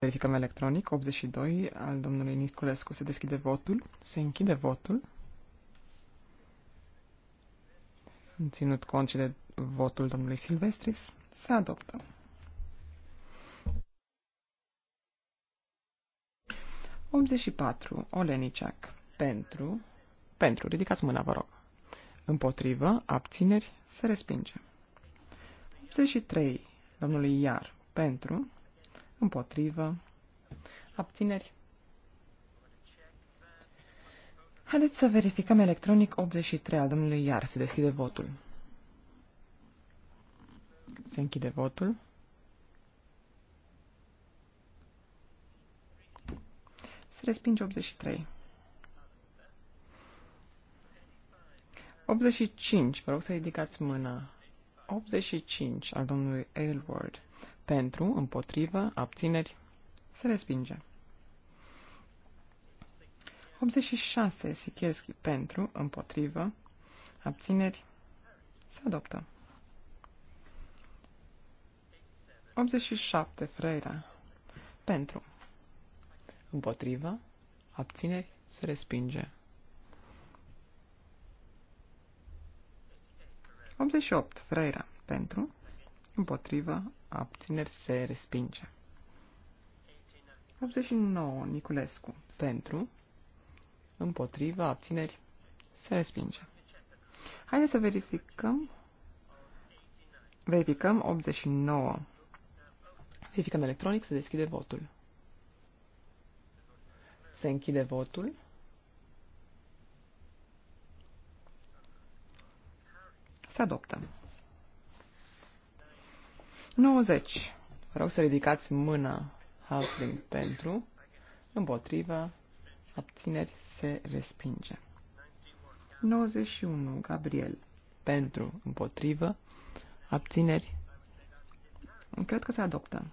Verificăm electronic. 82 al domnului Niculescu. Se deschide votul. Se închide votul. Ținut cont și de votul domnului Silvestris, se adoptă. Oleniciac. Pentru. Pentru. Ridicați mâna, vă rog. Împotrivă. Abțineri. Se respinge. 83. Domnului Iar. Pentru. Împotrivă. Abțineri. Haideți să verificăm electronic 83 al domnului Iar. Se deschide votul. Se închide votul. Se respinge 83. 85. Vă rog să ridicați mâna. 85 al domnului Aylward. Pentru, împotrivă, abțineri, se respinge. 86. Sikierski pentru, împotrivă, abțineri, se adoptă. 87. Freira pentru, împotrivă, abțineri, se respinge. 88. Freira pentru, împotrivă, abțineri se respinge. 89. Niculescu. Pentru. Împotriva. Abțineri. Se respinge. Haideți să verificăm. Verificăm 89. Verificăm electronic. să deschide votul. Se închide votul. Se adoptă. 90. Vă rog să ridicați mâna Halfling pentru, împotrivă, abțineri se respinge. 91. Gabriel pentru, împotrivă, abțineri. Cred că se adoptă.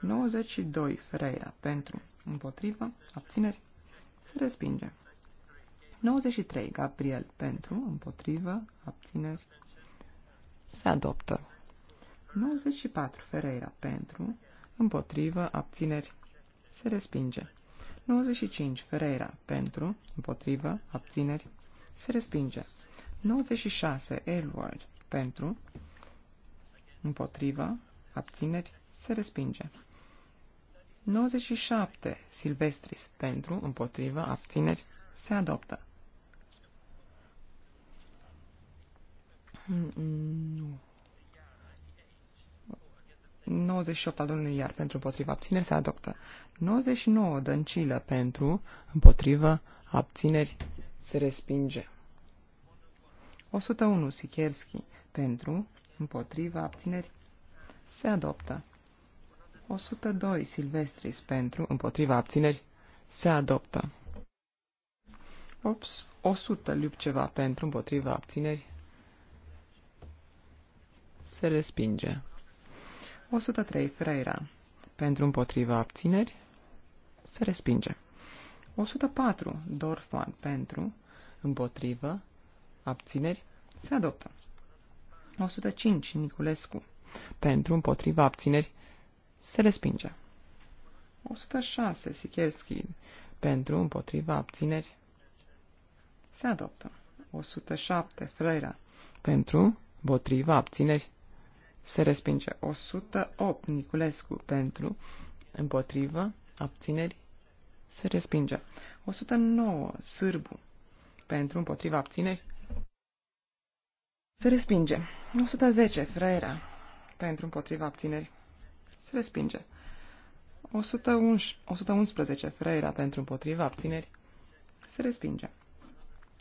92. Freia pentru, împotrivă, abțineri se respinge. 93. Gabriel pentru, împotrivă, abțineri se adoptă. 94 Ferreira pentru, împotrivă, abțineri, se respinge. 95 Ferreira pentru, împotrivă, abțineri, se respinge. 96 Elward pentru, împotrivă, abțineri, se respinge. 97 Silvestris pentru, împotrivă, abțineri, se adoptă. Mm Nu. 98 al domnului Iar pentru împotriva abțineri se adoptă. 99 dăncilă pentru împotriva abțineri se respinge. 101 Sikerski pentru împotriva abțineri se adoptă. 102 Silvestris pentru împotriva abțineri se adoptă. 100 Liupceva pentru împotriva abțineri se respinge. 103. Freira. Pentru împotriva abțineri. Se respinge. 104. Dorfman. Pentru împotrivă abțineri. Se adoptă. 105. Niculescu. Pentru împotriva abțineri. Se respinge. 106. Sikerski. Pentru împotriva abțineri. Se adoptă. 107. Freira. Pentru împotriva abțineri se respinge. 108 Niculescu pentru, împotrivă, abțineri, se respinge. 109 Sârbu pentru, împotriva, abțineri, se respinge. 110 Freira pentru, împotriva, abțineri, se respinge. 111, 111 Freira pentru, împotriva, abțineri, se respinge.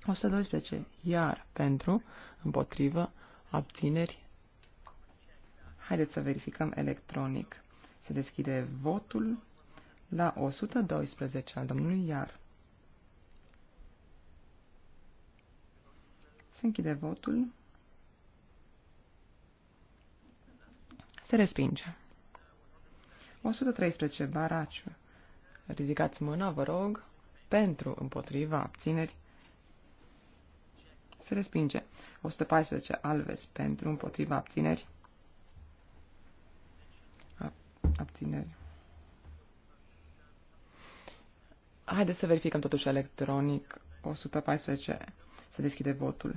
112 Iar pentru, împotrivă, abțineri, Haideți să verificăm electronic. Se deschide votul la 112 al domnului Iar. Se închide votul. Se respinge. 113. Baraciu. Ridicați mâna, vă rog, pentru, împotriva, abțineri. Se respinge. 114. Alves, pentru, împotriva, abțineri. abțineri. Haideți să verificăm totuși electronic. 114. Se deschide votul.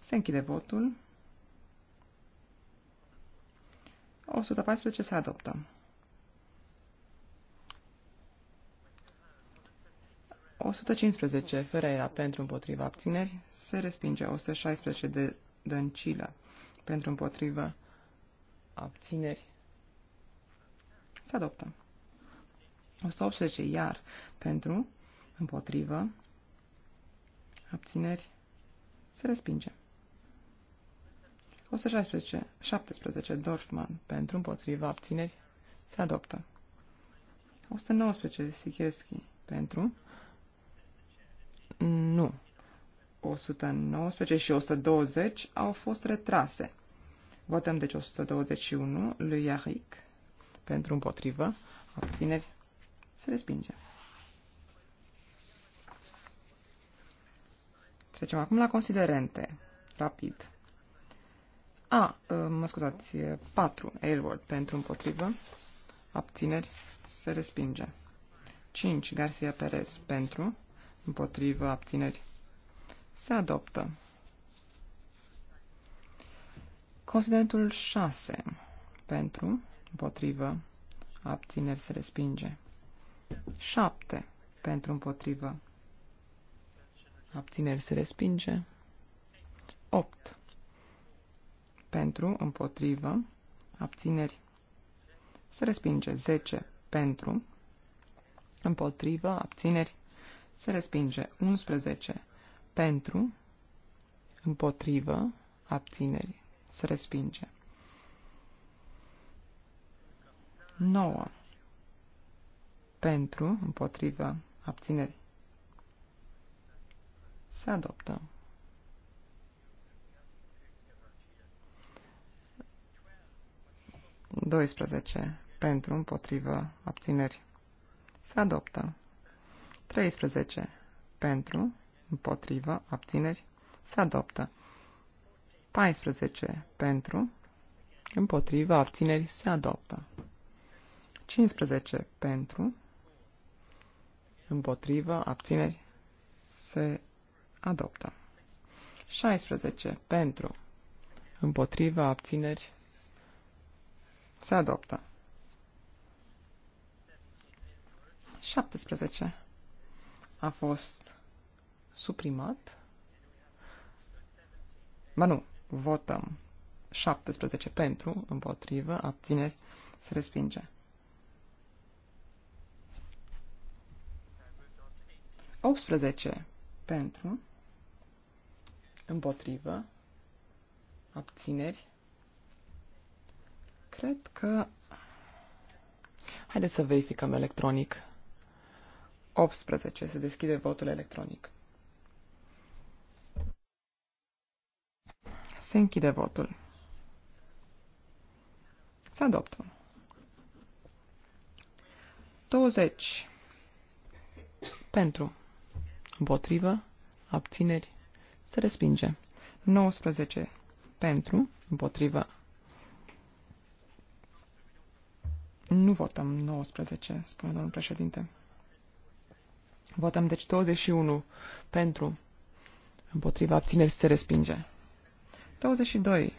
Se închide votul. 114 se adoptă. O 115 Ferreira pentru împotriva abțineri se respinge 116 de Dăncilă pentru împotrivă, abțineri, se adoptă. 118 iar pentru împotrivă, abțineri, se respinge. 116, 17 Dorfman pentru împotriva abțineri se adoptă. 119 Sikirski pentru nu. 119 și 120 au fost retrase. Votăm deci 121 lui Iaric pentru împotrivă, abțineri, se respinge. Trecem acum la considerente, rapid. A, uh, mă scuzați, 4, Aylward pentru împotrivă, abțineri, se respinge. 5, Garcia Perez pentru, împotrivă, abțineri, se adoptă. Considerentul 6. Pentru, împotrivă, abțineri se respinge. 7. Pentru, împotrivă, abțineri se respinge. 8. Pentru, împotrivă, abțineri se respinge. 10. Pentru, împotrivă, abțineri se respinge. 11 pentru, împotrivă, abțineri, să respinge. 9. Pentru, împotrivă, abțineri, se adoptă. Doisprezece. Pentru, împotrivă, abțineri. Se adoptă. 13. Pentru, împotrivă, abțineri, se adoptă. 14 pentru, împotrivă, abțineri, se adoptă. 15 pentru, împotrivă, abțineri, se adoptă. 16 pentru, împotrivă, abțineri, se adoptă. 17 a fost suprimat. Ba nu, votăm 17 pentru, împotrivă, abțineri, se respinge. 18 pentru, împotrivă, abțineri. Cred că... Haideți să verificăm electronic. 18. Se deschide votul electronic. Se închide votul. Se adoptă. 20. Pentru. Împotrivă. Abțineri. Se respinge. 19. Pentru. Împotrivă. Nu votăm 19, spune domnul președinte. Votăm deci 21 pentru. Împotriva abțineri se respinge. 22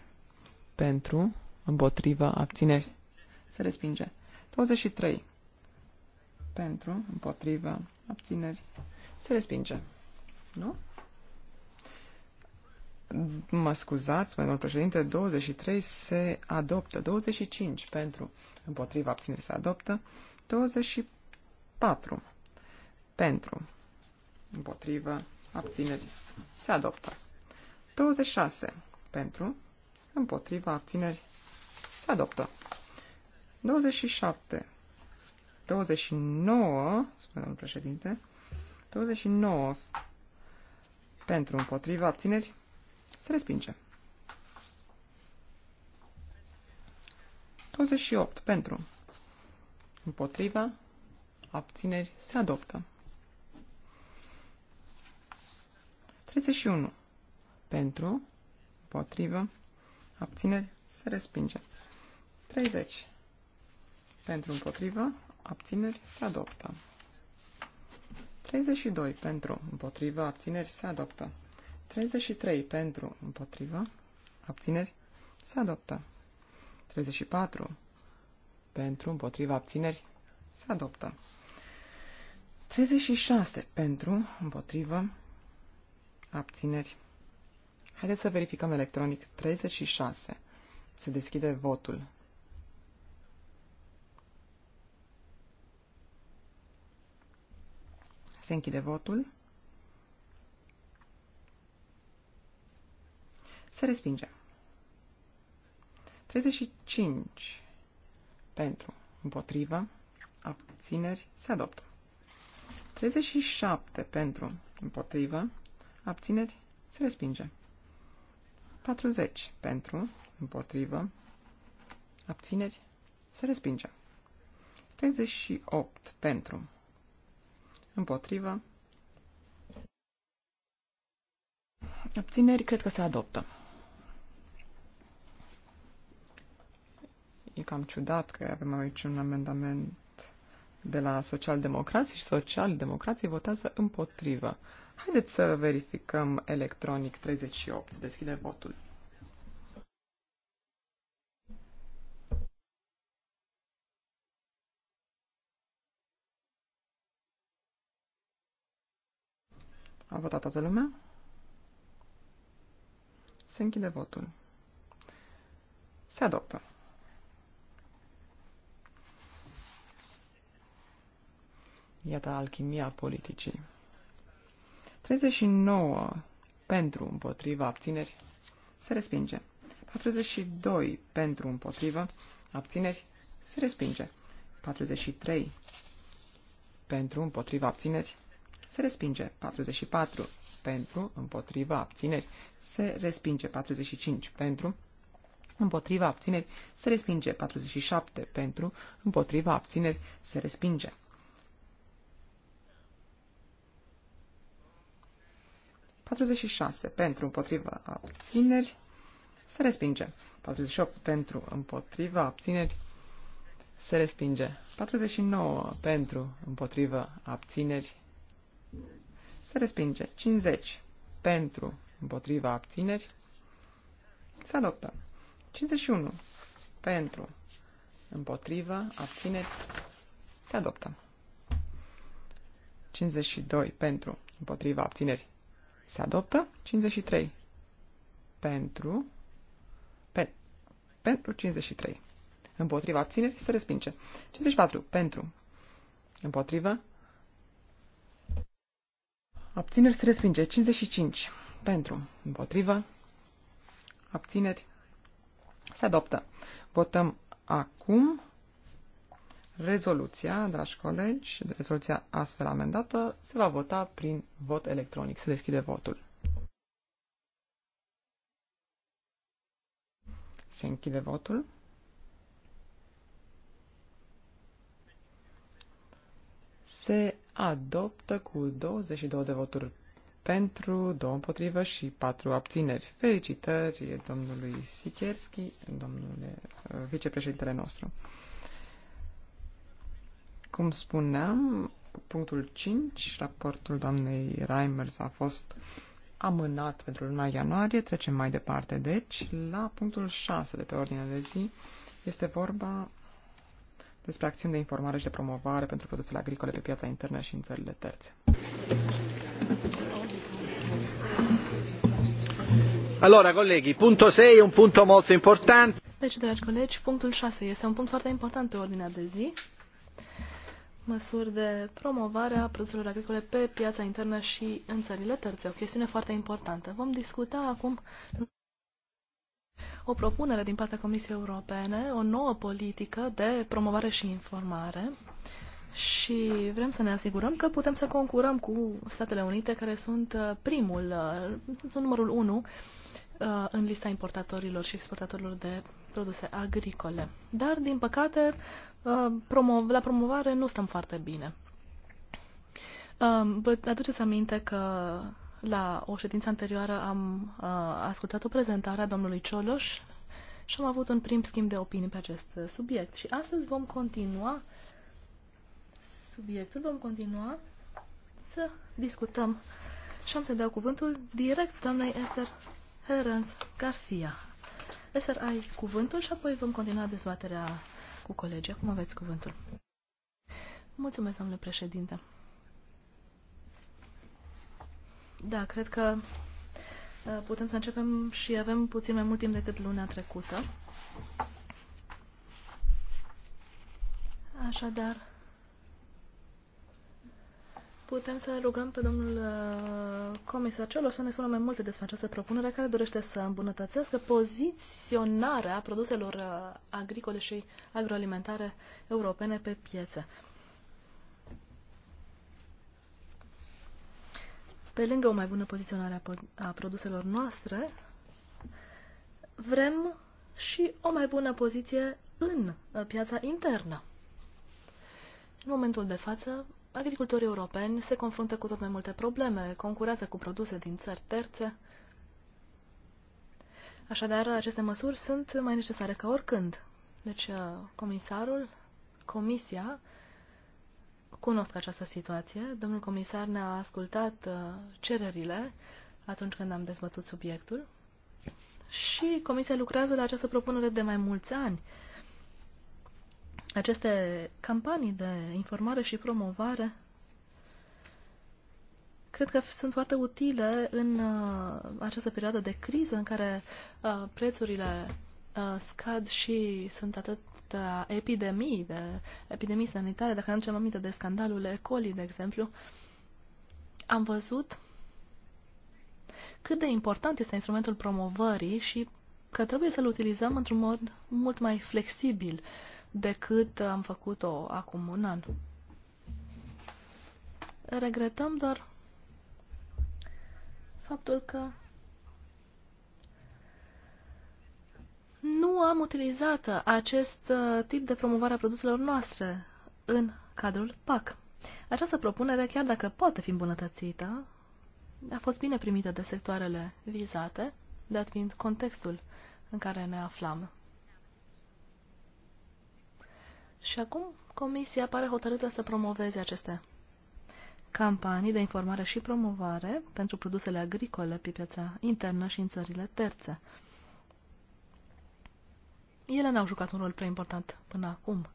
pentru, împotriva, abține, se respinge. 23 pentru, împotriva, abțineri, se respinge. Nu? Mă scuzați, mai domnul președinte, 23 se adoptă, 25 pentru, împotriva, abțineri, se adoptă, 24 pentru, împotriva, abțineri, se adoptă. 26 pentru, împotriva, abțineri, se adoptă. 27. 29, spune domnul președinte, 29 pentru, împotriva, abțineri, se respinge. 28 pentru, împotriva, abțineri, se adoptă. 31 pentru, Împotrivă. Abțineri. Se respinge. 30. Pentru împotrivă. Abțineri. Se adoptă. 32. Pentru împotrivă. Abțineri. Se adoptă. 33. Pentru împotrivă. Abțineri. Se adoptă. 34. Pentru împotrivă. abțineri. Se adoptă. 36. Pentru împotrivă. Abțineri. Se adoptă. Haideți să verificăm electronic. 36. Se deschide votul. Se închide votul. Se respinge. 35. Pentru. Împotrivă. Abțineri. Se adoptă. 37. Pentru. Împotrivă. Abțineri. Se respinge. 40 pentru, împotrivă, abțineri, se respinge. 38 pentru, împotrivă, abțineri, cred că se adoptă. E cam ciudat că avem aici un amendament de la social social-democrații și social-democrații votează împotrivă. Haideți să verificăm electronic 38. Să deschide votul. A votat toată lumea? Se închide votul. Se adoptă. Iată alchimia politicii. 39 pentru împotriva abțineri se respinge. 42 pentru împotriva abțineri se respinge. 43 pentru împotriva abțineri se respinge. 44 pentru împotriva abțineri se respinge. 45 pentru împotriva abțineri se respinge. 47 pentru împotriva abțineri se respinge. 46 pentru împotriva abțineri se respinge. 48 pentru împotriva abțineri se respinge. 49 pentru împotriva abțineri se respinge. 50 pentru împotriva abțineri se adoptă. 51 pentru împotriva abțineri se adoptă. 52 pentru împotriva abțineri se adoptă. 53. Pentru. Pe, pentru 53. Împotriva abținerii se respinge. 54. Pentru. Împotrivă. Abțineri se respinge. 55. Pentru. Împotrivă. Abțineri se adoptă. Votăm acum Rezoluția, dragi colegi, rezoluția astfel amendată se va vota prin vot electronic. Se deschide votul. Se închide votul. Se adoptă cu 22 de voturi pentru, 2 împotrivă și 4 abțineri. Felicitări domnului Sikerski, domnule vicepreședintele nostru. Cum spuneam, punctul 5, raportul doamnei Reimers a fost amânat pentru luna ianuarie. Trecem mai departe, deci, la punctul 6 de pe ordinea de zi. Este vorba despre acțiuni de informare și de promovare pentru produsele agricole pe piața internă și în țările terțe. Allora, colleghi, punto 6 un punto molto importante. Deci, dragi colegi, punctul 6 este un punct foarte important pe ordinea de zi măsuri de promovare a produselor agricole pe piața internă și în țările terțe. O chestiune foarte importantă. Vom discuta acum o propunere din partea Comisiei Europene, o nouă politică de promovare și informare și vrem să ne asigurăm că putem să concurăm cu Statele Unite, care sunt uh, primul, uh, sunt numărul 1 uh, în lista importatorilor și exportatorilor de produse agricole. Dar, din păcate, uh, la promovare nu stăm foarte bine. Uh, vă aduceți aminte că la o ședință anterioară am uh, ascultat o prezentare a domnului Cioloș și am avut un prim schimb de opinii pe acest subiect. Și astăzi vom continua subiectul, vom continua să discutăm. Și am să dau cuvântul direct doamnei Esther Herenz Garcia. Profesor, ai cuvântul și apoi vom continua dezbaterea cu colegii. Acum aveți cuvântul. Mulțumesc, domnule președinte. Da, cred că uh, putem să începem și avem puțin mai mult timp decât luna trecută. Așadar, putem să rugăm pe domnul uh, comisar Ciolo să ne spună mai multe despre această propunere care dorește să îmbunătățească poziționarea produselor uh, agricole și agroalimentare europene pe piețe. Pe lângă o mai bună poziționare a produselor noastre, vrem și o mai bună poziție în uh, piața internă. În momentul de față, agricultorii europeni se confruntă cu tot mai multe probleme, concurează cu produse din țări terțe. Așadar, aceste măsuri sunt mai necesare ca oricând. Deci, uh, comisarul, comisia, cunosc această situație. Domnul comisar ne-a ascultat uh, cererile atunci când am dezbătut subiectul și comisia lucrează la această propunere de mai mulți ani. Aceste campanii de informare și promovare cred că sunt foarte utile în uh, această perioadă de criză în care uh, prețurile uh, scad și sunt atât epidemii, de epidemii sanitare. Dacă ne am aminte de scandalul E. coli, de exemplu, am văzut cât de important este instrumentul promovării și că trebuie să-l utilizăm într-un mod mult mai flexibil. Uh, decât am făcut-o acum un an. Regretăm doar faptul că nu am utilizat acest uh, tip de promovare a produselor noastre în cadrul PAC. Această propunere, chiar dacă poate fi îmbunătățită, a fost bine primită de sectoarele vizate, dat fiind contextul în care ne aflam. Și acum Comisia pare hotărâtă să promoveze aceste campanii de informare și promovare pentru produsele agricole pe piața internă și în țările terțe. Ele n-au jucat un rol prea important până acum.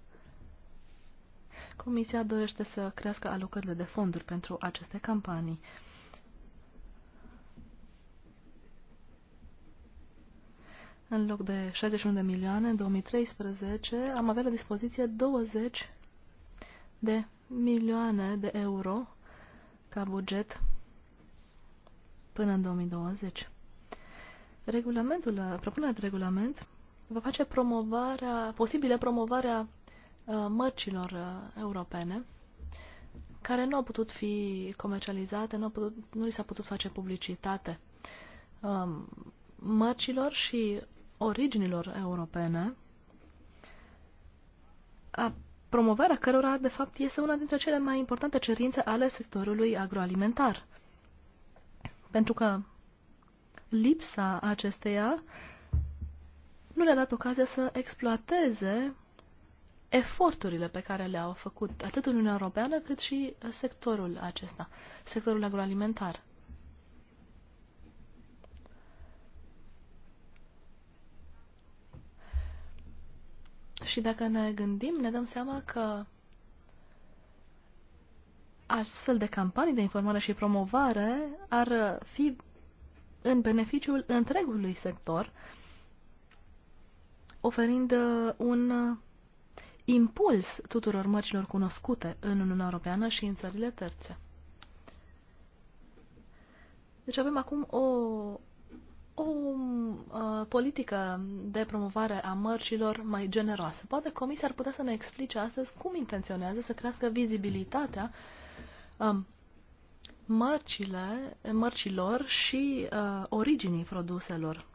Comisia dorește să crească alocările de fonduri pentru aceste campanii. în loc de 61 de milioane în 2013, am avea la dispoziție 20 de milioane de euro ca buget până în 2020. Regulamentul, propunerea de regulament va face promovarea, posibilă promovarea uh, mărcilor uh, europene care nu au putut fi comercializate, nu, au putut, nu li s-a putut face publicitate um, mărcilor și originilor europene, a promovarea cărora, de fapt, este una dintre cele mai importante cerințe ale sectorului agroalimentar. Pentru că lipsa acesteia nu le-a dat ocazia să exploateze eforturile pe care le-au făcut atât Uniunea Europeană cât și sectorul acesta, sectorul agroalimentar. Și dacă ne gândim, ne dăm seama că astfel de campanii de informare și promovare ar fi în beneficiul întregului sector, oferind uh, un uh, impuls tuturor mărcilor cunoscute în Uniunea Europeană și în țările terțe. Deci avem acum o o uh, politică de promovare a mărcilor mai generoasă. Poate Comisia ar putea să ne explice astăzi cum intenționează să crească vizibilitatea um, mărcile, mărcilor și uh, originii produselor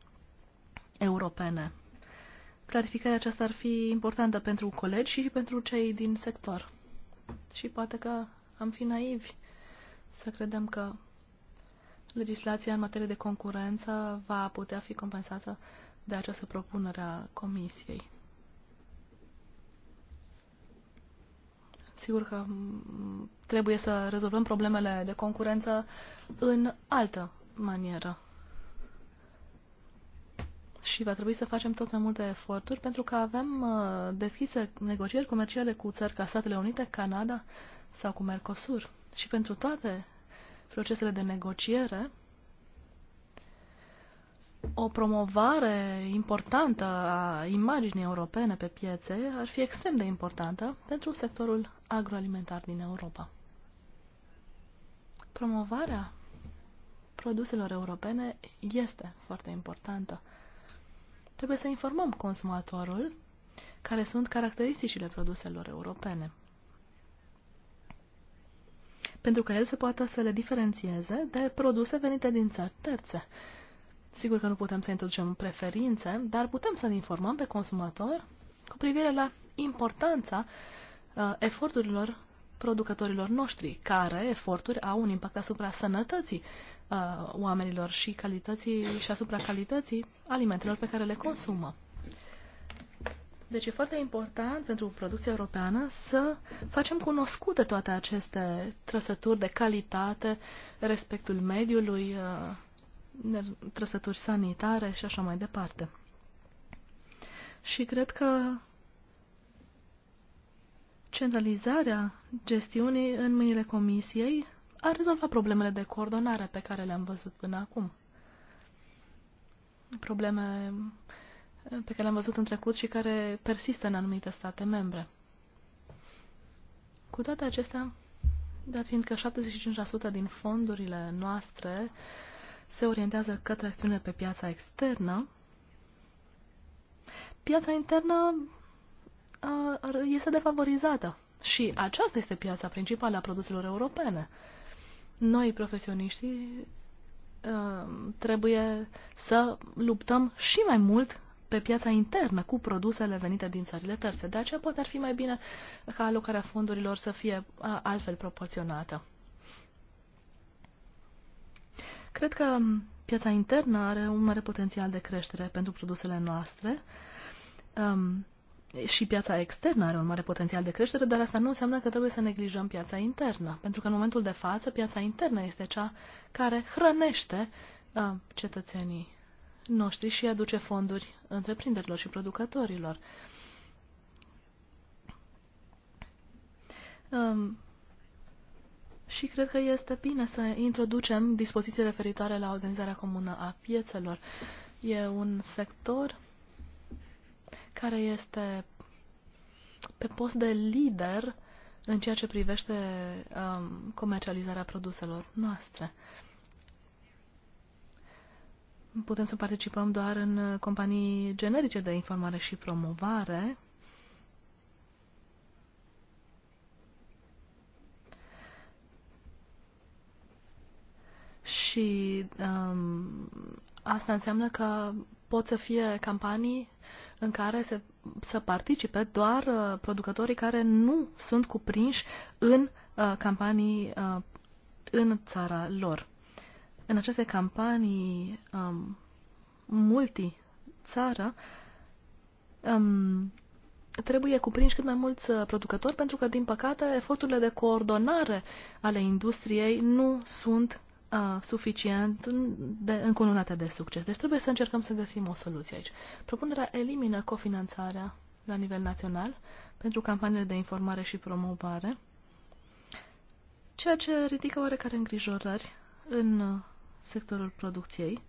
europene. Clarificarea aceasta ar fi importantă pentru colegi și pentru cei din sector. Și poate că am fi naivi să credem că legislația în materie de concurență va putea fi compensată de această propunere a Comisiei. Sigur că trebuie să rezolvăm problemele de concurență în altă manieră. Și va trebui să facem tot mai multe eforturi pentru că avem uh, deschise negocieri comerciale cu țări ca Statele Unite, Canada sau cu Mercosur. Și pentru toate procesele de negociere, o promovare importantă a imaginii europene pe piețe ar fi extrem de importantă pentru sectorul agroalimentar din Europa. Promovarea produselor europene este foarte importantă. Trebuie să informăm consumatorul care sunt caracteristicile produselor europene pentru ca el să poată să le diferențieze de produse venite din țări terțe. Sigur că nu putem să introducem preferințe, dar putem să-l informăm pe consumator cu privire la importanța uh, eforturilor producătorilor noștri, care eforturi au un impact asupra sănătății uh, oamenilor și calității și asupra calității alimentelor pe care le consumă. Deci e foarte important pentru producția europeană să facem cunoscute toate aceste trăsături de calitate, respectul mediului, uh, trăsături sanitare și așa mai departe. Și cred că centralizarea gestiunii în mâinile comisiei a rezolvat problemele de coordonare pe care le-am văzut până acum. Probleme pe care le-am văzut în trecut și care persistă în anumite state membre. Cu toate acestea, dat fiindcă 75% din fondurile noastre se orientează către acțiune pe piața externă, piața internă este defavorizată și aceasta este piața principală a produselor europene. Noi, profesioniștii, trebuie să luptăm și mai mult pe piața internă cu produsele venite din țările terțe. De aceea poate ar fi mai bine ca alocarea fondurilor să fie altfel proporționată. Cred că piața internă are un mare potențial de creștere pentru produsele noastre. Um, și piața externă are un mare potențial de creștere, dar asta nu înseamnă că trebuie să neglijăm piața internă, pentru că în momentul de față piața internă este cea care hrănește uh, cetățenii noștri și aduce fonduri întreprinderilor și producătorilor. Um, și cred că este bine să introducem dispoziții referitoare la organizarea comună a piețelor. E un sector care este pe post de lider în ceea ce privește um, comercializarea produselor noastre. Uh, putem să participăm doar în uh, companii generice de informare și promovare. Și um, asta înseamnă că pot să fie campanii în care se, să participe doar uh, producătorii care nu sunt cuprinși în uh, campanii uh, în țara lor în aceste campanii um, multi-țară, um, trebuie cuprinși cât mai mulți uh, producători, pentru că, din păcate, eforturile de coordonare ale industriei nu sunt uh, suficient de încununate de succes. Deci trebuie să încercăm să găsim o soluție aici. Propunerea elimină cofinanțarea la nivel național pentru campaniile de informare și promovare, ceea ce ridică oarecare îngrijorări în uh, sectorul producției,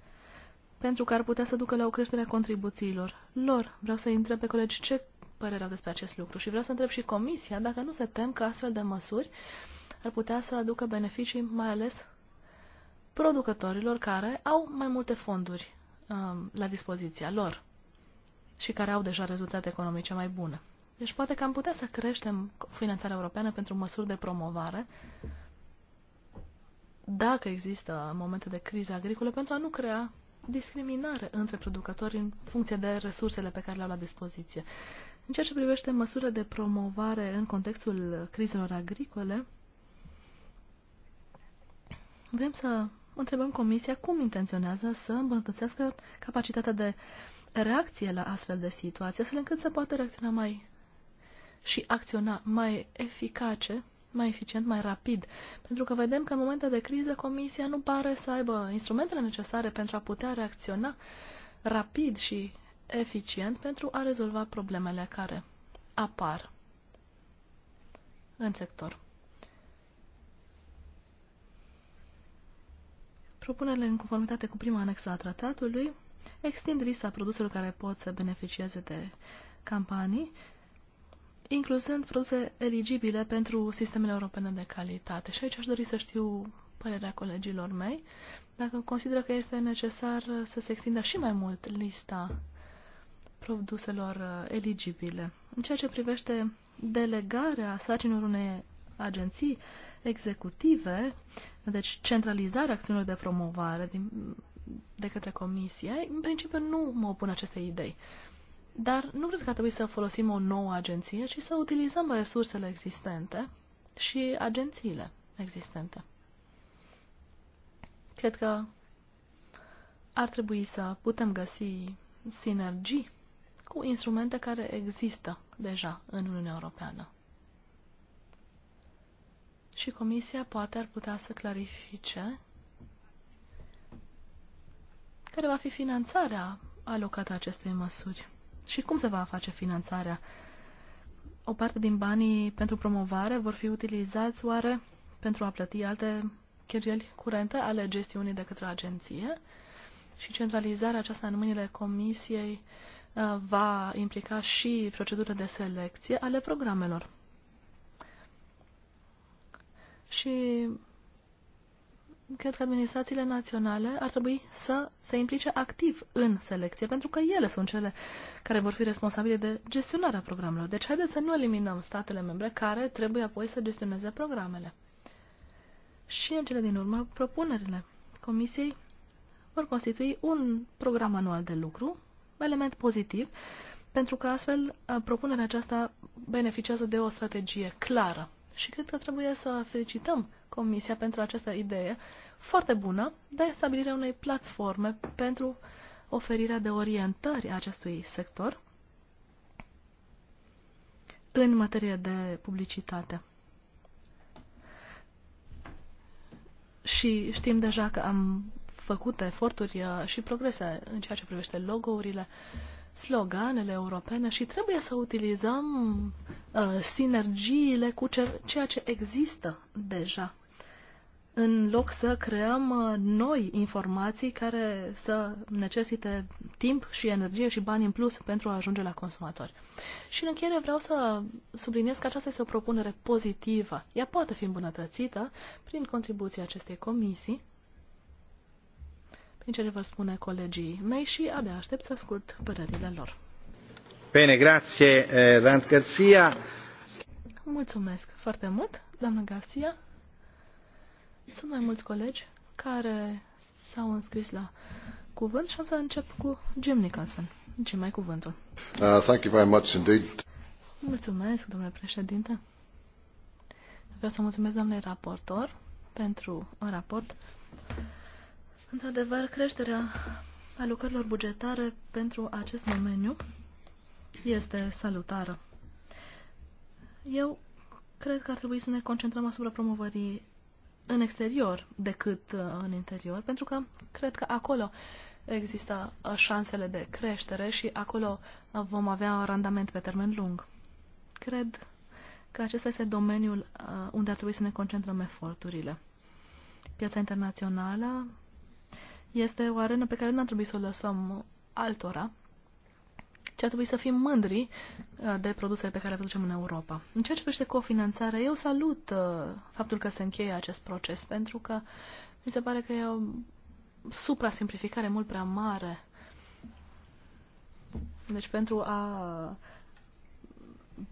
pentru că ar putea să ducă la o creștere a contribuțiilor lor. Vreau să întreb pe colegi ce părere au despre acest lucru și vreau să întreb și Comisia dacă nu se tem că astfel de măsuri ar putea să aducă beneficii mai ales producătorilor care au mai multe fonduri um, la dispoziția lor și care au deja rezultate economice mai bune. Deci poate că am putea să creștem finanțarea europeană pentru măsuri de promovare dacă există momente de criză agricolă, pentru a nu crea discriminare între producători în funcție de resursele pe care le au la dispoziție. În ceea ce privește măsurile de promovare în contextul crizelor agricole, vrem să întrebăm Comisia cum intenționează să îmbunătățească capacitatea de reacție la astfel de situații, astfel încât să poată reacționa mai și acționa mai eficace mai eficient, mai rapid. Pentru că vedem că în momente de criză Comisia nu pare să aibă instrumentele necesare pentru a putea reacționa rapid și eficient pentru a rezolva problemele care apar în sector. Propunerile în conformitate cu prima anexă a tratatului extind lista produselor care pot să beneficieze de campanii incluzând produse eligibile pentru sistemele europene de calitate. Și aici aș dori să știu părerea colegilor mei, dacă consideră că este necesar să se extindă și mai mult lista produselor eligibile. În ceea ce privește delegarea sarcinilor unei agenții executive, deci centralizarea acțiunilor de promovare din, de către comisie, în principiu nu mă opun acestei idei. Uh, dar nu cred că ar trebui să folosim o nouă agenție, ci să utilizăm resursele existente și agențiile existente. Cred că ar trebui să putem găsi sinergii cu instrumente care există deja în Uniunea Europeană. Și Comisia poate ar putea să clarifice care va fi finanțarea alocată acestei măsuri. Și cum se va face finanțarea? O parte din banii pentru promovare vor fi utilizați oare pentru a plăti alte cheltuieli curente ale gestiunii de către agenție și centralizarea aceasta în mâinile comisiei uh, va implica și procedură de selecție ale programelor. Și cred că administrațiile naționale ar trebui să se implice activ în selecție, pentru că ele sunt cele care vor fi responsabile de gestionarea programelor. Deci haideți să nu eliminăm statele membre care trebuie apoi să gestioneze programele. Și în cele din urmă, propunerile Comisiei vor constitui un program anual de lucru, element pozitiv, pentru că astfel propunerea aceasta beneficiază de o strategie clară și cred că trebuie să felicităm Comisia pentru această idee foarte bună de stabilirea unei platforme pentru oferirea de orientări a acestui sector în materie de publicitate. Și știm deja că am făcut eforturi uh, și progrese în ceea ce privește logourile, sloganele europene și trebuie să utilizăm uh, sinergiile cu ce, ceea ce există deja, în loc să creăm uh, noi informații care să necesite timp și energie și bani în plus pentru a ajunge la consumatori. Și în încheiere vreau să subliniez că aceasta este o propunere pozitivă. Ea poate fi îmbunătățită prin contribuția acestei comisii din ce vor spune colegii mei și abia aștept să ascult părerile lor. Bine, grație, eh, Rand Garcia. Mulțumesc foarte mult, doamnă Garcia. Sunt mai mulți colegi care s-au înscris la cuvânt și am să încep cu Jim Nicholson. Jim, mai cuvântul. Uh, thank you very much indeed. Mulțumesc, domnule președinte. Vreau să mulțumesc doamnei raportor pentru un raport Într-adevăr, creșterea alocărilor bugetare pentru acest domeniu este salutară. Eu cred că ar trebui să ne concentrăm asupra promovării în exterior decât uh, în interior, pentru că cred că acolo există uh, șansele de creștere și acolo uh, vom avea un randament pe termen lung. Cred că acesta este domeniul unde ar trebui să ne concentrăm eforturile. Piața internațională este o arenă pe care nu ar trebui să o lăsăm altora, ci ar trebui să fim mândri uh, de produsele pe care le producem în Europa. În ceea ce privește cofinanțarea, eu salut uh, faptul că se încheie acest proces, pentru că mi se pare că e o supra-simplificare mult prea mare. Deci pentru a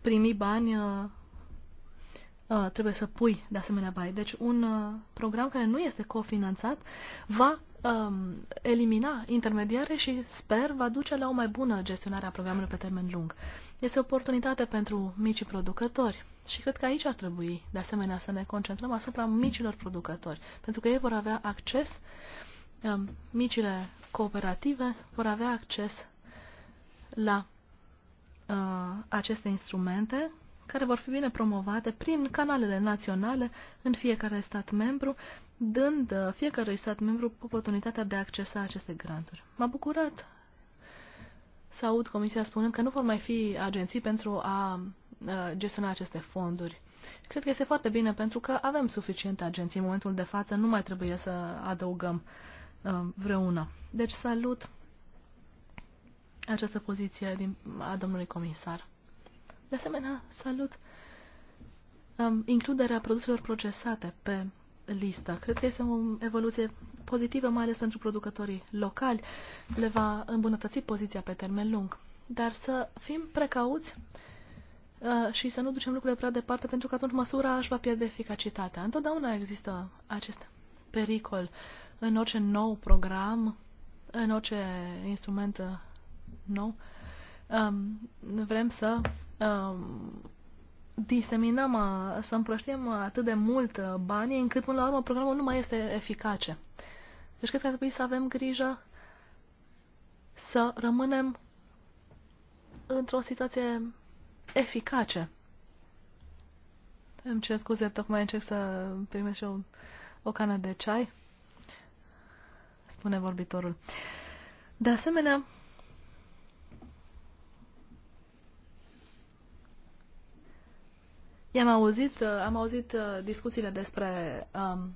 primi bani uh, trebuie să pui de asemenea bani. Deci un program care nu este cofinanțat va um, elimina intermediare și sper va duce la o mai bună gestionare a programului pe termen lung. Este o oportunitate pentru micii producători și cred că aici ar trebui, de asemenea, să ne concentrăm asupra micilor producători, pentru că ei vor avea acces, um, micile cooperative vor avea acces la uh, aceste instrumente care vor fi bine promovate prin canalele naționale în fiecare stat membru, dând uh, fiecărui stat membru oportunitatea de a accesa aceste granturi. M-a bucurat să aud Comisia spunând că nu vor mai fi agenții pentru a uh, gestiona aceste fonduri. Cred că este foarte bine pentru că avem suficiente agenții în momentul de față, nu mai trebuie să adăugăm uh, vreuna. Deci salut această poziție din, a domnului comisar. De asemenea, salut um, includerea produselor procesate pe lista Cred că este o evoluție pozitivă, mai ales pentru producătorii locali. Le va îmbunătăți poziția pe termen lung. Dar să fim precauți uh, și să nu ducem lucrurile prea departe, pentru că atunci măsura își va pierde eficacitatea. Întotdeauna există acest pericol în orice nou program, în orice instrument uh, nou. Um, vrem să Um, diseminăm, uh, să împrăștiem atât de mult uh, banii, încât până la urmă programul nu mai este eficace. Deci cred că ar trebui să avem grijă să rămânem într-o situație eficace. Îmi cer scuze, tocmai încerc să primesc și eu o cană de ceai, spune vorbitorul. De asemenea, I-am auzit, uh, am auzit uh, discuțiile despre um,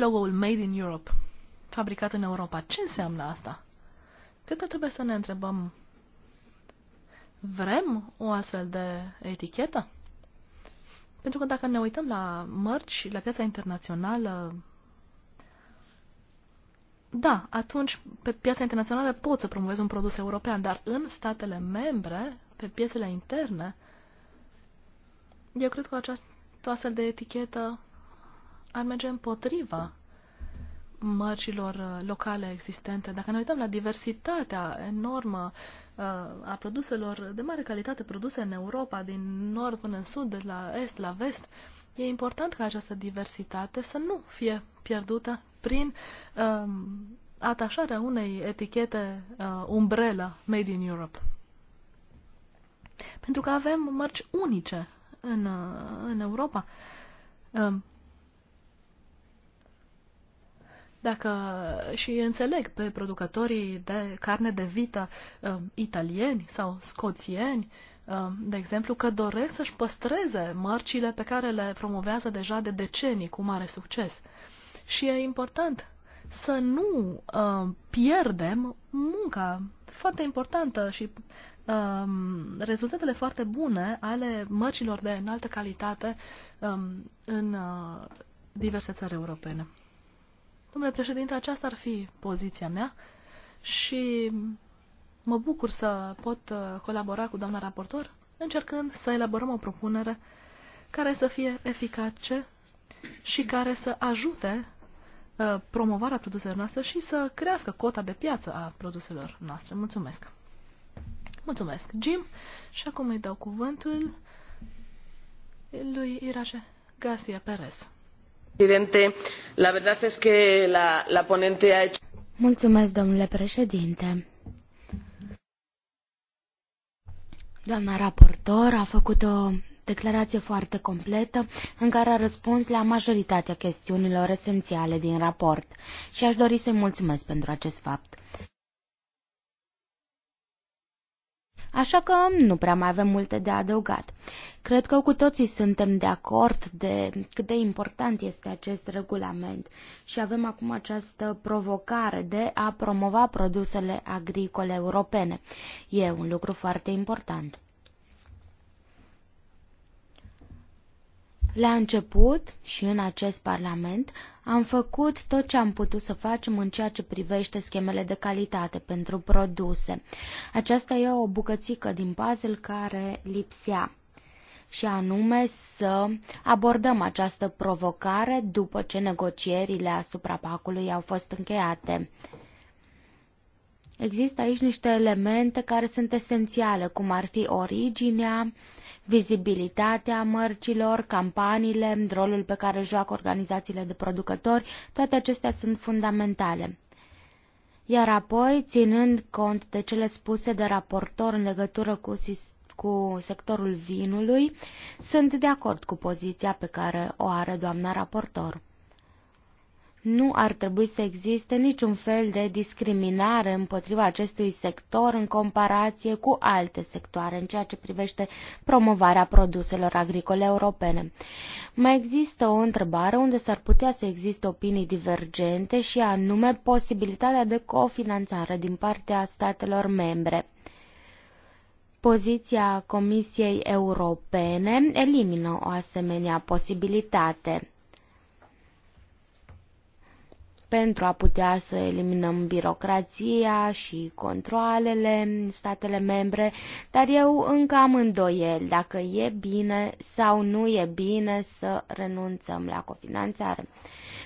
logo-ul Made in Europe, fabricat în Europa. Ce înseamnă asta? Cât trebuie să ne întrebăm, vrem o astfel de etichetă? Pentru că dacă ne uităm la mărci, la piața internațională, da, atunci pe piața internațională poți să promovezi un produs european, dar în statele membre, pe piețele interne, eu cred că această astfel de etichetă ar merge împotriva mărcilor uh, locale existente. Dacă ne uităm la diversitatea enormă uh, a produselor de mare calitate produse în Europa, din nord până în sud, de la est la vest, e important ca această diversitate să nu fie pierdută prin um, atașarea unei etichete uh, umbrelă Made in Europe. Pentru că avem mărci unice în, în Europa. Um, dacă și înțeleg pe producătorii de carne de vită um, italieni sau scoțieni, um, de exemplu, că doresc să-și păstreze mărcile pe care le promovează deja de decenii cu mare succes. Și e important să nu uh, pierdem munca foarte importantă și um, rezultatele foarte bune ale măcilor de înaltă calitate um, în uh, diverse țări europene. Domnule președinte, aceasta ar fi poziția mea și mă bucur să pot uh, colabora cu doamna raportor încercând să elaborăm o propunere care să fie eficace și care să ajute uh, promovarea produselor noastre și să crească cota de piață a produselor noastre. Mulțumesc! Mulțumesc, Jim. Și acum îi dau cuvântul lui Irașe Garcia Perez. Presidente, la verdad es que la, la ponente a hecho... Mulțumesc, domnule președinte. Doamna raportor a făcut o declarație foarte completă în care a răspuns la majoritatea chestiunilor esențiale din raport și aș dori să-i mulțumesc pentru acest fapt. Așa că nu prea mai avem multe de adăugat. Cred că cu toții suntem de acord de cât de important este acest regulament și avem acum această provocare de a promova produsele agricole europene. E un lucru foarte important. La început și în acest Parlament am făcut tot ce am putut să facem în ceea ce privește schemele de calitate pentru produse. Aceasta e o bucățică din puzzle care lipsea și anume să abordăm această provocare după ce negocierile asupra pacului au fost încheiate. Există aici niște elemente care sunt esențiale, cum ar fi originea, uh, vizibilitatea mărcilor, campaniile, rolul pe care joacă organizațiile de producători, toate acestea sunt fundamentale. Iar apoi, ținând cont de cele spuse de raportor în legătură cu, cu sectorul vinului, sunt de acord cu poziția pe care o are doamna raportor. Nu ar trebui să existe niciun fel de discriminare împotriva acestui sector în comparație cu alte sectoare în ceea ce privește promovarea produselor agricole europene. Mai există o întrebare unde s-ar putea să existe opinii divergente și anume posibilitatea de cofinanțare din partea statelor membre poziția Comisiei Europene elimină o asemenea posibilitate pentru a putea să eliminăm birocrația și controlele statele membre, dar eu încă am îndoiel dacă e bine sau nu e bine să renunțăm la cofinanțare.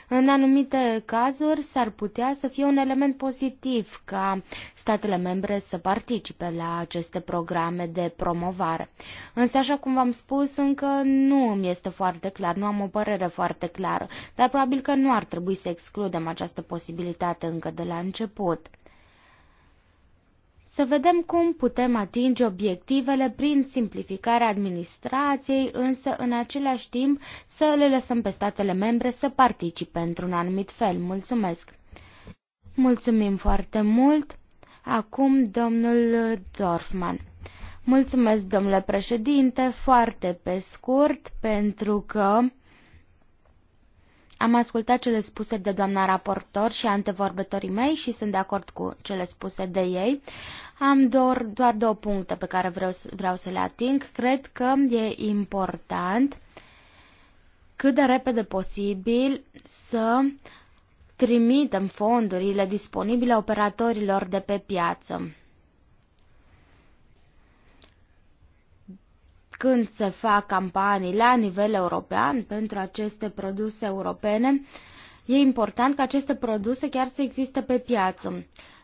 În anumite cazuri s-ar putea să fie un element pozitiv ca statele membre să participe la aceste programe de promovare. Însă, așa cum v-am spus, încă nu îmi este foarte clar, nu am o părere foarte clară, dar probabil că nu ar trebui să excludem această posibilitate încă de la început să vedem cum putem atinge obiectivele prin simplificarea administrației, însă în același timp să le lăsăm pe statele membre să participe într-un anumit fel. Mulțumesc! Mulțumim foarte mult! Acum domnul Dorfman. Mulțumesc, domnule președinte, foarte pe scurt, pentru că am ascultat cele spuse de doamna raportor și antevorbătorii mei și sunt de acord cu cele spuse de ei. Am doar, doar două puncte pe care vreau, vreau să le ating. Cred că e important cât de repede posibil să trimitem fondurile disponibile operatorilor de pe piață. Când se fac campanii la nivel european pentru aceste produse europene, e important ca aceste produse chiar să existe pe piață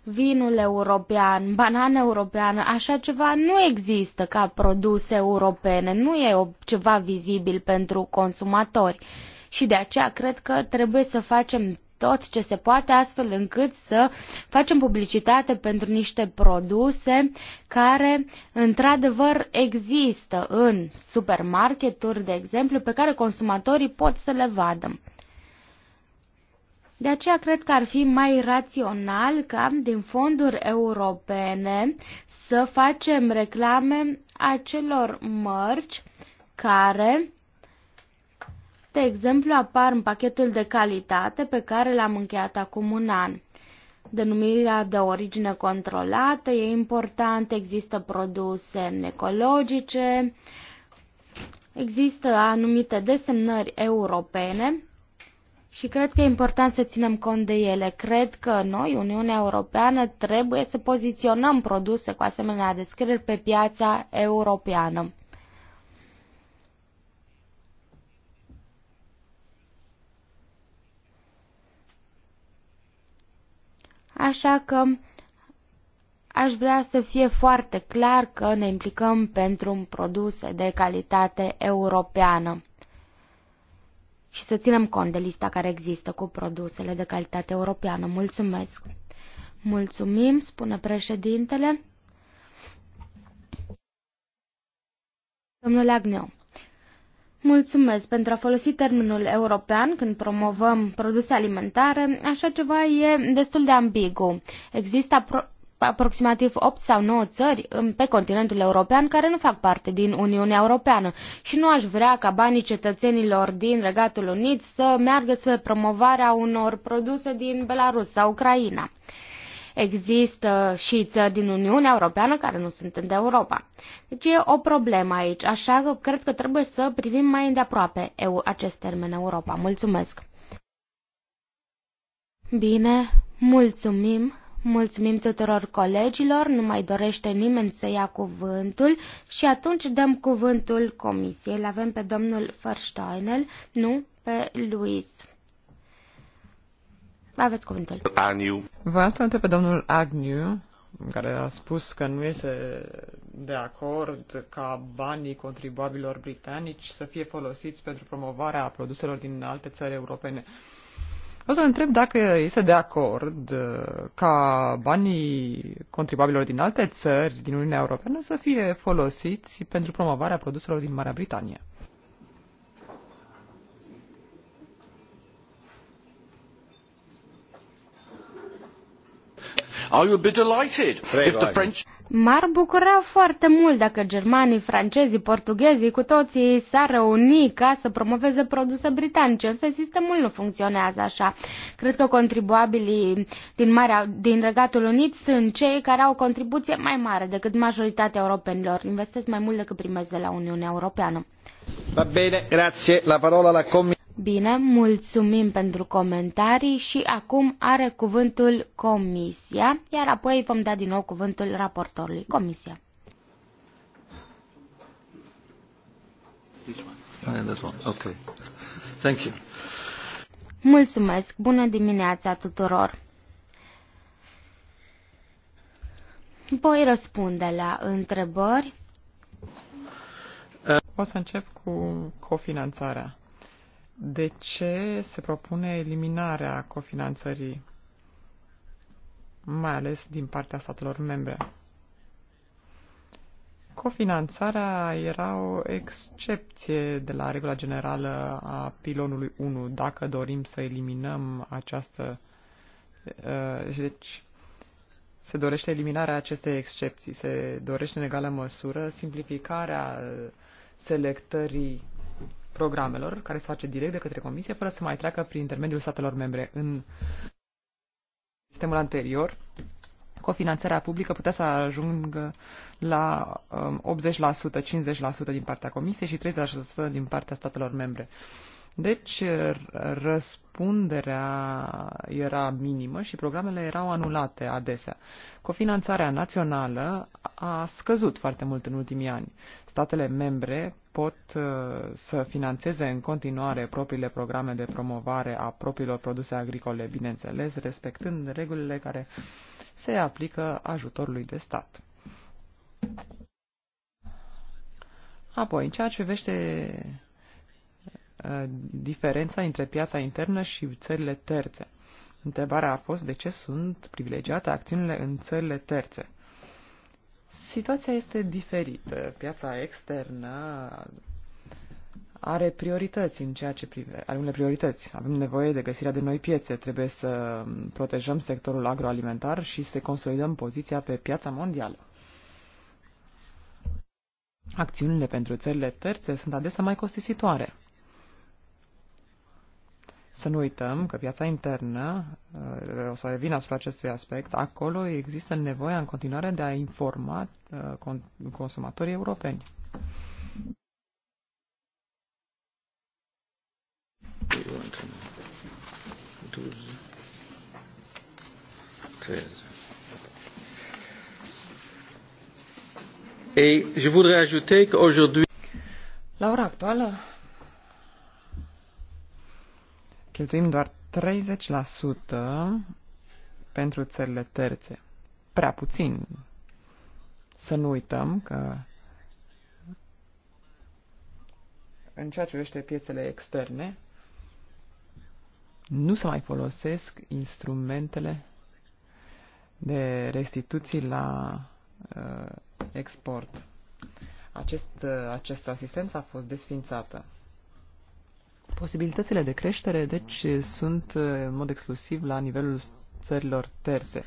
vinul european, banana europeană, așa ceva nu există ca produse europene, nu e ceva vizibil pentru consumatori. Și de aceea cred că trebuie să facem tot ce se poate astfel încât să facem publicitate pentru niște produse care într-adevăr există în supermarketuri, de exemplu, pe care consumatorii pot să le vadă. De aceea cred că ar fi mai rațional ca din fonduri europene să facem reclame acelor mărci care, de exemplu, apar în pachetul de calitate pe care l-am încheiat acum un an denumirea de origine controlată e important, există produse ecologice, există anumite desemnări europene și cred că e important să ținem cont de ele. Cred că noi, Uniunea Europeană, trebuie să poziționăm produse cu asemenea descrieri pe piața europeană. Așa că aș vrea să fie foarte clar că ne implicăm pentru produse de calitate europeană și să ținem cont de lista care există cu produsele de calitate europeană. Mulțumesc! Mulțumim, spune președintele. Domnule Agneu, mulțumesc pentru a folosi termenul european când promovăm produse alimentare. Așa ceva e destul de ambigu. Există aproximativ 8 sau 9 țări pe continentul european care nu fac parte din Uniunea Europeană și nu aș vrea ca banii cetățenilor din Regatul Unit să meargă spre promovarea unor produse din Belarus sau Ucraina. Există și țări din Uniunea Europeană care nu sunt în Europa. Deci e o problemă aici, așa că cred că trebuie să privim mai îndeaproape eu, acest termen Europa. Mulțumesc! Bine, mulțumim! Mulțumim tuturor colegilor, nu mai dorește nimeni să ia cuvântul și atunci dăm cuvântul comisiei. Îl avem pe domnul Versteinel, nu pe Luis. Aveți cuvântul. Agnew. Vă să întreb pe domnul Agnew, care a spus că nu este de acord ca banii contribuabilor britanici să fie folosiți pentru promovarea produselor din alte țări europene. Uh, Vreau să întreb dacă este de acord uh, ca banii contribuabilor din alte țări din Uniunea Europeană să fie folosiți pentru promovarea produselor din Marea Britanie. I would be delighted if the French... M-ar bucura foarte mult dacă germanii, francezii, portughezii cu toții s-ar reuni ca să promoveze produse britanice, însă sistemul nu funcționează așa. Cred că contribuabilii din, Marea, din Regatul Unit sunt cei care au o contribuție mai mare decât majoritatea europenilor. Investesc mai mult decât primesc de la Uniunea Europeană. Va bene, grazie. La parola la Comisie. Bine, mulțumim pentru comentarii și acum are cuvântul Comisia, iar apoi vom da din nou cuvântul raportorului. Comisia. Okay. Thank you. Mulțumesc! Bună dimineața tuturor! Voi răspunde la întrebări. O să încep cu cofinanțarea de ce se propune eliminarea cofinanțării, mai ales din partea statelor membre. Cofinanțarea era o excepție de la regula generală a pilonului 1, dacă dorim să eliminăm această. Uh, deci, se dorește eliminarea acestei excepții, se dorește în egală măsură simplificarea selectării programelor, care se face direct de către Comisie, fără să mai treacă prin intermediul statelor membre. În sistemul anterior, cofinanțarea publică putea să ajungă la 80%, um, 50% din partea Comisiei și 30% din partea statelor membre. Deci răspunderea era minimă și programele erau anulate adesea. Cofinanțarea națională a scăzut foarte mult în ultimii ani statele membre pot uh, să financeze în continuare propriile programe de promovare a propriilor produse agricole, bineînțeles, respectând regulile care se aplică ajutorului de stat. Apoi, în ceea ce vește uh, diferența între piața internă și țările terțe. Întrebarea a fost de ce sunt privilegiate acțiunile în țările terțe. Situația este diferită. Piața externă are priorități în ceea ce privește, are unele priorități. Avem nevoie de găsirea de noi piețe, trebuie să protejăm sectorul agroalimentar și să consolidăm poziția pe piața mondială. Acțiunile pentru țările terțe sunt adesea mai costisitoare. Să nu uităm că piața internă, uh, o să revin asupra acestui aspect, acolo există nevoia în continuare de a informa uh, consumatorii europeni. Et je voudrais ajouter qu'aujourd'hui... La heure actuelle. Cheltuim doar 30% pentru țările terțe. Prea puțin. Să nu uităm că în ceea ce privește piețele externe, nu se mai folosesc instrumentele de restituții la uh, export. Acest, uh, această asistență a fost desfințată. Posibilitățile de creștere, deci, sunt uh, în mod exclusiv la nivelul țărilor terțe.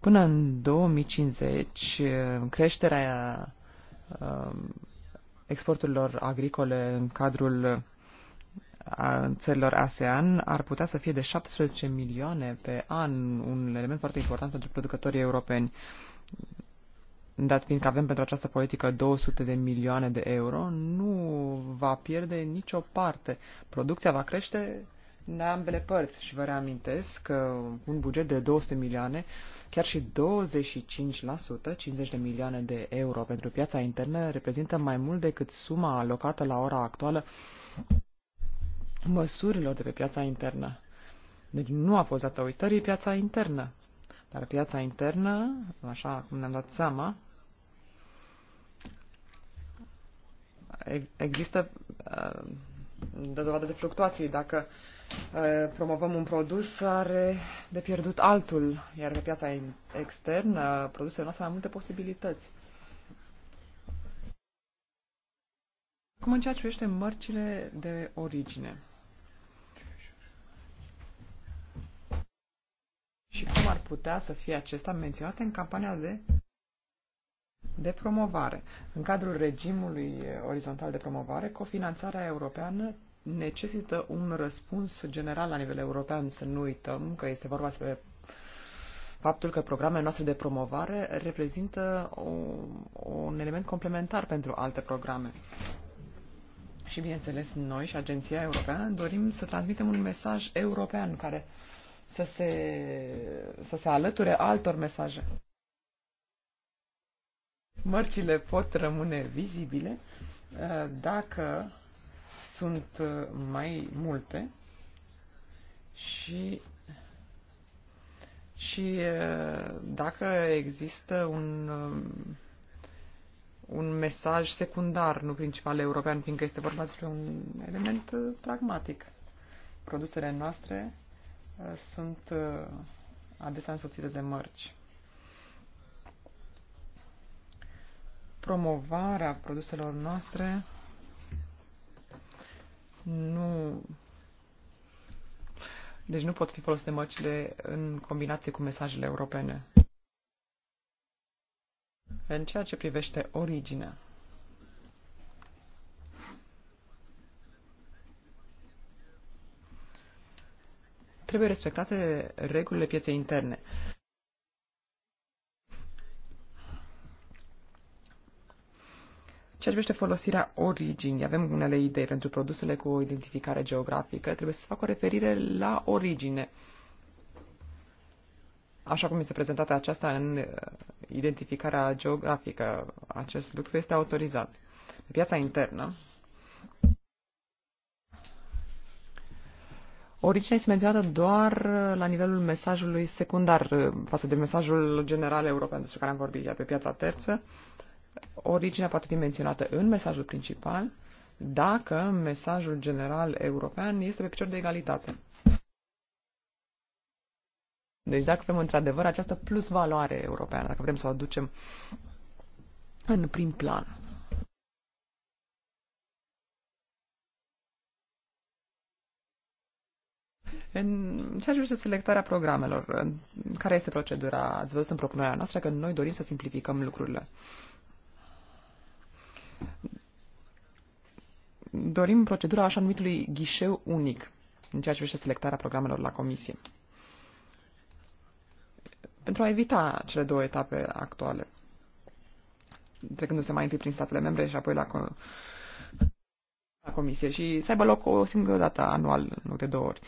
Până în 2050, uh, creșterea um, exporturilor agricole în cadrul a țărilor ASEAN ar putea să fie de 17 milioane pe an, un element foarte important pentru producătorii europeni dat fiind că avem pentru această politică 200 de milioane de euro, nu va pierde nicio parte. Producția va crește de ambele părți și vă reamintesc că un buget de 200 milioane, chiar și 25%, 50 de milioane de euro pentru piața internă, reprezintă mai mult decât suma alocată la ora actuală măsurilor de pe piața internă. Deci nu a fost dată uitării piața internă. Dar piața internă, așa cum ne-am dat seama, există uh, de dovadă de fluctuații. Dacă uh, promovăm un produs, are de pierdut altul, iar pe piața externă, produsele noastre au mai multe posibilități. Cum în ceea ce privește mărcile de origine. Și cum ar putea să fie acesta menționat în campania de de promovare. În cadrul regimului orizontal de promovare, cofinanțarea europeană necesită un răspuns general la nivel european. Să nu uităm că este vorba despre faptul că programele noastre de promovare reprezintă o, un element complementar pentru alte programe. Și, bineînțeles, noi și Agenția Europeană dorim să transmitem un mesaj european care să se, să se alăture altor mesaje mărcile pot rămâne vizibile uh, dacă sunt uh, mai multe și, și uh, dacă există un, un mesaj secundar, nu principal european, fiindcă este vorba despre un element pragmatic. Produsele noastre sunt adesea însoțite de mărci. promovarea produselor noastre nu deci nu pot fi folosite măcile în combinație cu mesajele europene. În ceea ce privește originea, trebuie respectate regulile pieței interne. ce privește folosirea originii, avem unele idei pentru produsele cu o identificare geografică, trebuie să fac o referire la origine. Așa cum este prezentată aceasta în uh, identificarea geografică, acest lucru este autorizat. Pe piața internă, Originea este menționată doar la nivelul mesajului secundar uh, față de mesajul general european despre care am vorbit, pe piața terță Originea poate fi menționată în mesajul principal dacă mesajul general european este pe picior de egalitate. Deci dacă vrem într-adevăr această plus valoare europeană, dacă vrem să o aducem în prim plan. În ceea ce privește selectarea programelor, care este procedura? Ați văzut în propunerea noastră că noi dorim să simplificăm lucrurile. Dorim procedura așa numitului ghișeu unic în ceea ce privește selectarea programelor la comisie. Pentru a evita cele două etape actuale, trecându-se mai întâi prin statele membre și apoi la, com- la comisie și să aibă loc o singură dată anual, nu de două ori.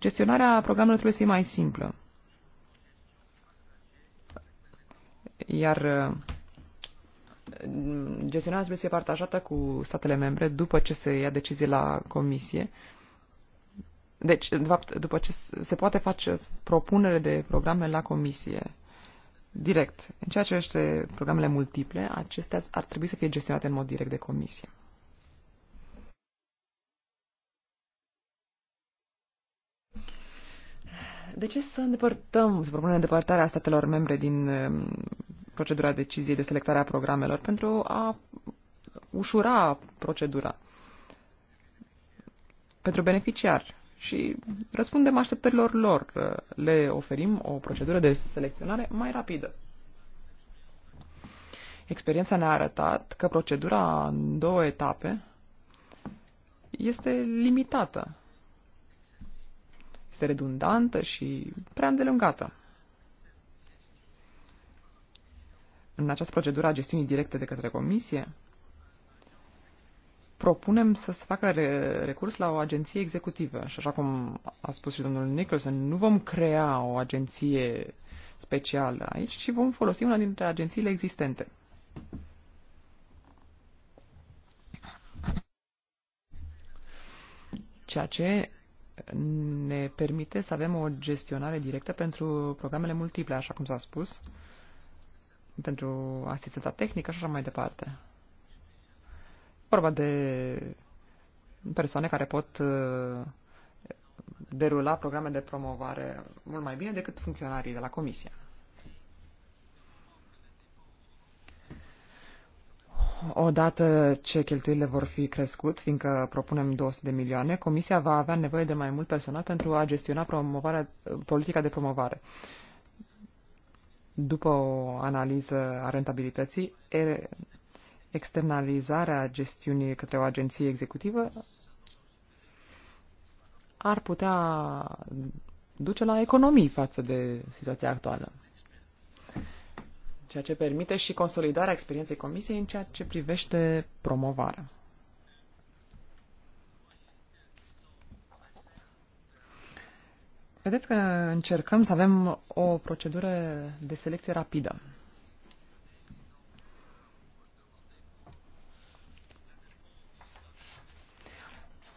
Gestionarea programelor trebuie să fie mai simplă. Iar gestionarea trebuie să fie partajată cu statele membre după ce se ia decizie la comisie. Deci, de fapt, după ce se poate face propunere de programe la comisie direct. În ceea ce este programele multiple, acestea ar trebui să fie gestionate în mod direct de comisie. De ce să îndepărtăm, să propunem îndepărtarea statelor membre din procedura deciziei de selectare a programelor pentru a ușura procedura pentru beneficiar și răspundem așteptărilor lor. Le oferim o procedură de selecționare mai rapidă. Experiența ne-a arătat că procedura în două etape este limitată, este redundantă și prea îndelungată. în această procedură a gestiunii directe de către comisie, propunem să se facă recurs la o agenție executivă. Și așa cum a spus și domnul Nicholson, nu vom crea o agenție specială aici, ci vom folosi una dintre agențiile existente. Ceea ce ne permite să avem o gestionare directă pentru programele multiple, așa cum s-a spus, uh, pentru asistența tehnică și așa mai departe. Vorba de persoane care pot uh, derula programe de promovare mult mai bine decât funcționarii de la Comisie. Odată ce cheltuielile vor fi crescut, fiindcă propunem 200 de milioane, Comisia va avea nevoie de mai mult personal pentru a gestiona promovarea, politica de promovare. După o analiză a rentabilității, externalizarea gestiunii către o agenție executivă ar putea duce la economii față de situația actuală. Ceea ce permite și consolidarea experienței comisiei în ceea ce privește promovarea. Vedeți că încercăm să avem o procedură de selecție rapidă.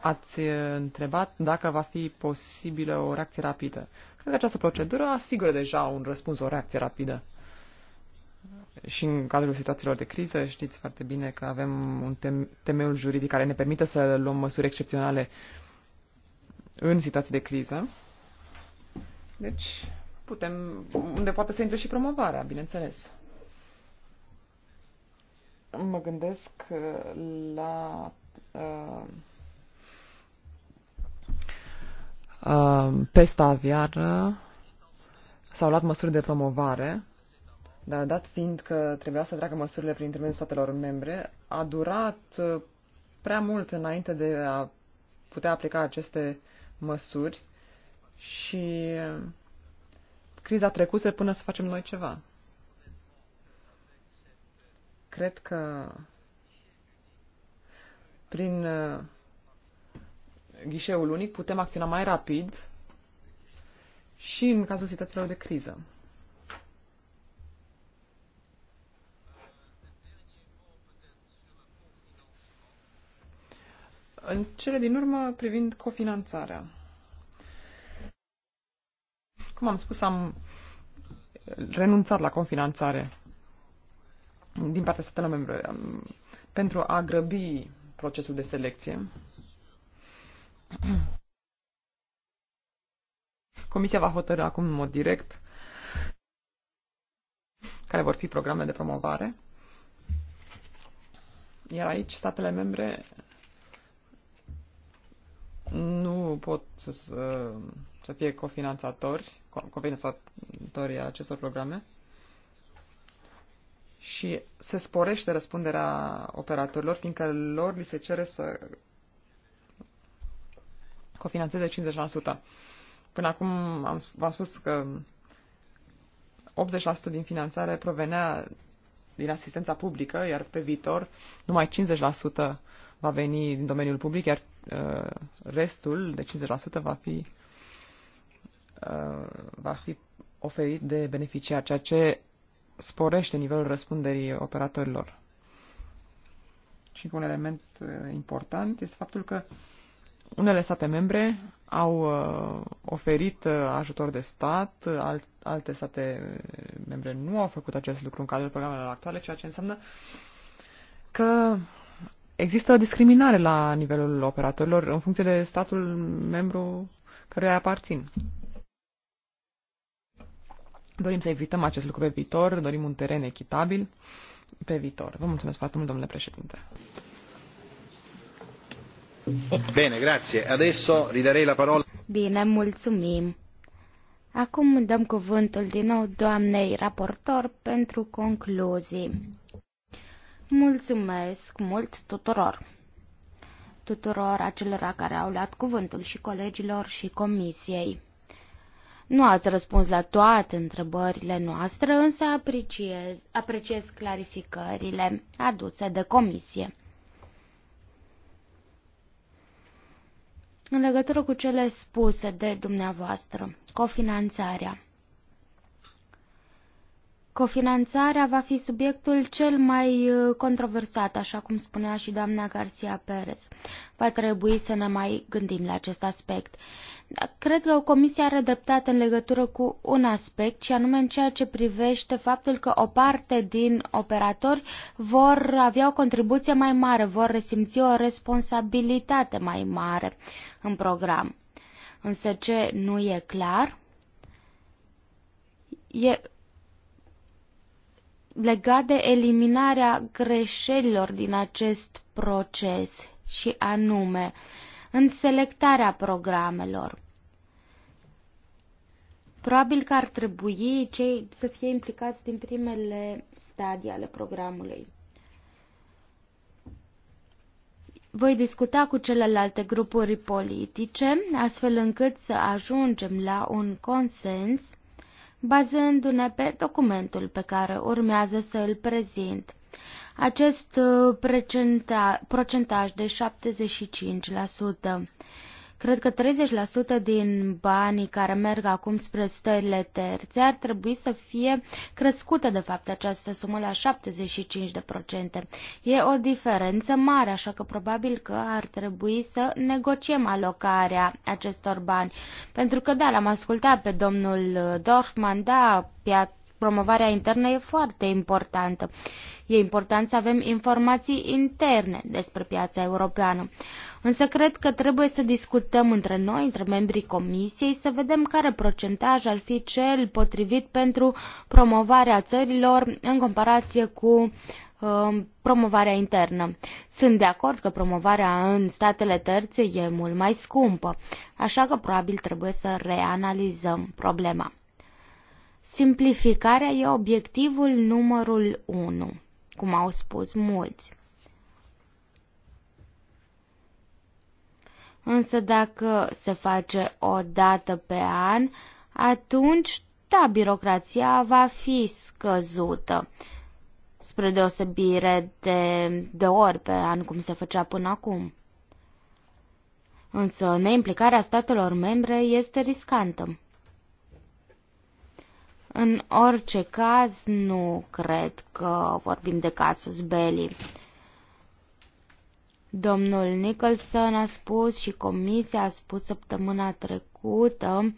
Ați întrebat dacă va fi posibilă o reacție rapidă. Cred că această procedură asigură deja un răspuns, o reacție rapidă. Și în cadrul situațiilor de criză știți foarte bine că avem un tem- temeiul juridic care ne permite să luăm măsuri excepționale în situații de criză. Deci, putem, unde poate să intre și promovarea, bineînțeles. Mă gândesc la uh, uh, pesta aviară s-au luat măsuri de promovare, dar dat fiind că trebuia să treacă măsurile prin intermediul statelor membre, a durat uh, prea mult înainte de a putea aplica aceste măsuri și criza trecuse până să facem noi ceva. Cred că prin uh, ghișeul unic putem acționa mai rapid și în cazul situațiilor de criză. În cele din urmă, privind cofinanțarea. Cum am spus, am renunțat la confinanțare din partea statelor membre pentru a grăbi procesul de selecție. Comisia va hotărâ acum în mod direct care vor fi programe de promovare. Iar aici statele membre nu pot să, să să fie cofinanțatori, cofinanțatorii acestor programe și se sporește răspunderea operatorilor, fiindcă lor li se cere să cofinanțeze 50%. Până acum am, v-am spus că 80% din finanțare provenea din asistența publică, iar pe viitor numai 50% va veni din domeniul public, iar uh, restul de 50% va fi Uh, va fi oferit de beneficiar, ceea ce sporește nivelul răspunderii operatorilor. Și un element uh, important este faptul că unele state membre au uh, oferit ajutor de stat, alte state membre nu au făcut acest lucru în cadrul programelor actuale, ceea ce înseamnă că există o discriminare la nivelul operatorilor în funcție de statul membru căruia aparțin. Dorim să evităm acest lucru pe viitor, dorim un teren echitabil pe viitor. Vă mulțumesc foarte mult, domnule președinte. Bine, grație. Adesso ridarei la parola. Bine, mulțumim. Acum dăm cuvântul din nou doamnei raportor pentru concluzii. Mulțumesc mult tuturor! Tuturor acelora care au luat cuvântul și colegilor și comisiei. Nu ați răspuns la toate întrebările noastre, însă apreciez, apreciez clarificările aduse de comisie. În legătură cu cele spuse de dumneavoastră, cofinanțarea. Cofinanțarea va fi subiectul cel mai uh, controversat, așa cum spunea și doamna Garcia Perez. Va trebui să ne mai gândim la acest aspect. Cred că Comisia are dreptate în legătură cu un aspect, și anume în ceea ce privește faptul că o parte din operatori vor avea o contribuție mai mare, vor resimți o responsabilitate mai mare în program. Însă ce nu e clar e legat de eliminarea greșelilor din acest proces și anume în selectarea programelor. Probabil că ar trebui cei să fie implicați din primele stadii ale programului. Voi discuta cu celelalte grupuri politice, astfel încât să ajungem la un consens bazându-ne pe documentul pe care urmează să îl prezint. Acest uh, procenta, procentaj de 75%. Cred că 30% din banii care merg acum spre stările terțe ar trebui să fie crescută de fapt această sumă la 75%. E o diferență mare, așa că probabil că ar trebui să negociem alocarea acestor bani. Pentru că da, l-am ascultat pe domnul Dorfman, da, promovarea internă e foarte importantă. E important să avem informații interne despre piața europeană. Însă cred că trebuie să discutăm între noi, între membrii comisiei, să vedem care procentaj ar fi cel potrivit pentru promovarea țărilor în comparație cu um, promovarea internă. Sunt de acord că promovarea în statele terțe e mult mai scumpă, așa că probabil trebuie să reanalizăm problema. Simplificarea e obiectivul numărul 1, cum au spus mulți. Însă dacă se face o dată pe an, atunci, da, birocrația va fi scăzută, spre deosebire de, de ori pe an, cum se făcea până acum. Însă neimplicarea statelor membre este riscantă. În orice caz, nu cred că vorbim de casus belli. Domnul Nicholson a spus și comisia a spus săptămâna trecută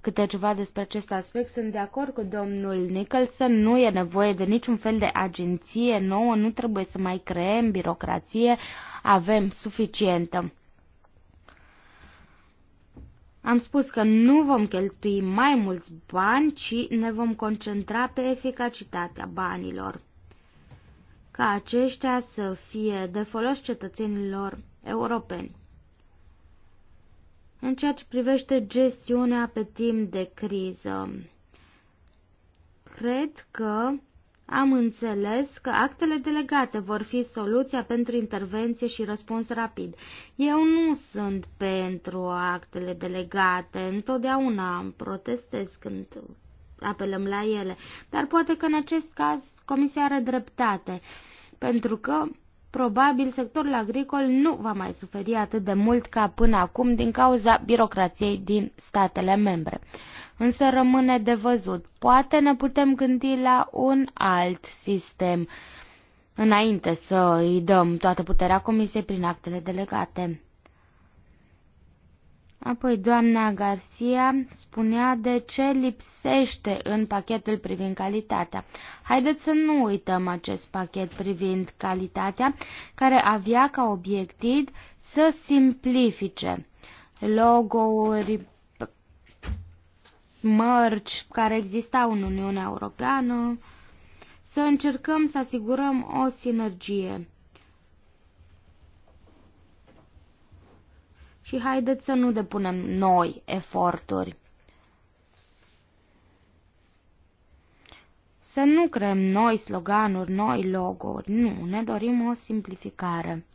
câte ceva despre acest aspect. Sunt de acord cu domnul Nicholson, nu e nevoie de niciun fel de agenție nouă, nu trebuie să mai creăm birocrație, avem suficientă. Am spus că nu vom cheltui mai mulți bani, ci ne vom concentra pe eficacitatea banilor ca aceștia să fie de folos cetățenilor europeni. În ceea ce privește gestiunea pe timp de criză, cred că am înțeles că actele delegate vor fi soluția pentru intervenție și răspuns rapid. Eu nu sunt pentru actele delegate, întotdeauna protestez când apelăm la ele. Dar poate că în acest caz Comisia are dreptate, pentru că probabil sectorul agricol nu va mai suferi atât de mult ca până acum din cauza birocrației din statele membre. Însă rămâne de văzut. Poate ne putem gândi la un alt sistem înainte să îi dăm toată puterea Comisiei prin actele delegate. Apoi doamna Garcia spunea de ce lipsește în pachetul privind calitatea. Haideți să nu uităm acest pachet privind calitatea, care avea ca obiectiv să simplifice logo-uri, mărci care existau în Uniunea Europeană, să încercăm să asigurăm o sinergie și haideți să nu depunem noi eforturi. Să nu creăm noi sloganuri, noi logo-uri, nu, ne dorim o simplificare.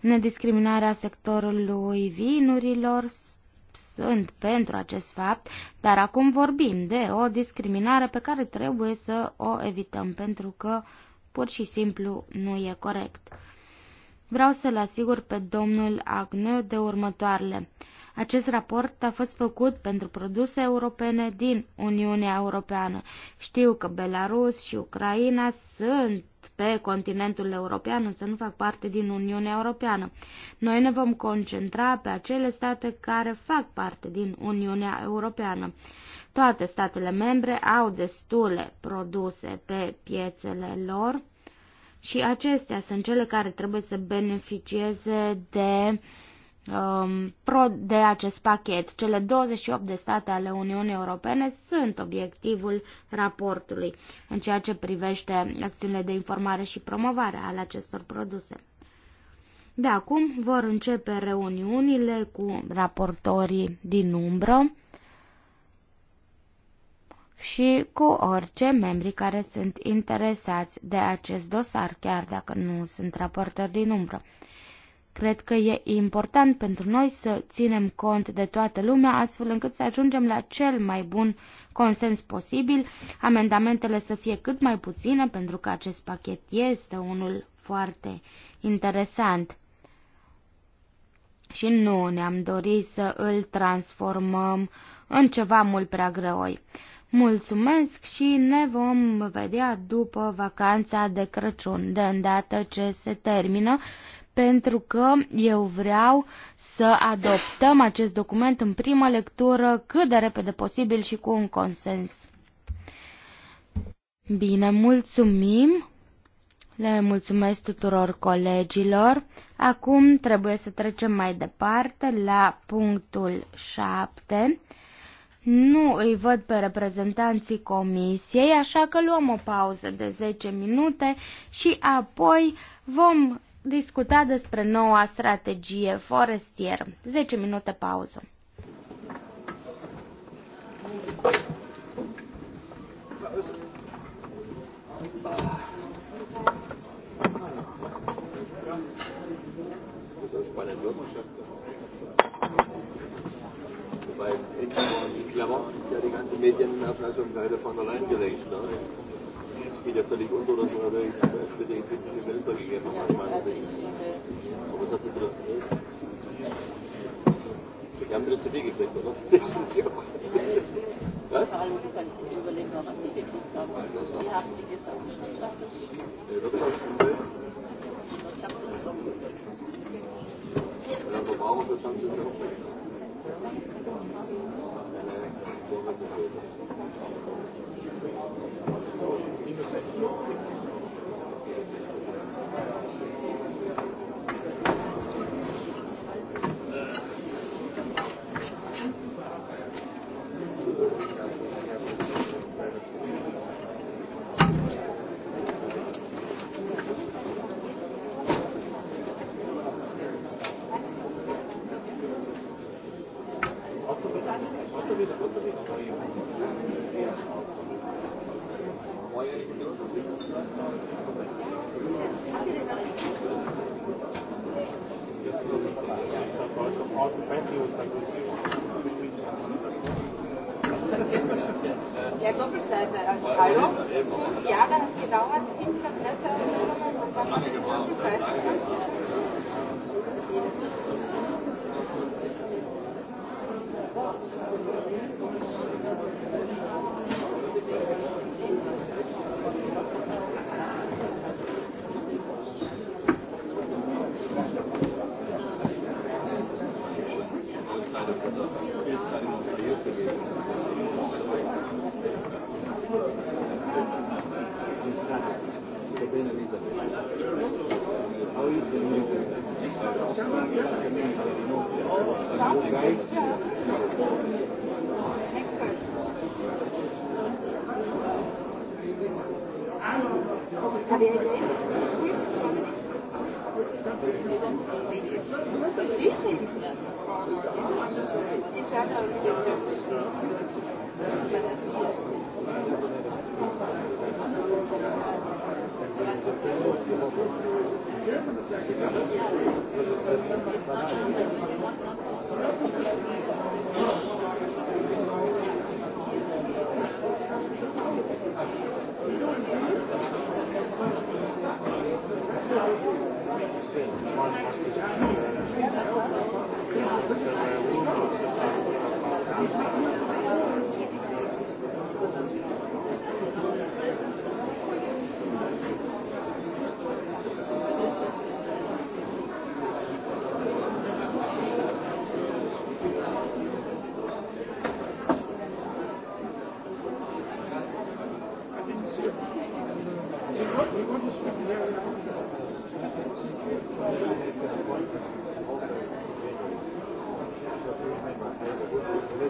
Nediscriminarea sectorului vinurilor sunt pentru acest fapt, dar acum vorbim de o discriminare pe care trebuie să o evităm, pentru că uh, Pur și simplu nu e corect. Vreau să-l asigur pe domnul Agneu de următoarele. Acest raport a fost făcut pentru produse europene din Uniunea Europeană. Știu că Belarus și Ucraina sunt pe continentul european, însă nu fac parte din Uniunea Europeană. Noi ne vom concentra pe acele state care fac parte din Uniunea Europeană. Toate statele membre au destule produse pe piețele lor și acestea sunt cele care trebuie să beneficieze de, um, pro, de acest pachet. Cele 28 de state ale Uniunii Europene sunt obiectivul raportului în ceea ce privește acțiunile de informare și promovare ale acestor produse. De acum vor începe reuniunile cu raportorii din umbră și cu orice membri care sunt interesați de acest dosar, chiar dacă nu sunt raportori din umbră. Cred că e important pentru noi să ținem cont de toată lumea, astfel încât să ajungem la cel mai bun consens posibil, amendamentele să fie cât mai puține, pentru că acest pachet este unul foarte interesant. Și nu ne-am dorit să îl transformăm în ceva mult prea greoi. Mulțumesc și ne vom vedea după vacanța de Crăciun, de îndată ce se termină, pentru că eu vreau să adoptăm acest document în prima lectură cât de repede posibil și cu un consens. Bine, mulțumim! Le mulțumesc tuturor colegilor. Acum trebuie să trecem mai departe la punctul 7 nu îi văd pe reprezentanții comisiei, așa că luăm o pauză de 10 minute și apoi vom discuta despre noua strategie forestier. 10 minute pauză. Bei der Bürgerschaft bei ich in auch, ja die ganze leider von allein gelegt. Ne? Es geht ja völlig unter, dass man es mit den kritischen Fenster gegeben hat, aus meiner Sicht. Aber es hat sich wieder. Wir haben wieder zu viel gekriegt, oder? Das sind ja Was? Vor allem überlegen wir, was die gekriegt haben. Wie haben die das Thank you.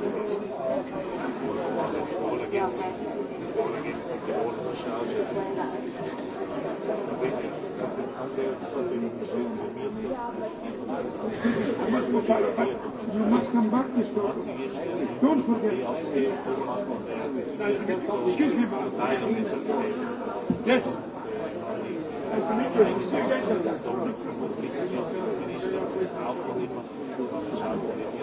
You must come back this way. Don't forget. Excuse me, Yes. Nice to meet you.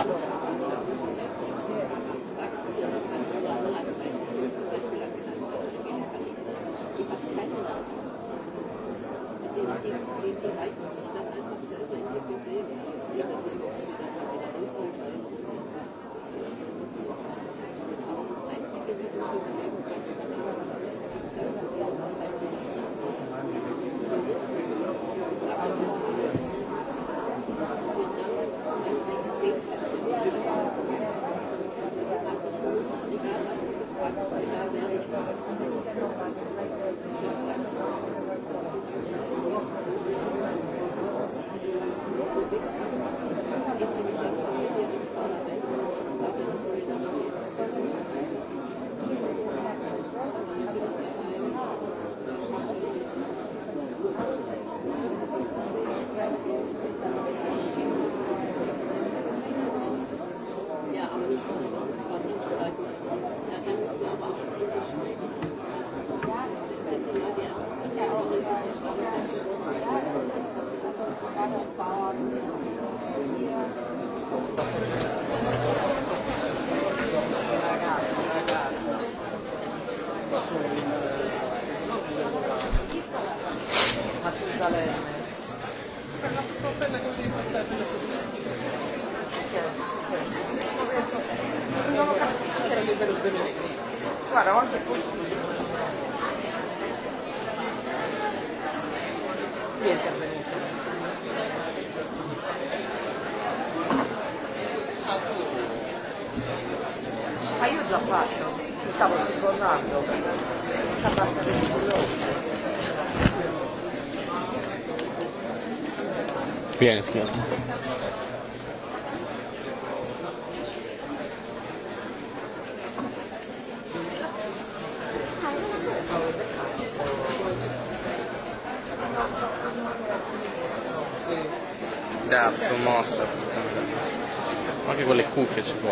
europa Bien, da, señor. Cazzo, mossa. Anche con le cuffie ci può.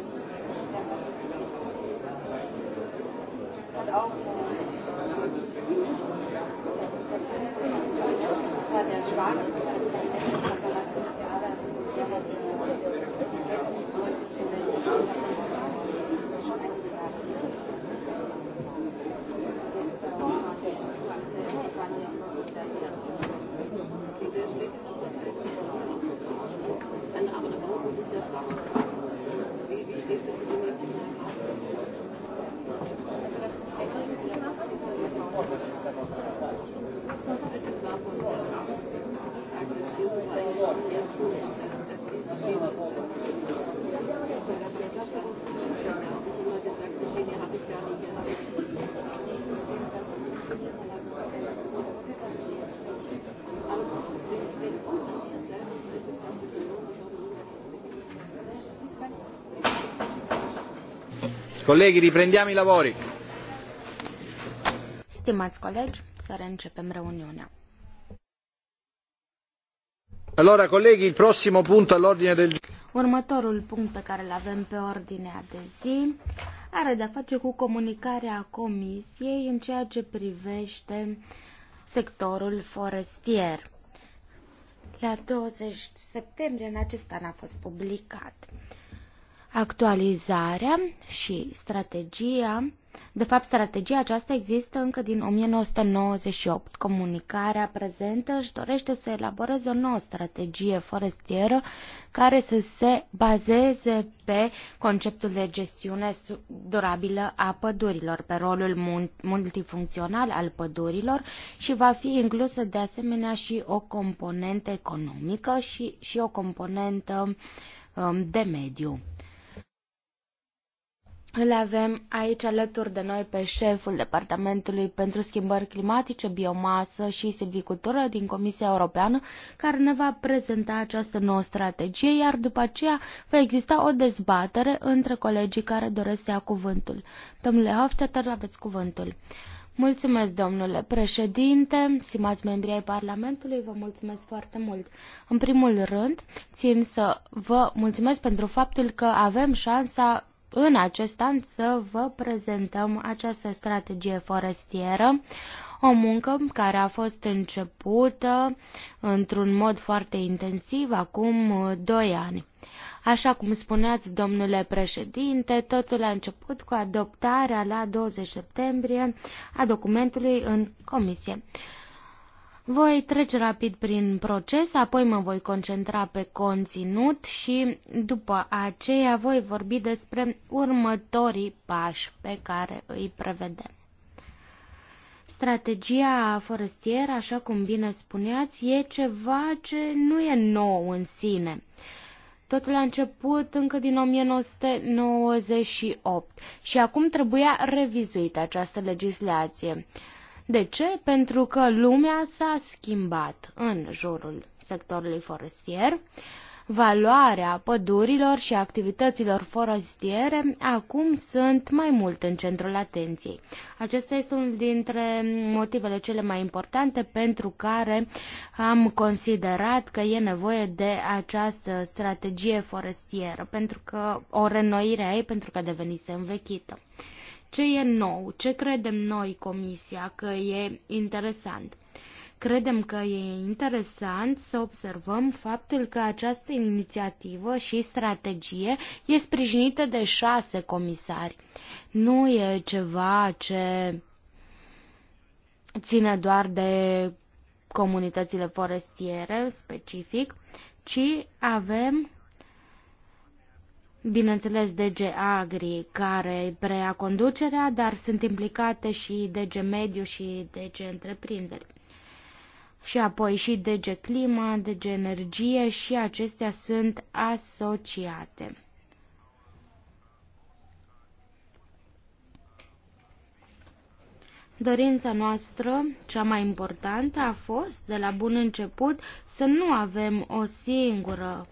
Colleghi, riprendiamo i lavori. Stimați colegi, să reîncepem reuniunea. Allora, colleghi, il prossimo punto all'ordine del Următorul punct pe care îl avem pe ordinea de zi are de-a face cu comunicarea Comisiei în ceea ce privește sectorul forestier. La 20 septembrie în acest an a fost publicat. Actualizarea și strategia, de fapt strategia aceasta există încă din 1998. Comunicarea prezentă își dorește să elaboreze o nouă strategie forestieră care să se bazeze pe conceptul de gestiune durabilă a pădurilor, pe rolul multifuncțional al pădurilor și va fi inclusă de asemenea și o componentă economică și, și o componentă um, de mediu. Îl avem aici alături de noi pe șeful Departamentului pentru Schimbări Climatice, Biomasă și Silvicultură din Comisia Europeană, care ne va prezenta această nouă strategie, iar după aceea va exista o dezbatere între colegii care doresc să ia cuvântul. Domnule Hofstetter, aveți cuvântul. Mulțumesc, domnule președinte, stimați membri ai Parlamentului, vă mulțumesc foarte mult. În primul rând, țin să vă mulțumesc pentru faptul că avem șansa în acest an să vă prezentăm această strategie forestieră, o muncă care a fost începută într-un mod foarte intensiv acum 2 uh, ani. Așa cum spuneați, domnule președinte, totul a început cu adoptarea la 20 septembrie a documentului în comisie. Voi trece rapid prin proces, apoi mă voi concentra pe conținut și după aceea voi vorbi despre următorii pași pe care îi prevedem. Strategia forestieră, așa cum bine spuneați, e ceva ce nu e nou în sine. Totul a început încă din 1998 și acum trebuia revizuită această legislație. De ce? Pentru că lumea s-a schimbat în jurul sectorului forestier. Valoarea pădurilor și activităților forestiere acum sunt mai mult în centrul atenției. Acesta este unul dintre motivele cele mai importante pentru care am considerat că e nevoie de această strategie forestieră, pentru că o renoire a ei pentru că devenise învechită. Ce e nou? Ce credem noi, Comisia, că e interesant? Credem că e interesant să observăm faptul că această inițiativă și strategie e sprijinită de șase comisari. Nu e ceva ce ține doar de comunitățile forestiere specific, ci avem bineînțeles DG Agri care preia conducerea, dar sunt implicate și DG Mediu și DG Întreprinderi. Și apoi și DG Clima, DG Energie și acestea sunt asociate. Dorința noastră, cea mai importantă, a fost, de la bun început, să nu avem o singură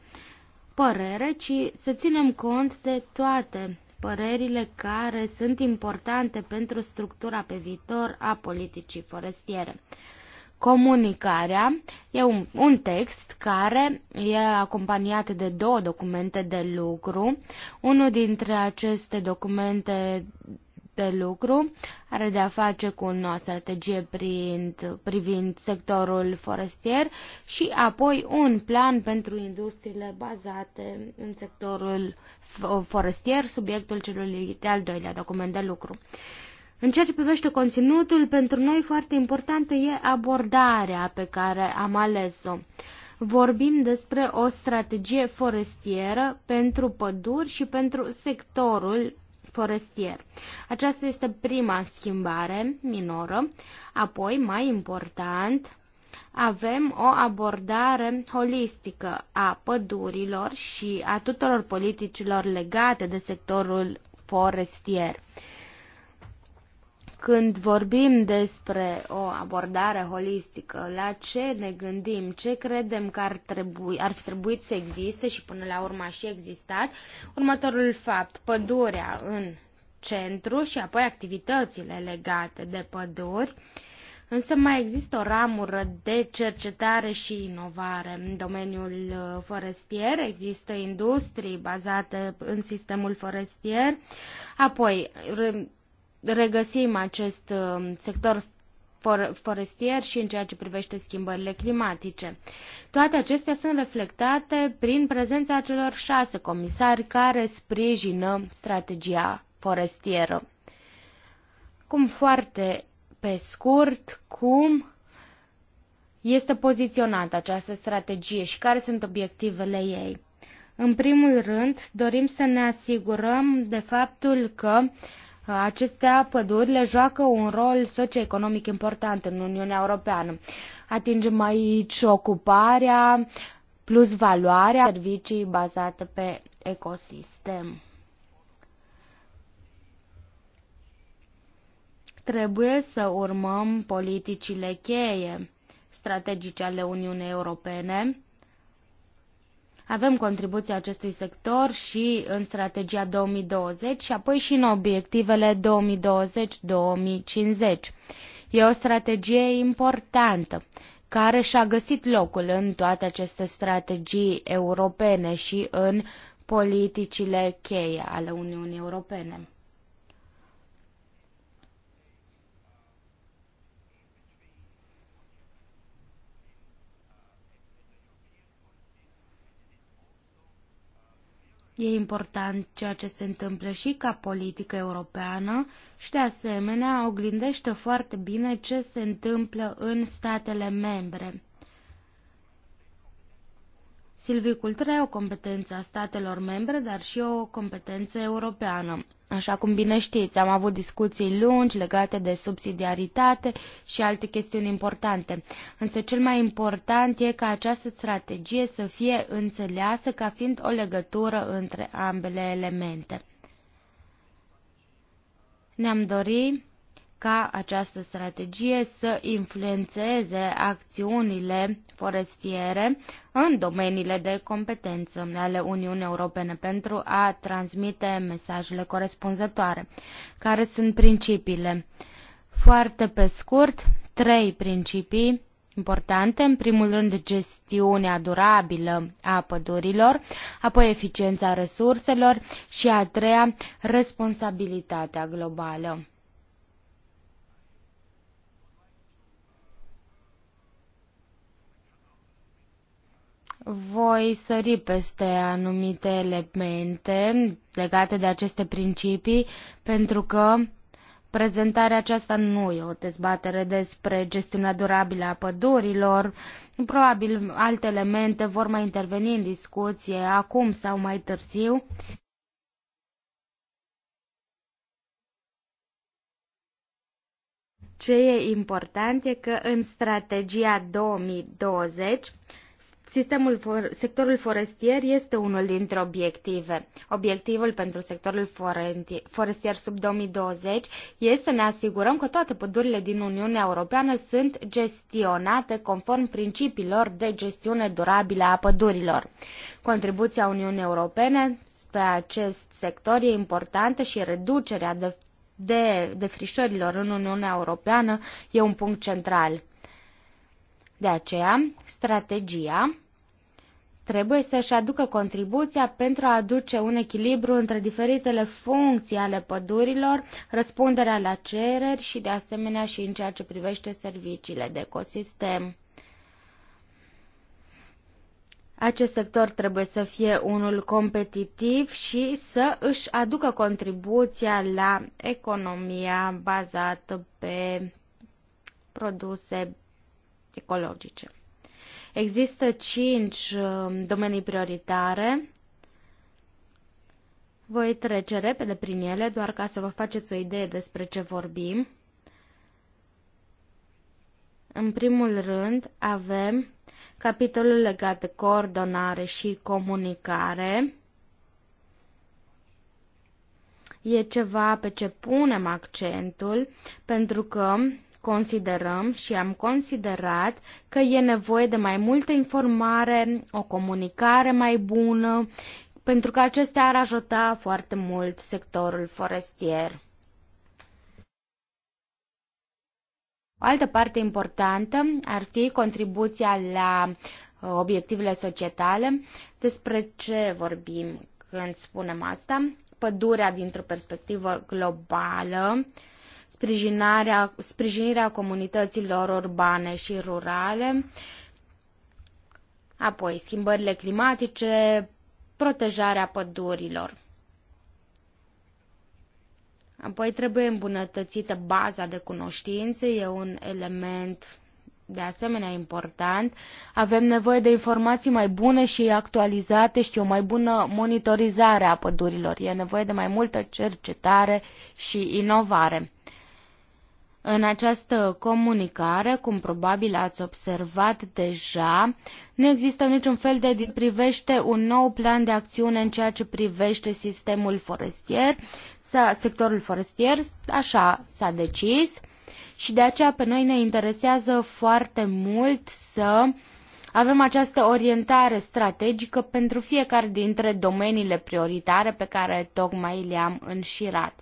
părere, ci să ținem cont de toate părerile care sunt importante pentru structura pe viitor a politicii forestiere. Comunicarea e un, un text care e acompaniat de două documente de lucru. Unul dintre aceste documente de lucru are de a face cu noua strategie privind, privind sectorul forestier și apoi un plan pentru industriile bazate în sectorul forestier, subiectul celui de-al doilea document de lucru. În ceea ce privește conținutul, pentru noi foarte importantă e abordarea pe care am ales-o. Vorbim despre o strategie forestieră pentru păduri și pentru sectorul forestier. Aceasta este prima schimbare minoră. Apoi, mai important, avem o abordare holistică a pădurilor și a tuturor politicilor legate de sectorul forestier. Când vorbim despre o abordare holistică, la ce ne gândim, ce credem că ar, trebui, ar fi trebuit să existe și până la urmă a și existat, următorul fapt, pădurea în centru și apoi activitățile legate de păduri, însă mai există o ramură de cercetare și inovare. În domeniul uh, forestier există industrii bazate în sistemul forestier, apoi regăsim acest um, sector forestier și în ceea ce privește schimbările climatice. Toate acestea sunt reflectate prin prezența celor șase comisari care sprijină strategia forestieră. Cum foarte pe scurt, cum este poziționată această strategie și care sunt obiectivele ei. În primul rând, dorim să ne asigurăm de faptul că uh, Acestea, pădurile, joacă un rol socioeconomic important în Uniunea Europeană. Atingem aici ocuparea, plus valoarea, servicii bazate pe ecosistem. Trebuie să urmăm politicile cheie strategice ale Uniunii Europene, avem contribuția acestui sector și în strategia 2020 și apoi și în obiectivele 2020-2050. E o strategie importantă care și-a găsit locul în toate aceste strategii europene și în politicile cheie ale Uniunii Europene. E important ceea ce se întâmplă și ca politică europeană și de asemenea oglindește foarte bine ce se întâmplă în statele membre. Silvicultura e o competență a statelor membre, dar și o competență europeană. Așa cum bine știți, am avut discuții lungi legate de subsidiaritate și alte chestiuni importante. Însă cel mai important e ca această strategie să fie înțeleasă ca fiind o legătură între ambele elemente. Ne-am dorit ca această strategie să influențeze acțiunile forestiere în domeniile de competență ale Uniunii Europene pentru a transmite mesajele corespunzătoare. Care sunt principiile? Foarte pe scurt, trei principii importante, în primul rând gestiunea durabilă a pădurilor, apoi eficiența resurselor și a treia responsabilitatea globală. voi sări peste anumite elemente legate de aceste principii, pentru că prezentarea aceasta nu e o dezbatere despre gestiunea durabilă a pădurilor. Probabil alte elemente vor mai interveni în discuție acum sau mai târziu. Ce e important e că în strategia 2020 Sistemul sectorul forestier este unul dintre obiective. Obiectivul pentru sectorul forestier sub 2020 este să ne asigurăm că toate pădurile din Uniunea Europeană sunt gestionate conform principiilor de gestiune durabilă a pădurilor. Contribuția Uniunii Europene pe acest sector e importantă și reducerea de, de, de frișărilor în Uniunea Europeană e un punct central. De aceea, strategia trebuie să-și aducă contribuția pentru a aduce un echilibru între diferitele funcții ale pădurilor, răspunderea la cereri și de asemenea și în ceea ce privește serviciile de ecosistem. Acest sector trebuie să fie unul competitiv și să își aducă contribuția la economia bazată pe produse ecologice. Există cinci um, domenii prioritare. Voi trece repede prin ele, doar ca să vă faceți o idee despre ce vorbim. În primul rând, avem capitolul legat de coordonare și comunicare. E ceva pe ce punem accentul, pentru că Considerăm și am considerat că e nevoie de mai multă informare, o comunicare mai bună, pentru că acestea ar ajuta foarte mult sectorul forestier. O altă parte importantă ar fi contribuția la uh, obiectivele societale. Despre ce vorbim când spunem asta? Pădurea dintr-o perspectivă globală, uh, sprijinarea, sprijinirea comunităților urbane și rurale, apoi schimbările climatice, protejarea pădurilor. Apoi trebuie îmbunătățită baza de cunoștințe, e un element de asemenea important. Avem nevoie de informații mai bune și actualizate și o mai bună monitorizare a pădurilor. E nevoie de mai multă cercetare și inovare. În această comunicare, cum probabil ați observat deja, nu există niciun fel de privește un nou plan de acțiune în ceea ce privește sistemul forestier, sectorul forestier, așa s-a decis și de aceea pe noi ne interesează foarte mult să avem această orientare strategică pentru fiecare dintre domeniile prioritare pe care tocmai le-am înșirat.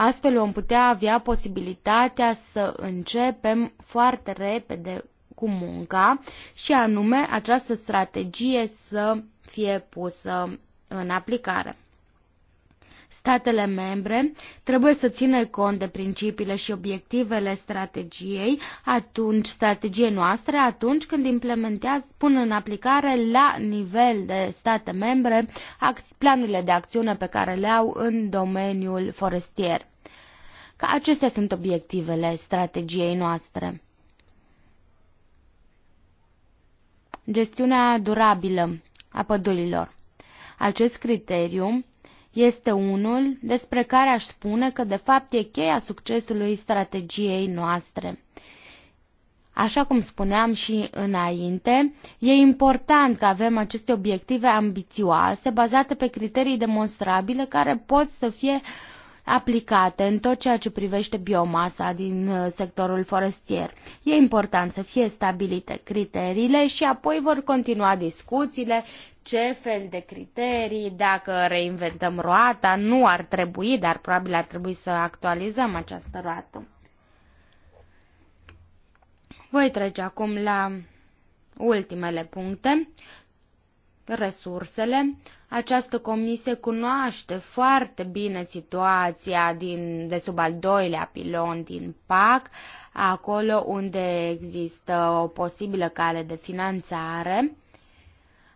Astfel vom putea avea posibilitatea să începem foarte repede cu munca și anume această strategie să fie pusă în aplicare. Statele membre trebuie să țină cont de principiile și obiectivele strategiei, atunci strategie noastră, atunci când implementează, pun în aplicare la nivel de state membre planurile de acțiune pe care le au în domeniul forestier. Că acestea sunt obiectivele strategiei noastre. Gestiunea durabilă a pădurilor. Acest criteriu este unul despre care aș spune că de fapt e cheia succesului strategiei noastre. Așa cum spuneam și înainte, e important că avem aceste obiective ambițioase bazate pe criterii demonstrabile care pot să fie uh, aplicate în tot ceea ce privește biomasa din uh, sectorul forestier. E important să fie stabilite criteriile și apoi vor continua discuțiile ce fel de criterii, dacă reinventăm roata, nu ar trebui, dar probabil ar trebui să actualizăm această roată. Voi trece acum la ultimele puncte, resursele. Această comisie cunoaște foarte bine situația din, de sub al doilea pilon din PAC, acolo unde există o posibilă cale de finanțare.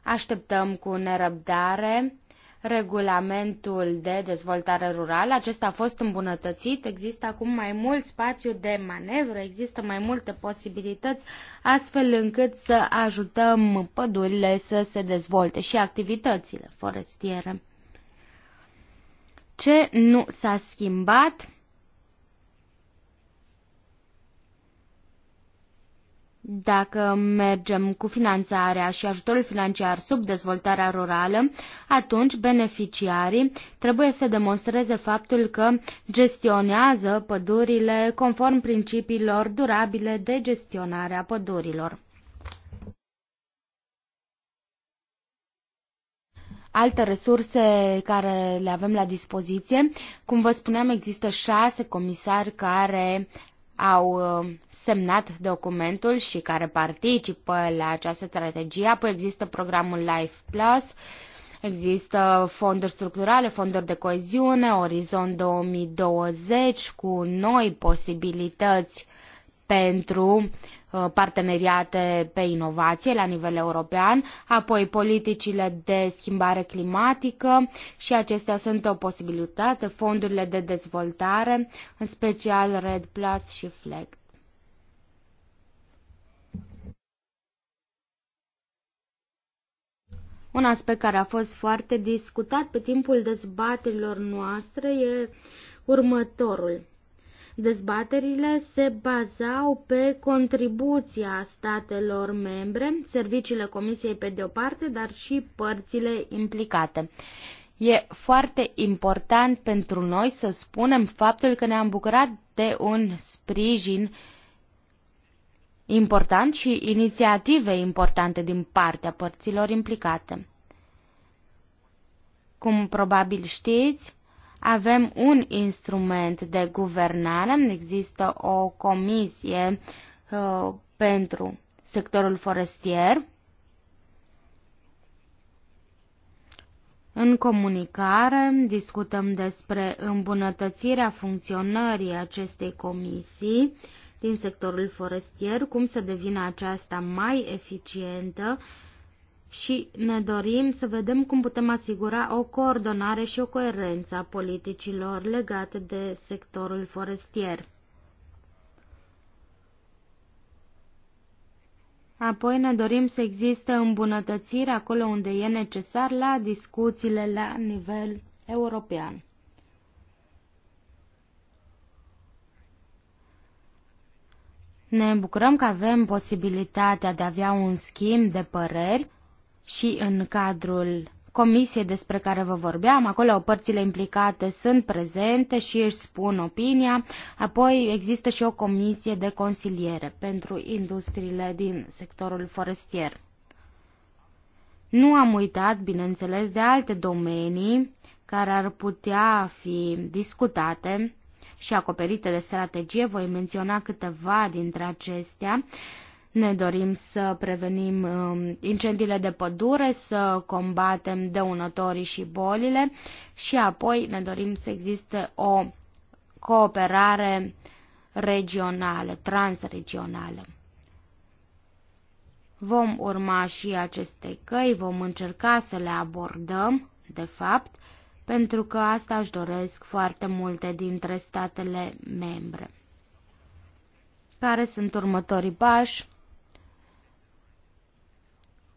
Așteptăm cu nerăbdare regulamentul de dezvoltare rurală. Acesta a fost îmbunătățit, există acum mai mult spațiu de manevră, există mai multe posibilități, astfel încât să ajutăm pădurile să se dezvolte și activitățile forestiere. Ce nu s-a schimbat? Dacă mergem cu finanțarea și ajutorul financiar sub dezvoltarea rurală, atunci beneficiarii trebuie să demonstreze faptul că gestionează pădurile conform principiilor durabile de gestionare a pădurilor. alte resurse care le avem la dispoziție. Cum vă spuneam, există șase comisari care au semnat documentul și care participă la această strategie. Apoi există programul Life Plus, există fonduri structurale, fonduri de coeziune, Orizont 2020 cu noi posibilități pentru uh, parteneriate pe inovație la nivel european, apoi politicile de schimbare climatică și acestea sunt o posibilitate, fondurile de dezvoltare, în special Red Plus și FLECT. Un aspect care a fost foarte discutat pe timpul dezbaterilor noastre e următorul. Dezbaterile se bazau pe contribuția statelor membre, serviciile Comisiei pe de o parte, dar și părțile implicate. E foarte important pentru noi să spunem faptul că ne-am bucurat de un sprijin uh, important și inițiative importante din partea părților implicate. Cum probabil știți, avem un instrument de guvernare, există o comisie uh, pentru sectorul forestier. În comunicare discutăm despre îmbunătățirea funcționării acestei comisii, uh, din sectorul forestier, cum să devină aceasta mai eficientă și ne dorim să vedem cum putem asigura o coordonare și o coerență a politicilor legate de sectorul forestier. Apoi ne dorim să existe îmbunătățiri acolo unde e necesar la discuțiile la nivel european. Ne bucurăm că avem posibilitatea de a avea un schimb de păreri și în cadrul comisiei despre care vă vorbeam, acolo părțile implicate sunt prezente și își spun opinia, apoi există și o comisie de consiliere pentru industriile din sectorul forestier. Nu am uitat, bineînțeles, de alte domenii care ar putea fi discutate, și acoperite de strategie. Voi menționa câteva dintre acestea. Ne dorim să prevenim um, incendiile de pădure, să combatem dăunătorii și bolile și apoi ne dorim să existe o cooperare regională, transregională. Vom urma și aceste căi, vom încerca să le abordăm, de fapt, pentru că asta își doresc foarte multe dintre statele membre. Care sunt următorii pași?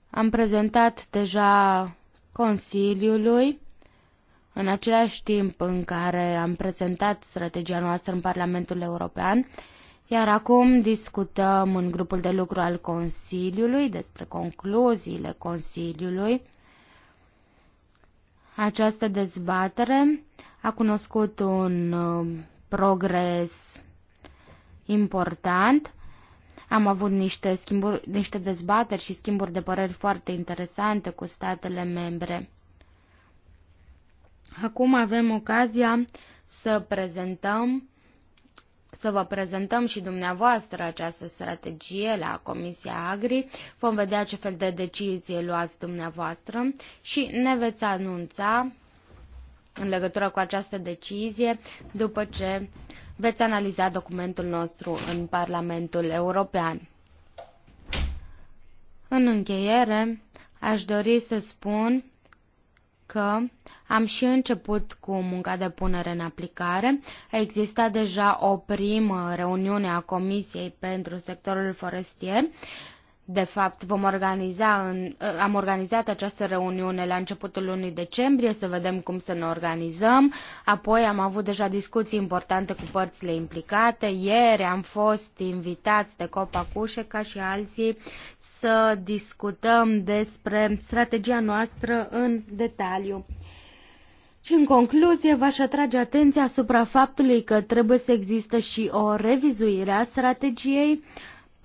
Am prezentat deja Consiliului, în același timp în care am prezentat strategia noastră în Parlamentul European, iar acum discutăm în grupul de lucru al Consiliului despre concluziile Consiliului această dezbatere a cunoscut un uh, progres important. Am avut niște, schimburi, niște dezbateri și schimburi de păreri foarte interesante cu statele membre. Acum avem ocazia să prezentăm să vă prezentăm și dumneavoastră această strategie la Comisia Agri. Vom vedea ce fel de decizie luați dumneavoastră și ne veți anunța în legătură cu această decizie după ce veți analiza documentul nostru în Parlamentul European. În încheiere, aș dori să spun că am și început cu munca de punere în aplicare. A existat deja o primă reuniune a Comisiei pentru sectorul forestier de fapt, vom organiza în, ă, am organizat această reuniune la începutul lunii decembrie să vedem cum să ne organizăm. Apoi am avut deja discuții importante cu părțile implicate. Ieri am fost invitați de Copa Cușeca și alții să discutăm despre strategia noastră în detaliu. Și în concluzie, v-aș atrage atenția asupra faptului că trebuie să existe și o revizuire a strategiei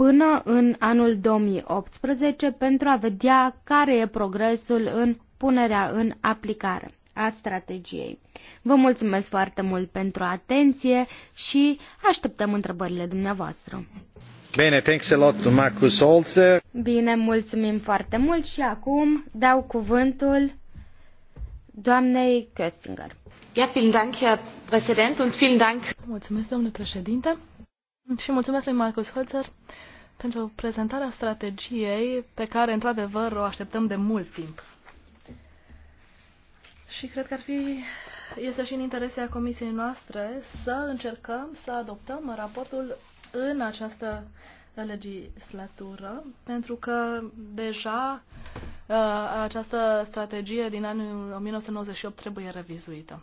până în anul 2018 pentru a vedea care e progresul în punerea în aplicare a strategiei. Vă mulțumesc foarte mult pentru atenție și așteptăm întrebările dumneavoastră. Bine, thanks a lot to Marcus Holzer. Bine, mulțumim foarte mult și acum dau cuvântul doamnei Köstinger. Ja, vielen Dank, Herr Präsident, und vielen Dank. Mulțumesc, domnule președinte. Și mulțumesc lui Marcus Holzer pentru prezentarea strategiei pe care, într-adevăr, o așteptăm de mult timp. Și cred că ar fi, este și în interesea comisiei noastre să încercăm să adoptăm raportul în această legislatură, pentru că deja uh, această strategie din anul 1998 trebuie revizuită.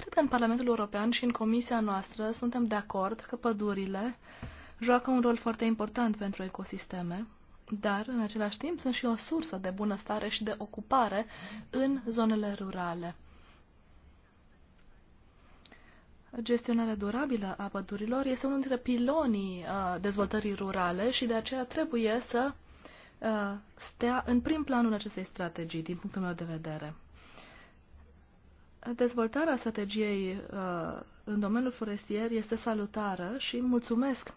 Cred că în Parlamentul European și în Comisia noastră suntem de acord că pădurile joacă un rol foarte important pentru ecosisteme, dar în același timp sunt și o sursă de bunăstare și de ocupare în zonele rurale. Gestionarea durabilă a pădurilor este unul dintre pilonii uh, dezvoltării rurale și de aceea trebuie să uh, stea în prim planul acestei strategii, din punctul meu de vedere. Dezvoltarea strategiei uh, în domeniul forestier este salutară și mulțumesc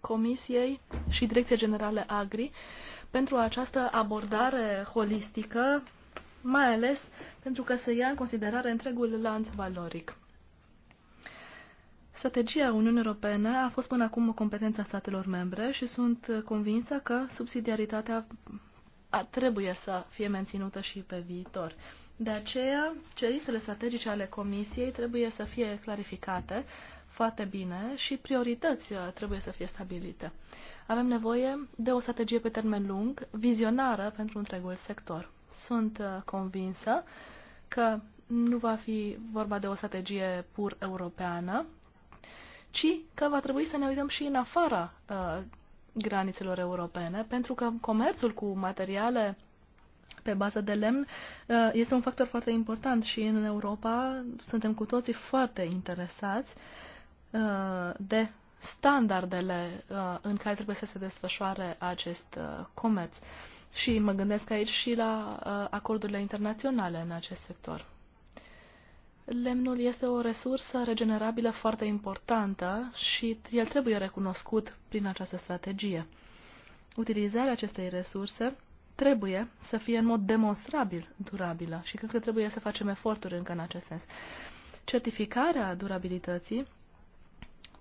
Comisiei și Direcției Generale Agri pentru această abordare holistică, mai ales pentru că se ia în considerare întregul lanț valoric. Strategia Uniunii Europene a fost până acum o competență a statelor membre și sunt convinsă că subsidiaritatea trebuie să fie menținută și pe viitor. De aceea, cerințele strategice ale Comisiei trebuie să fie clarificate foarte bine și priorități uh, trebuie să fie stabilite. Avem nevoie de o strategie pe termen lung, vizionară pentru întregul sector. Sunt uh, convinsă că nu va fi vorba de o strategie pur europeană, ci că va trebui să ne uităm și în afara uh, granițelor europene, pentru că comerțul cu materiale pe bază de lemn uh, este un factor foarte important și în Europa suntem cu toții foarte interesați uh, de standardele uh, în care trebuie să se desfășoare acest comerț. Și mă gândesc aici și la acordurile internaționale în acest sector. Lemnul este o resursă regenerabilă foarte importantă și el trebuie recunoscut prin această strategie. Utilizarea acestei resurse trebuie să fie în mod demonstrabil durabilă și cred că trebuie să facem eforturi încă în acest sens. Certificarea durabilității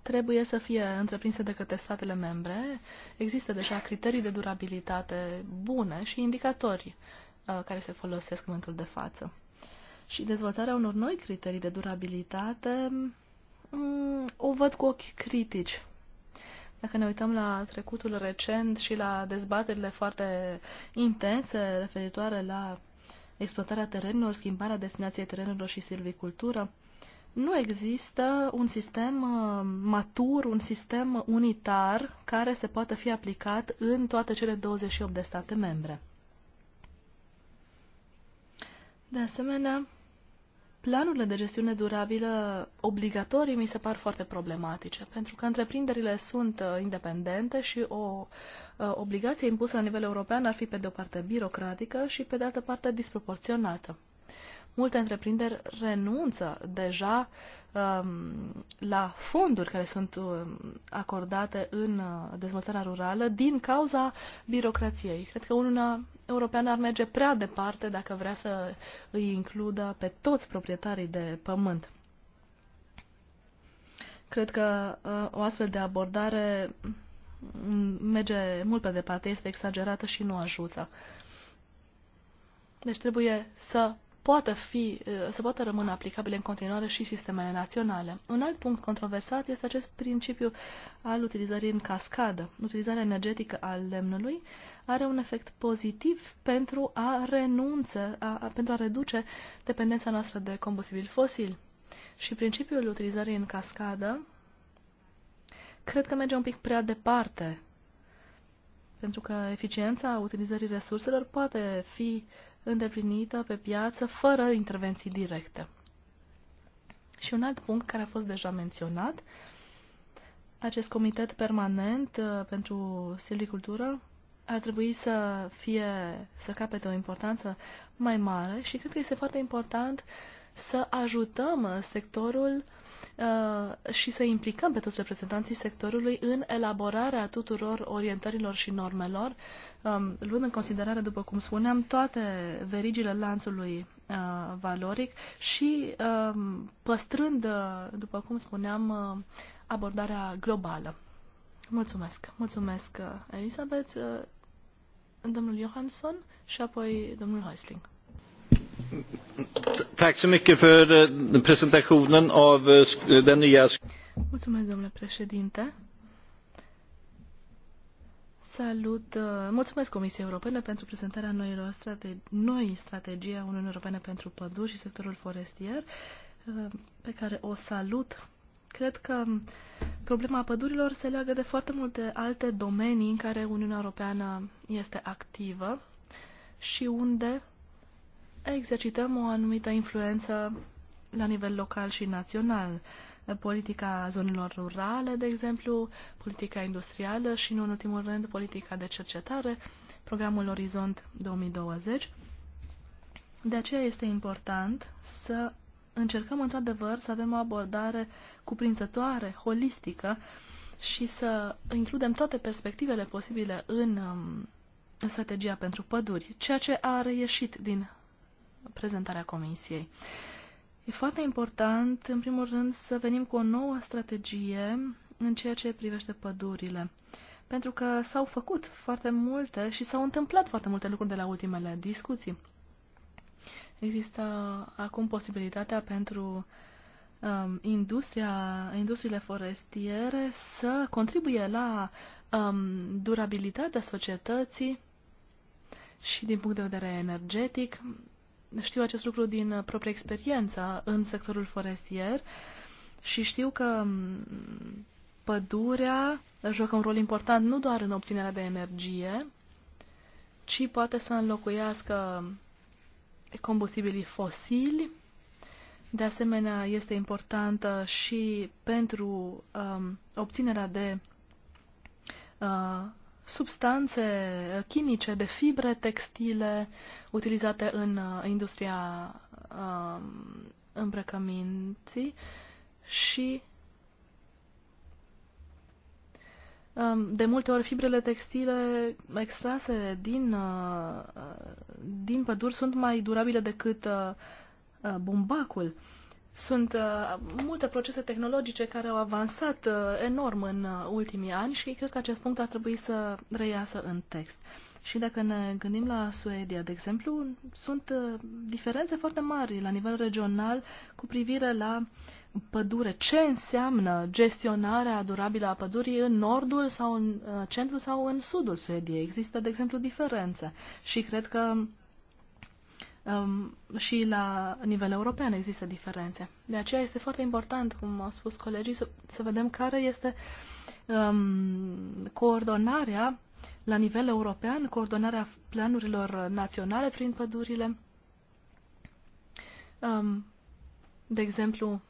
trebuie să fie întreprinsă de către statele membre. Există deja criterii de durabilitate bune și indicatori uh, care se folosesc în momentul de față. Și dezvoltarea unor noi criterii de durabilitate mm, o văd cu ochi critici dacă ne uităm la trecutul recent și la dezbaterile foarte intense referitoare la exploatarea terenurilor, schimbarea destinației terenurilor și silvicultură, nu există un sistem uh, matur, un sistem unitar care se poate fi aplicat în toate cele 28 de state membre. De asemenea, planurile de gestiune durabilă obligatorii mi se par foarte problematice, pentru că întreprinderile sunt uh, independente și o uh, obligație impusă la nivel european ar fi pe de o parte birocratică și pe de altă parte disproporționată multe întreprinderi renunță deja um, la fonduri care sunt um, acordate în uh, dezvoltarea rurală din cauza birocrației. Cred că una Europeană ar merge prea departe dacă vrea să îi includă pe toți proprietarii de pământ. Cred că uh, o astfel de abordare mm, merge mult pe departe, este exagerată și nu ajută. Deci trebuie să poată fi, să poată rămâne aplicabile în continuare și sistemele naționale. Un alt punct controversat este acest principiu al utilizării în cascadă. Utilizarea energetică a lemnului are un efect pozitiv pentru a renunță, a, a, pentru a reduce dependența noastră de combustibil fosil. Și principiul utilizării în cascadă cred că merge un pic prea departe, pentru că eficiența utilizării resurselor poate fi îndeplinită pe piață fără intervenții directe. Și un alt punct care a fost deja menționat, acest comitet permanent uh, pentru silvicultură ar trebui să fie, să capete o importanță mai mare și cred că este foarte important să ajutăm sectorul uh, Uh, și să implicăm pe toți reprezentanții sectorului în elaborarea tuturor orientărilor și normelor, um, luând în considerare, după cum spuneam, toate verigile lanțului uh, valoric și um, păstrând, uh, după cum spuneam, abordarea globală. Mulțumesc. Mulțumesc, Elisabeth, domnul Johansson și apoi domnul Heisling. Tack så mycket för eh, presentationen av eh, eh, den nya... Mulțumesc, domnule președinte. Salut! Mulțumesc Comisiei Europene pentru prezentarea noilor noi strategii a Uniunii Europene pentru păduri și sectorul forestier, pe care o salut. Cred că problema pădurilor se leagă de foarte multe alte domenii în care Uniunea Europeană este activă și unde exercităm o anumită influență la nivel local și național. Politica zonelor rurale, de exemplu, politica industrială și, nu în ultimul rând, politica de cercetare, programul Orizont 2020. De aceea este important să încercăm într-adevăr să avem o abordare cuprinzătoare, holistică și să includem toate perspectivele posibile în um, strategia pentru păduri, ceea ce a reieșit din prezentarea Comisiei. E foarte important, în primul rând, să venim cu o nouă strategie în ceea ce privește pădurile. Pentru că s-au făcut foarte multe și s-au întâmplat foarte multe lucruri de la ultimele discuții. Există acum posibilitatea pentru um, industria, industriile forestiere să contribuie la um, durabilitatea societății și din punct de vedere energetic știu acest lucru din uh, propria experiență în sectorul forestier și știu că mm, pădurea joacă un rol important nu doar în obținerea de energie, ci poate să înlocuiască combustibilii fosili. De asemenea, este importantă și pentru um, obținerea de uh, substanțe chimice, de fibre textile utilizate în uh, industria um, îmbrăcăminții și um, de multe ori fibrele textile extrase din, uh, uh, din păduri sunt mai durabile decât bumbacul. Sunt uh, multe procese tehnologice care au avansat uh, enorm în uh, ultimii ani și cred că acest punct ar trebui să reiasă în text. Și dacă ne gândim la Suedia, de exemplu, sunt uh, diferențe foarte mari la nivel regional cu privire la pădure. Ce înseamnă gestionarea durabilă a pădurii în nordul sau în uh, centrul sau în sudul Suediei? Există, de exemplu, diferențe și cred că um, și la nivel european există diferențe. De aceea este foarte important, cum au spus colegii, să, să vedem care este um, coordonarea la nivel european, coordonarea planurilor naționale prin pădurile. Um, de exemplu,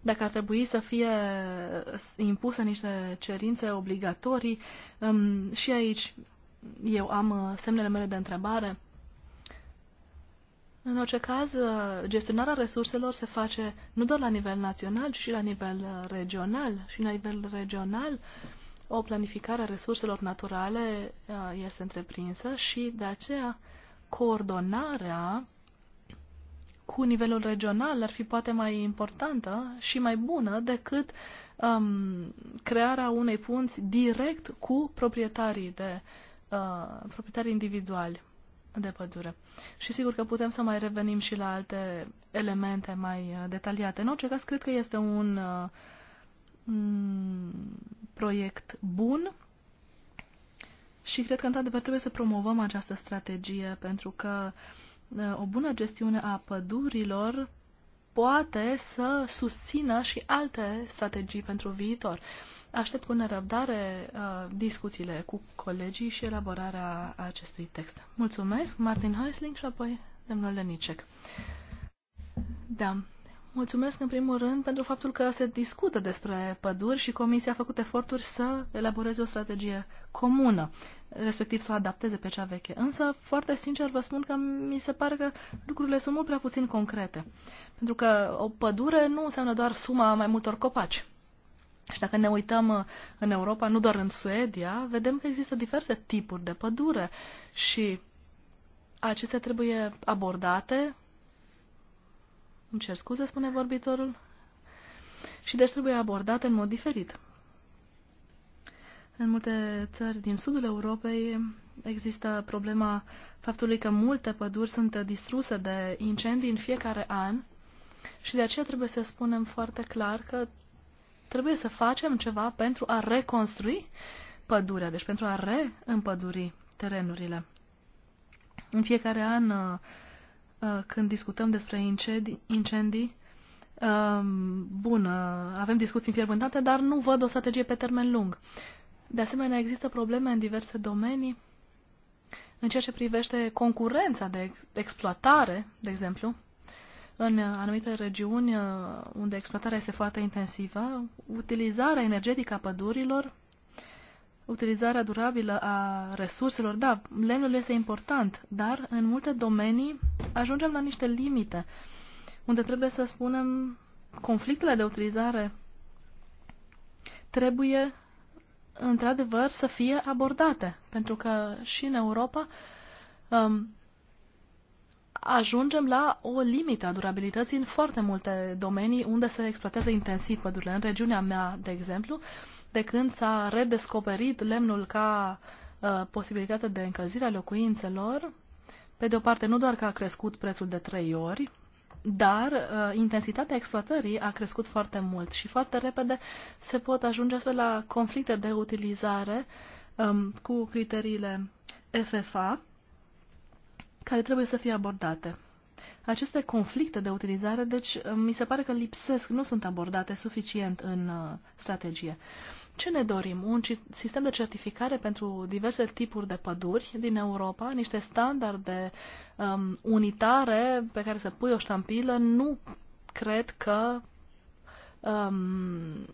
dacă ar trebui să fie impuse niște cerințe obligatorii, um, și aici eu am uh, semnele mele de întrebare în orice caz, gestionarea resurselor se face nu doar la nivel național, ci și la nivel uh, regional. Și la nivel regional, o planificare a resurselor naturale uh, este întreprinsă și de aceea coordonarea cu nivelul regional ar fi poate mai importantă și mai bună decât um, crearea unei punți direct cu proprietarii, de, uh, proprietarii individuali de pădure. Și sigur că putem să mai revenim și la alte elemente mai uh, detaliate. În orice caz, cred că este uh, un proiect bun și cred că, într-adevăr, trebuie să promovăm această strategie pentru că uh, o bună gestiune a pădurilor poate să susțină și alte strategii pentru viitor. Aștept cu nerăbdare uh, discuțiile cu colegii și elaborarea acestui text. Mulțumesc, Martin Heisling și apoi domnul Lenicek. Da. Mulțumesc în primul rând pentru faptul că se discută despre păduri și Comisia a făcut eforturi să elaboreze o strategie comună, respectiv să o adapteze pe cea veche. Însă, foarte sincer, vă spun că mi se pare că lucrurile sunt mult prea puțin concrete. Pentru că o pădure nu înseamnă doar suma mai multor copaci. Și dacă ne uităm uh, în Europa, nu doar în Suedia, vedem că există diverse tipuri de pădure și acestea trebuie abordate. Îmi cer scuze, spune vorbitorul. Și deci trebuie abordate în mod diferit. În multe țări din sudul Europei există problema faptului că multe păduri sunt distruse de incendii în fiecare an și de aceea trebuie să spunem foarte clar că trebuie să facem ceva pentru a reconstrui pădurea, deci pentru a reîmpăduri terenurile. În fiecare an, uh, uh, când discutăm despre incendii, um, bun, uh, avem discuții înfierbântate, dar nu văd o strategie pe termen lung. De asemenea, există probleme în diverse domenii în ceea ce privește concurența de exploatare, de exemplu, în anumite regiuni uh, unde exploatarea este foarte intensivă, utilizarea energetică a pădurilor, utilizarea durabilă a resurselor, da, lemnul este important, dar în multe domenii ajungem la niște limite unde trebuie să spunem conflictele de utilizare trebuie într-adevăr să fie abordate, pentru că și în Europa um, ajungem la o limită a durabilității în foarte multe domenii unde se exploatează intensiv pădurile. În regiunea mea, de exemplu, de când s-a redescoperit lemnul ca uh, posibilitate de încălzire a locuințelor, pe de o parte nu doar că a crescut prețul de trei ori, dar uh, intensitatea exploatării a crescut foarte mult și foarte repede se pot ajunge astfel la conflicte de utilizare um, cu criteriile FFA, care trebuie să fie abordate. Aceste conflicte de utilizare, deci, mi se pare că lipsesc, nu sunt abordate suficient în uh, strategie. Ce ne dorim? Un sistem de certificare pentru diverse tipuri de păduri din Europa, niște standarde um, unitare pe care să pui o ștampilă, nu cred că um,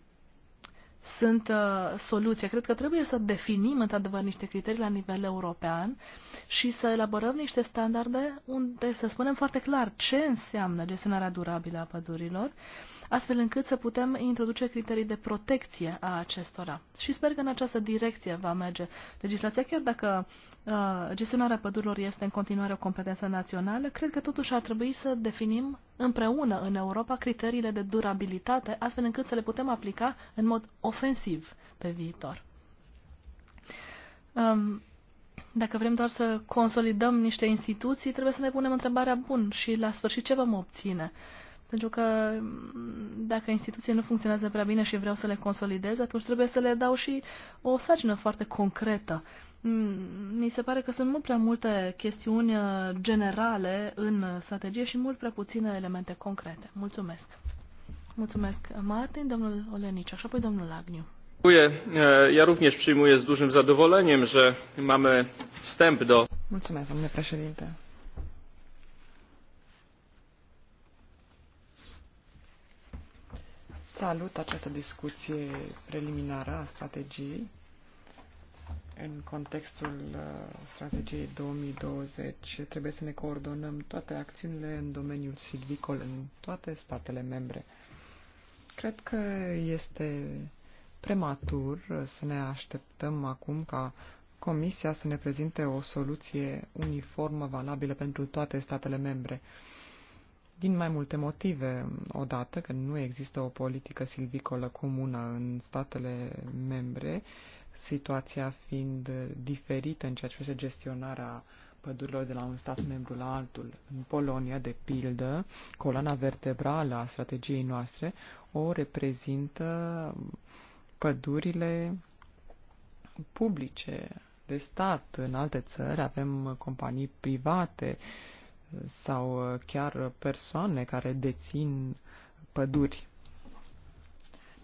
sunt uh, soluția. Cred că trebuie să definim, într-adevăr, niște criterii la nivel european și să elaborăm niște standarde unde să spunem foarte clar ce înseamnă gestionarea durabilă a pădurilor astfel încât să putem introduce criterii de protecție a acestora. Și sper că în această direcție va merge legislația, chiar dacă uh, gestionarea pădurilor este în continuare o competență națională, cred că totuși ar trebui să definim împreună în Europa criteriile de durabilitate, astfel încât să le putem aplica în mod ofensiv pe viitor. Um, dacă vrem doar să consolidăm niște instituții, trebuie să ne punem întrebarea bun și la sfârșit ce vom obține. Uh, pentru că mm, dacă instituțiile nu funcționează prea bine și vreau să le consolidez, atunci trebuie să le dau și o sarcină foarte concretă. Mm, mi se pare că sunt mult prea multe chestiuni uh, generale în strategie și mult prea puține elemente concrete. Mulțumesc. Mulțumesc, uh, Martin, domnul Olenici, așa apoi domnul Agniu. Ja również przyjmuję z dużym zadowoleniem, że mamy wstęp do... Mulțumesc, domnule președinte. Salut această discuție preliminară a strategiei în contextul uh, strategiei 2020 trebuie să ne coordonăm toate acțiunile în domeniul silvicol în toate statele membre. Cred că este prematur să ne așteptăm acum ca Comisia să ne prezinte o soluție uniformă valabilă pentru toate statele membre din mai multe motive. Odată că nu există o politică silvicolă comună în statele membre, situația fiind diferită în ceea ce este gestionarea pădurilor de la un stat membru la altul. În Polonia, de pildă, coloana vertebrală a strategiei noastre o reprezintă pădurile publice de stat. În alte țări avem companii private sau uh, chiar persoane care dețin păduri.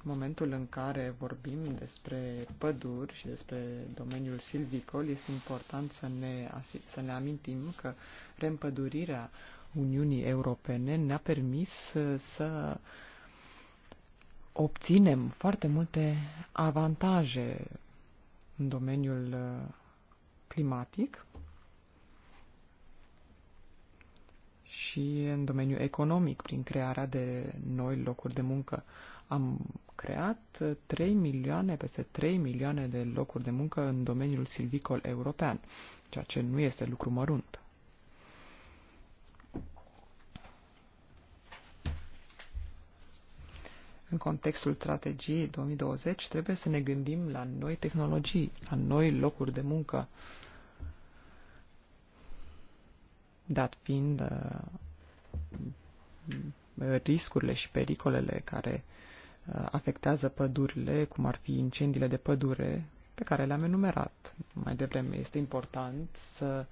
În momentul în care vorbim despre păduri și despre domeniul silvicol, este important să ne, să ne amintim că reîmpădurirea Uniunii Europene ne-a permis să, să obținem foarte multe avantaje în domeniul uh, climatic și în domeniul economic, prin crearea de noi locuri de muncă. Am creat 3 milioane, peste 3 milioane de locuri de muncă în domeniul silvicol european, ceea ce nu este lucru mărunt. În contextul strategiei 2020 trebuie să ne gândim la noi tehnologii, la noi locuri de muncă, dat fiind uh, riscurile și pericolele care uh, afectează pădurile, cum ar fi incendiile de pădure, pe care le-am enumerat mai devreme. Este important să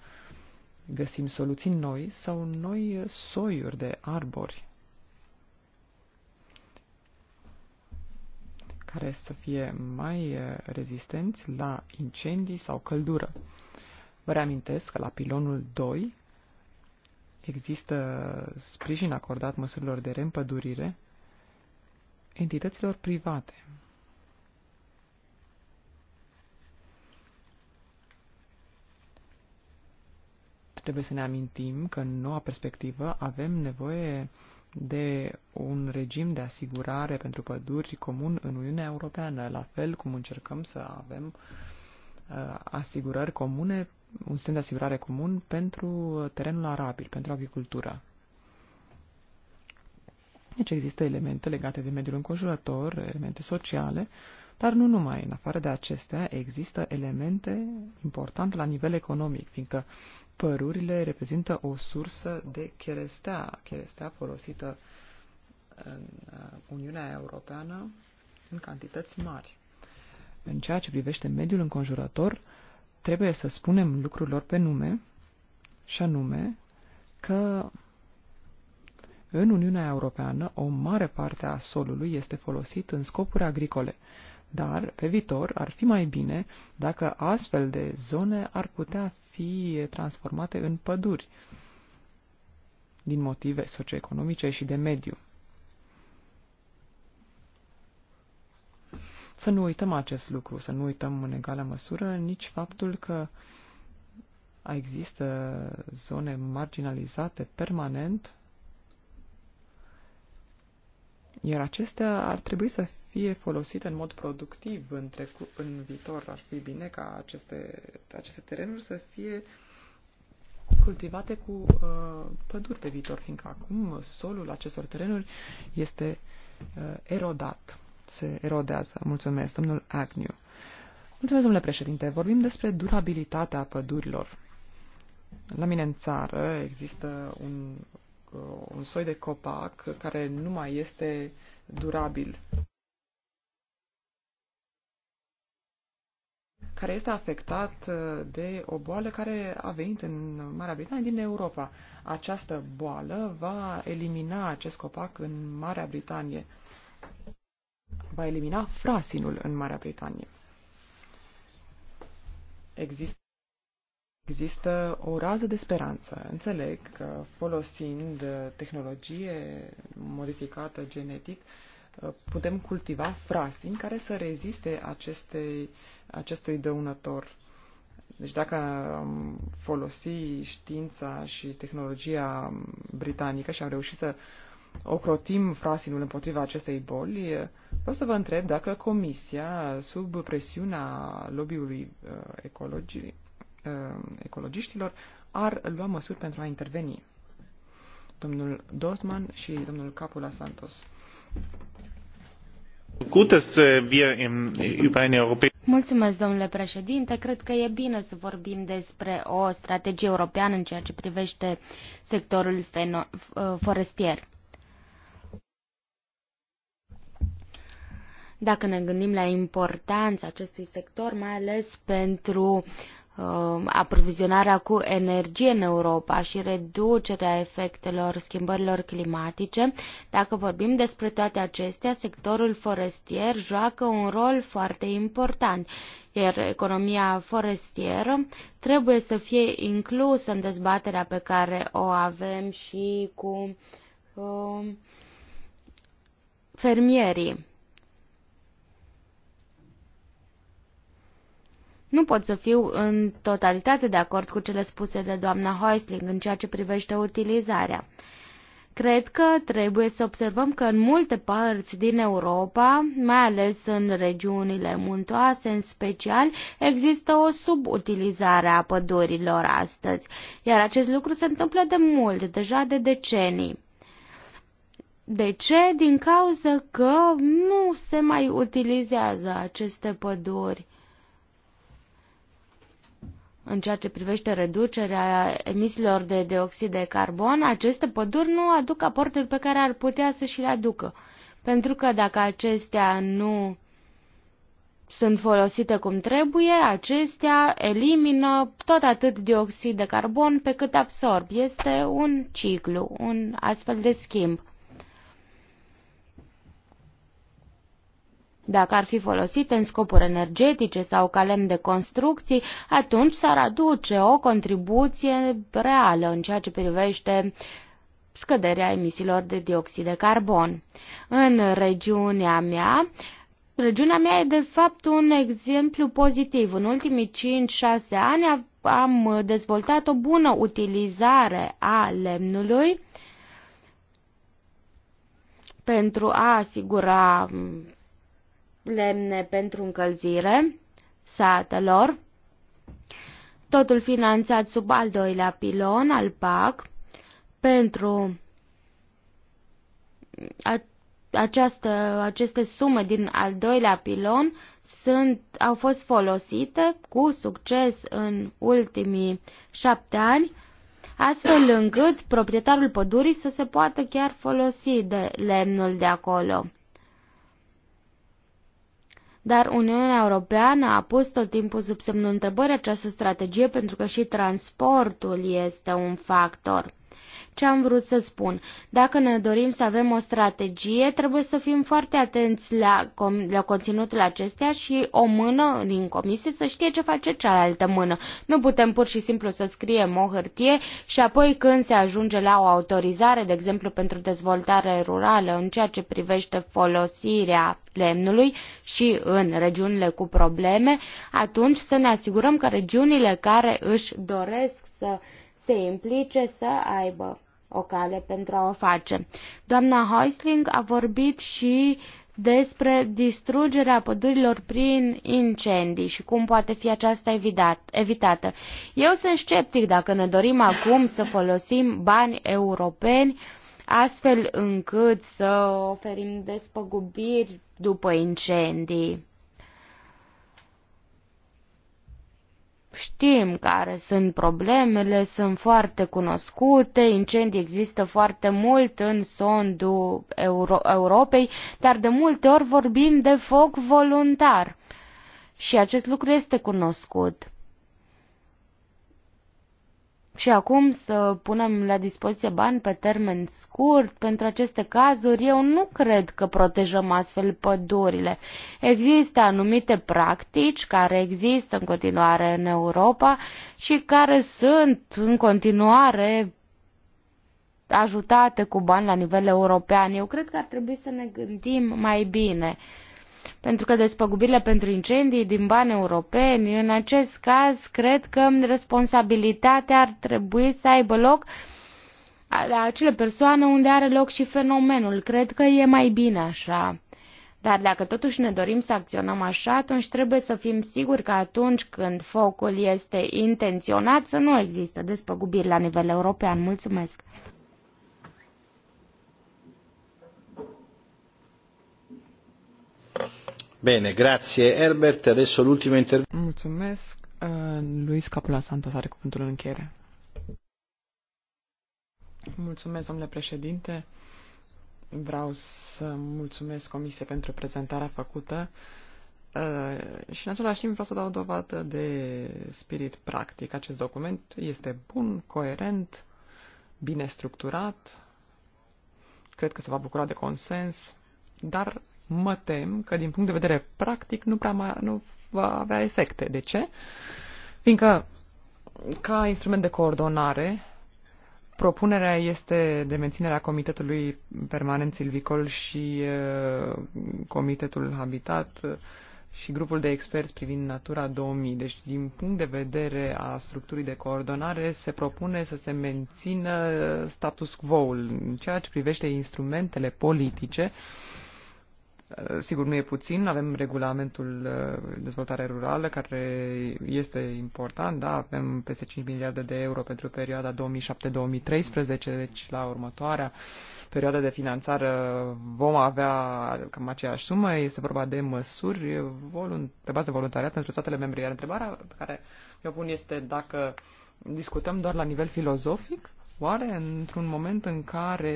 găsim soluții noi sau noi soiuri de arbori care să fie mai uh, rezistenți la incendii sau căldură. Vă reamintesc că la pilonul 2 Există sprijin acordat măsurilor de reîmpădurire entităților private. Trebuie să ne amintim că în noua perspectivă avem nevoie de un regim de asigurare pentru păduri comun în Uniunea Europeană, la fel cum încercăm să avem uh, asigurări comune un sistem de asigurare comun pentru terenul arabil, pentru agricultură. Deci există elemente legate de mediul înconjurător, elemente sociale, dar nu numai. În afară de acestea, există elemente importante la nivel economic, fiindcă părurile reprezintă o sursă de cherestea, cherestea folosită în uh, Uniunea Europeană în cantități mari. În ceea ce privește mediul înconjurător, trebuie să spunem lucrurilor pe nume, și anume că în Uniunea Europeană o mare parte a solului este folosit în scopuri agricole, dar pe viitor ar fi mai bine dacă astfel de zone ar putea fi transformate în păduri din motive socioeconomice și de mediu. Să nu uităm acest lucru, să nu uităm în egală măsură nici faptul că există zone marginalizate permanent, iar acestea ar trebui să fie folosite în mod productiv în, trecu- în viitor. Ar fi bine ca aceste, aceste terenuri să fie cultivate cu uh, păduri pe viitor, fiindcă acum solul acestor terenuri este uh, erodat se erodează. Mulțumesc, domnul Agniu. Mulțumesc, domnule președinte. Vorbim despre durabilitatea pădurilor. La mine în țară există un, uh, un soi de copac care nu mai este durabil. care este afectat uh, de o boală care a venit în Marea Britanie din Europa. Această boală va elimina acest copac în Marea Britanie va elimina frasinul în Marea Britanie. Există Există o rază de speranță. Înțeleg că folosind tehnologie modificată genetic, putem cultiva frasin care să reziste acestei, acestui dăunător. Deci dacă am folosi știința și tehnologia britanică și am reușit să ocrotim frasinul împotriva acestei boli, vreau să vă întreb dacă Comisia, sub presiunea lobby-ului ecologiștilor, ar lua măsuri pentru a interveni. Domnul Dosman și domnul Capula Santos. Äh, Mulțumesc, domnule președinte. Cred că e bine să vorbim despre o strategie europeană în ceea ce privește sectorul forestier. Dacă ne gândim la importanța acestui sector, mai ales pentru uh, aprovizionarea cu energie în Europa și reducerea efectelor schimbărilor climatice, dacă vorbim despre toate acestea, sectorul forestier joacă un rol foarte important iar economia forestieră trebuie să fie inclusă în dezbaterea pe care o avem și cu uh, fermierii. Nu pot să fiu în totalitate de acord cu cele spuse de doamna Heusling în ceea ce privește utilizarea. Cred că trebuie să observăm că în multe părți din Europa, mai ales în regiunile muntoase în special, există o subutilizare a pădurilor astăzi, iar acest lucru se întâmplă de mult, deja de decenii. De ce? Din cauza că nu se mai utilizează aceste păduri în ceea ce privește reducerea emisiilor de dioxid de carbon, aceste păduri nu aduc aportul pe care ar putea să și le aducă. Pentru că dacă acestea nu sunt folosite cum trebuie, acestea elimină tot atât dioxid de carbon pe cât absorb. Este un ciclu, un astfel de schimb. Dacă ar fi folosite în scopuri energetice sau ca lemn de construcții, atunci s-ar aduce o contribuție reală în ceea ce privește scăderea emisiilor de dioxid de carbon. În regiunea mea, regiunea mea e de fapt un exemplu pozitiv. În ultimii 5-6 ani am dezvoltat o bună utilizare a lemnului pentru a asigura lemne pentru încălzire satelor, totul finanțat sub al doilea pilon al PAC pentru a, această, aceste sume din al doilea pilon sunt, au fost folosite cu succes în ultimii șapte ani, astfel încât proprietarul pădurii să se poată chiar folosi de lemnul de acolo. Dar Uniunea Europeană a pus tot timpul sub semnul întrebării această strategie pentru că și transportul este un factor. Ce am vrut să spun? Dacă ne dorim să avem o strategie, trebuie să fim foarte atenți la, com- la conținutul acestea și o mână din comisie să știe ce face cealaltă mână. Nu putem pur și simplu să scriem o hârtie și apoi când se ajunge la o autorizare, de exemplu pentru dezvoltare rurală, în ceea ce privește folosirea lemnului și în regiunile cu probleme, atunci să ne asigurăm că regiunile care își doresc să se implice să aibă o cale pentru a o face. Doamna Heusling a vorbit și despre distrugerea pădurilor prin incendii și cum poate fi aceasta evitat, evitată. Eu sunt sceptic dacă ne dorim acum să folosim bani europeni astfel încât să oferim despăgubiri după incendii. Știm care sunt problemele, sunt foarte cunoscute, incendii există foarte mult în sondul Euro- Europei, dar de multe ori vorbim de foc voluntar. Și acest lucru este cunoscut și acum să punem la dispoziție bani pe termen scurt pentru aceste cazuri, eu nu cred că protejăm astfel pădurile. Există anumite practici care există în continuare în Europa și care sunt în continuare ajutate cu bani la nivel european. Eu cred că ar trebui să ne gândim mai bine pentru că despăgubirile pentru incendii din bani europeni, în acest caz, cred că responsabilitatea ar trebui să aibă loc la acele persoane unde are loc și fenomenul. Cred că e mai bine așa. Dar dacă totuși ne dorim să acționăm așa, atunci trebuie să fim siguri că atunci când focul este intenționat să nu există despăgubiri la nivel european. Mulțumesc! Bine, grație Herbert. Adesso l'ultimo intervento. Mulțumesc. Uh, Luis Capula Santos are cuvântul în încheiere. Mulțumesc, domnule președinte. Vreau să mulțumesc Comisie pentru prezentarea făcută uh, și în același timp vreau să dau dovadă de spirit practic. Acest document este bun, coerent, bine structurat, cred că se va bucura de consens, dar mă tem că din punct de vedere practic nu prea mai, nu va avea efecte. De ce? Fiindcă ca instrument de coordonare, propunerea este de menținerea Comitetului Permanent Silvicol și uh, Comitetul Habitat uh, și grupul de experți privind Natura 2000. Deci, din punct de vedere a structurii de coordonare, se propune să se mențină status quo-ul în ceea ce privește instrumentele politice uh, Eh, sigur, nu e puțin, avem regulamentul eh, dezvoltare rurală, care este important, da, avem peste 5 miliarde de euro pentru perioada 2007-2013, deci la următoarea perioadă de finanțare vom avea cam aceeași sumă, este vorba de măsuri pe bază de voluntariat pentru statele membre, iar întrebarea pe care mi-o pun este dacă discutăm doar la nivel filozofic Oare într-un moment în care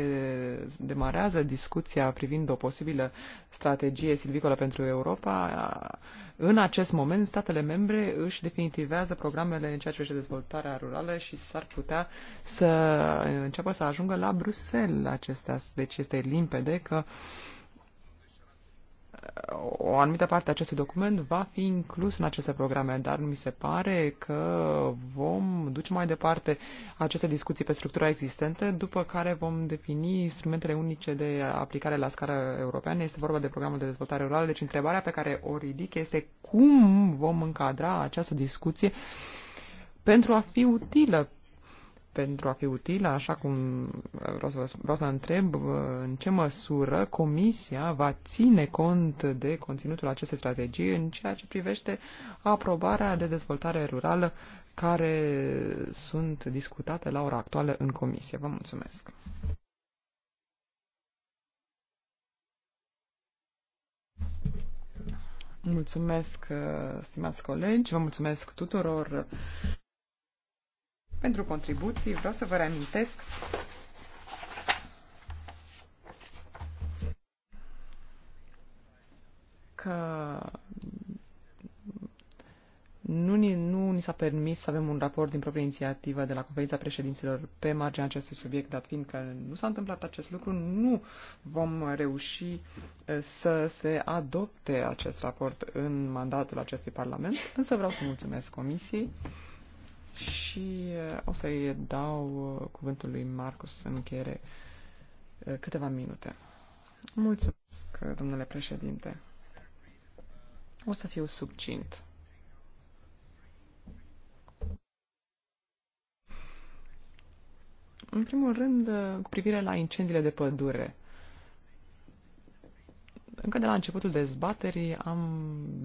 demarează discuția privind o posibilă strategie silvicolă pentru Europa, în acest moment statele membre își definitivează programele în ceea ce privește dezvoltarea rurală și s-ar putea să înceapă să ajungă la Bruxelles acestea. Deci este limpede că uh, o anumită parte a acestui document va fi inclus în aceste programe, dar mi se pare că vom duce mai departe aceste discuții pe structura existentă, după care vom defini instrumentele unice de aplicare la scară europeană. Este vorba de programul de dezvoltare rurală, deci întrebarea pe care o ridic este cum vom încadra această discuție pentru a fi utilă pentru a fi utilă, așa cum vreau să, vreau să întreb, uh, în ce măsură Comisia va ține cont de conținutul acestei strategii în ceea ce privește aprobarea de dezvoltare rurală care sunt discutate la ora actuală în Comisie. Vă mulțumesc! Mulțumesc, uh, stimați colegi, vă mulțumesc tuturor pentru contribuții. Vreau să vă reamintesc că nu ni, nu ni s-a permis să avem un raport din proprie inițiativă de la conferința președinților pe marginea acestui subiect, dat că nu s-a întâmplat acest lucru, nu vom reuși eh, să se adopte acest raport în mandatul acestui Parlament, însă vreau să mulțumesc Comisiei și uh, o să-i dau uh, cuvântul lui Marcus în încheiere uh, câteva minute. Mulțumesc, domnule președinte. O să fiu subcint. În primul rând, cu privire la incendiile de pădure. Încă de la începutul dezbaterii am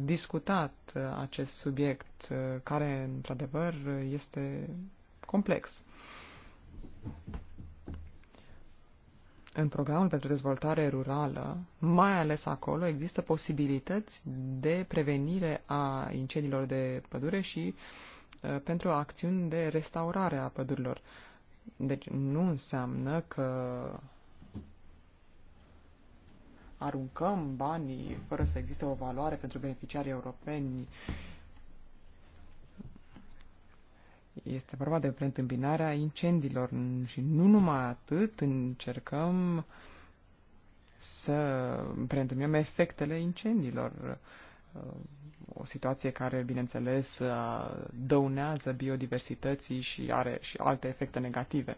discutat uh, acest subiect uh, care, într-adevăr, este complex. În programul pentru dezvoltare rurală, mai ales acolo, există posibilități de prevenire a incendiilor de pădure și uh, pentru acțiuni de restaurare a pădurilor. Deci nu înseamnă că aruncăm banii fără să existe o valoare pentru beneficiarii europeni. Este vorba de preîntâmpinarea incendiilor și nu numai atât, încercăm să preîntâmpinăm efectele incendiilor. O situație care, bineînțeles, dăunează biodiversității și are și alte efecte negative.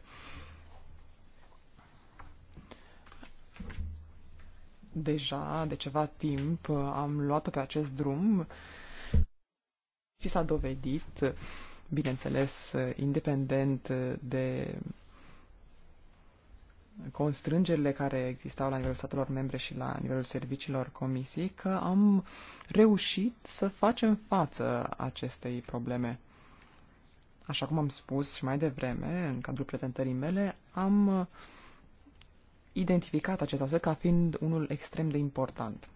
deja de ceva timp am luat pe acest drum și s-a dovedit, bineînțeles, independent de constrângerile care existau la nivelul statelor membre și la nivelul serviciilor comisii, că am reușit să facem față acestei probleme. Așa cum am spus și mai devreme, în cadrul prezentării mele, am uh, identificat acest aspect ca fiind unul extrem de important,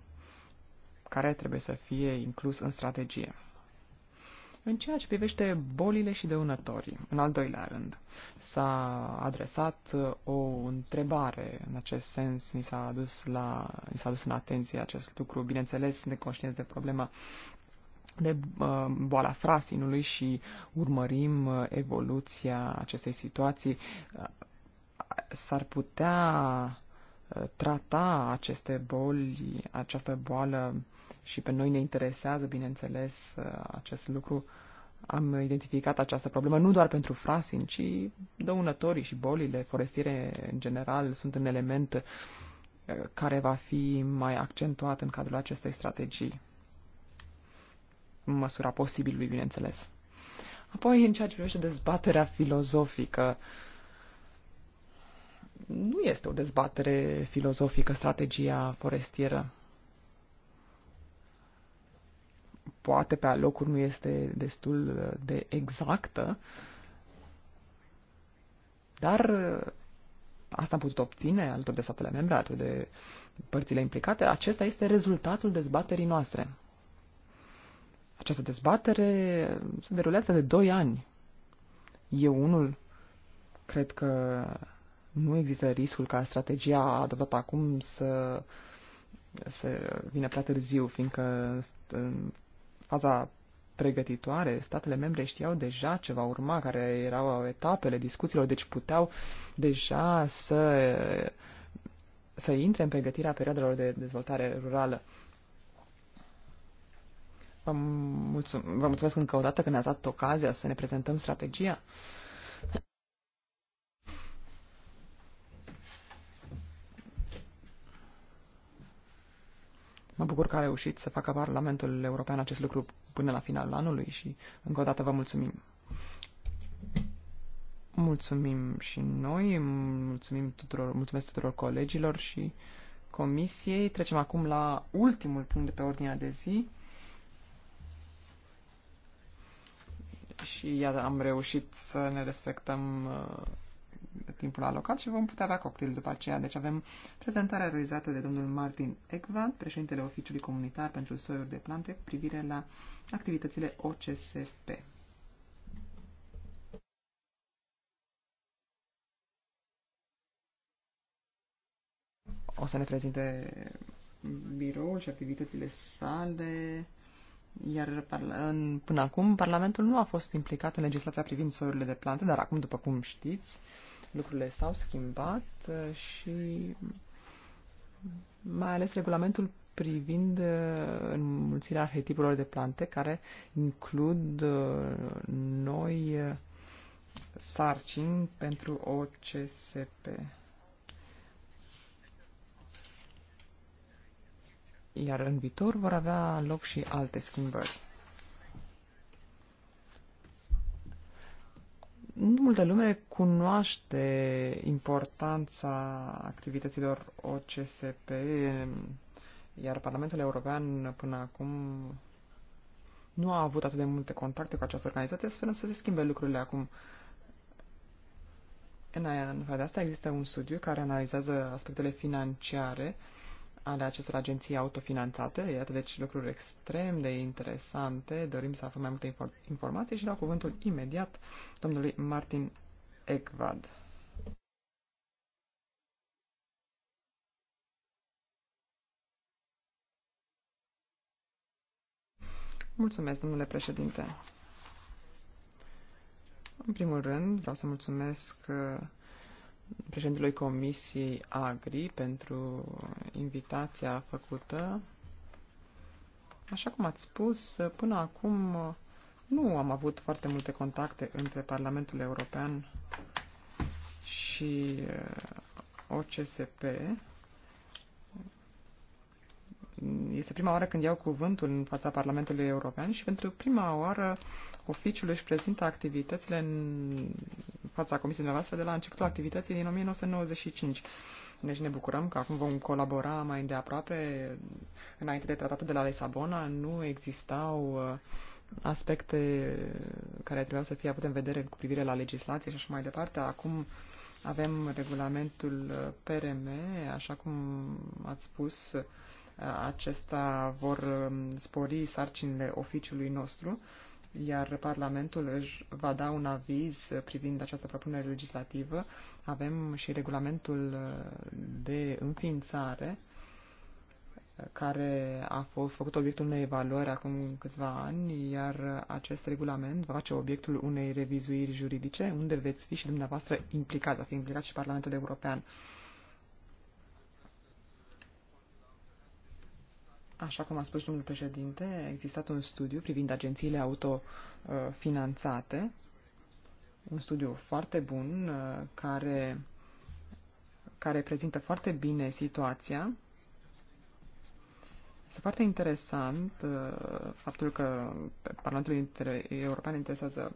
care trebuie să fie inclus în strategie. În ceea ce privește bolile și dăunătorii, în al doilea rând, s-a adresat uh, o întrebare în acest sens, ni s-a adus, la, ni s-a adus în atenție acest lucru, bineînțeles, conștienți de problema de uh, boala frasinului și urmărim uh, evoluția acestei situații s-ar putea uh, trata aceste boli, această boală și pe noi ne interesează, bineînțeles, uh, acest lucru. Am identificat această problemă nu doar pentru frasin, ci dăunătorii și bolile forestiere în general sunt un element uh, care va fi mai accentuat în cadrul acestei strategii. În măsura posibilului, bineînțeles. Apoi, în ceea ce privește dezbaterea filozofică, uh, nu este o dezbatere filozofică strategia forestieră. Poate pe alocuri nu este destul de exactă, dar uh, asta am putut obține alături de statele membre, alături de părțile implicate. Acesta este rezultatul dezbaterii noastre. Această dezbatere se derulează de 2 ani. Eu unul cred că nu există riscul ca strategia adoptată acum să, să vină prea târziu, fiindcă în faza pregătitoare, statele membre știau deja ce va urma, care erau etapele discuțiilor, deci puteau deja să, să intre în pregătirea perioadelor de dezvoltare rurală. Vă, mulțum- vă mulțumesc încă o dată că ne-ați dat ocazia să ne prezentăm strategia. Mă bucur că a reușit să facă Parlamentul European acest lucru până la finalul anului și încă o dată vă mulțumim. Mulțumim și noi, mulțumim tuturor, mulțumesc tuturor colegilor și comisiei. Trecem acum la ultimul punct de pe ordinea de zi. Și iată, am reușit să ne respectăm uh, timpul alocat și vom putea avea cocktail după aceea. Deci avem prezentarea realizată de domnul Martin Ekvand, președintele Oficiului Comunitar pentru Soiuri de Plante, cu privire la activitățile OCSP. O să ne prezinte biroul și activitățile sale, iar în, până acum Parlamentul nu a fost implicat în legislația privind soiurile de plante, dar acum, după cum știți, lucrurile s-au schimbat uh, și mai ales regulamentul privind uh, înmulțirea arhetipurilor de plante care includ uh, noi sarcini pentru OCSP. Iar în viitor vor avea loc și alte schimbări. nu multă lume cunoaște importanța activităților OCSP, iar Parlamentul European până acum nu a avut atât de multe contacte cu această organizație, sperăm să se schimbe lucrurile acum. În în de asta există un studiu care analizează aspectele financiare uh, ale acestor agenții autofinanțate. Iată, deci, lucruri extrem de interesante. Dorim să aflăm mai multe informații și dau cuvântul imediat domnului Martin Ekvad. Mulțumesc, domnule președinte. În primul rând, vreau să mulțumesc uh, președintelui Comisiei Agri pentru invitația făcută. Așa cum ați spus, până acum nu am avut foarte multe contacte între Parlamentul European și uh, OCSP, este prima oară când iau cuvântul în fața Parlamentului European și pentru prima oară oficiul își prezintă activitățile în fața comisiei noastre de la începutul activității din 1995. Deci ne bucurăm că acum vom colabora mai îndeaproape. Înainte de tratatul de la Lisabona nu existau uh, aspecte care trebuiau să fie avute în vedere cu privire la legislație și așa mai departe. Acum avem regulamentul uh, PRM, așa cum ați spus, acesta vor um, spori sarcinile oficiului nostru, iar Parlamentul își va da un aviz privind această propunere legislativă. Avem și regulamentul uh, de înființare uh, care a fost făcut obiectul unei evaluări acum câțiva ani, iar acest regulament va face obiectul unei revizuiri juridice, unde veți fi și dumneavoastră implicați, a fi implicat și Parlamentul European. Așa cum a spus domnul președinte, a existat un studiu privind agențiile autofinanțate, un studiu foarte bun uh, care, care prezintă foarte bine situația. Este foarte interesant uh, faptul că Parlamentul European interesează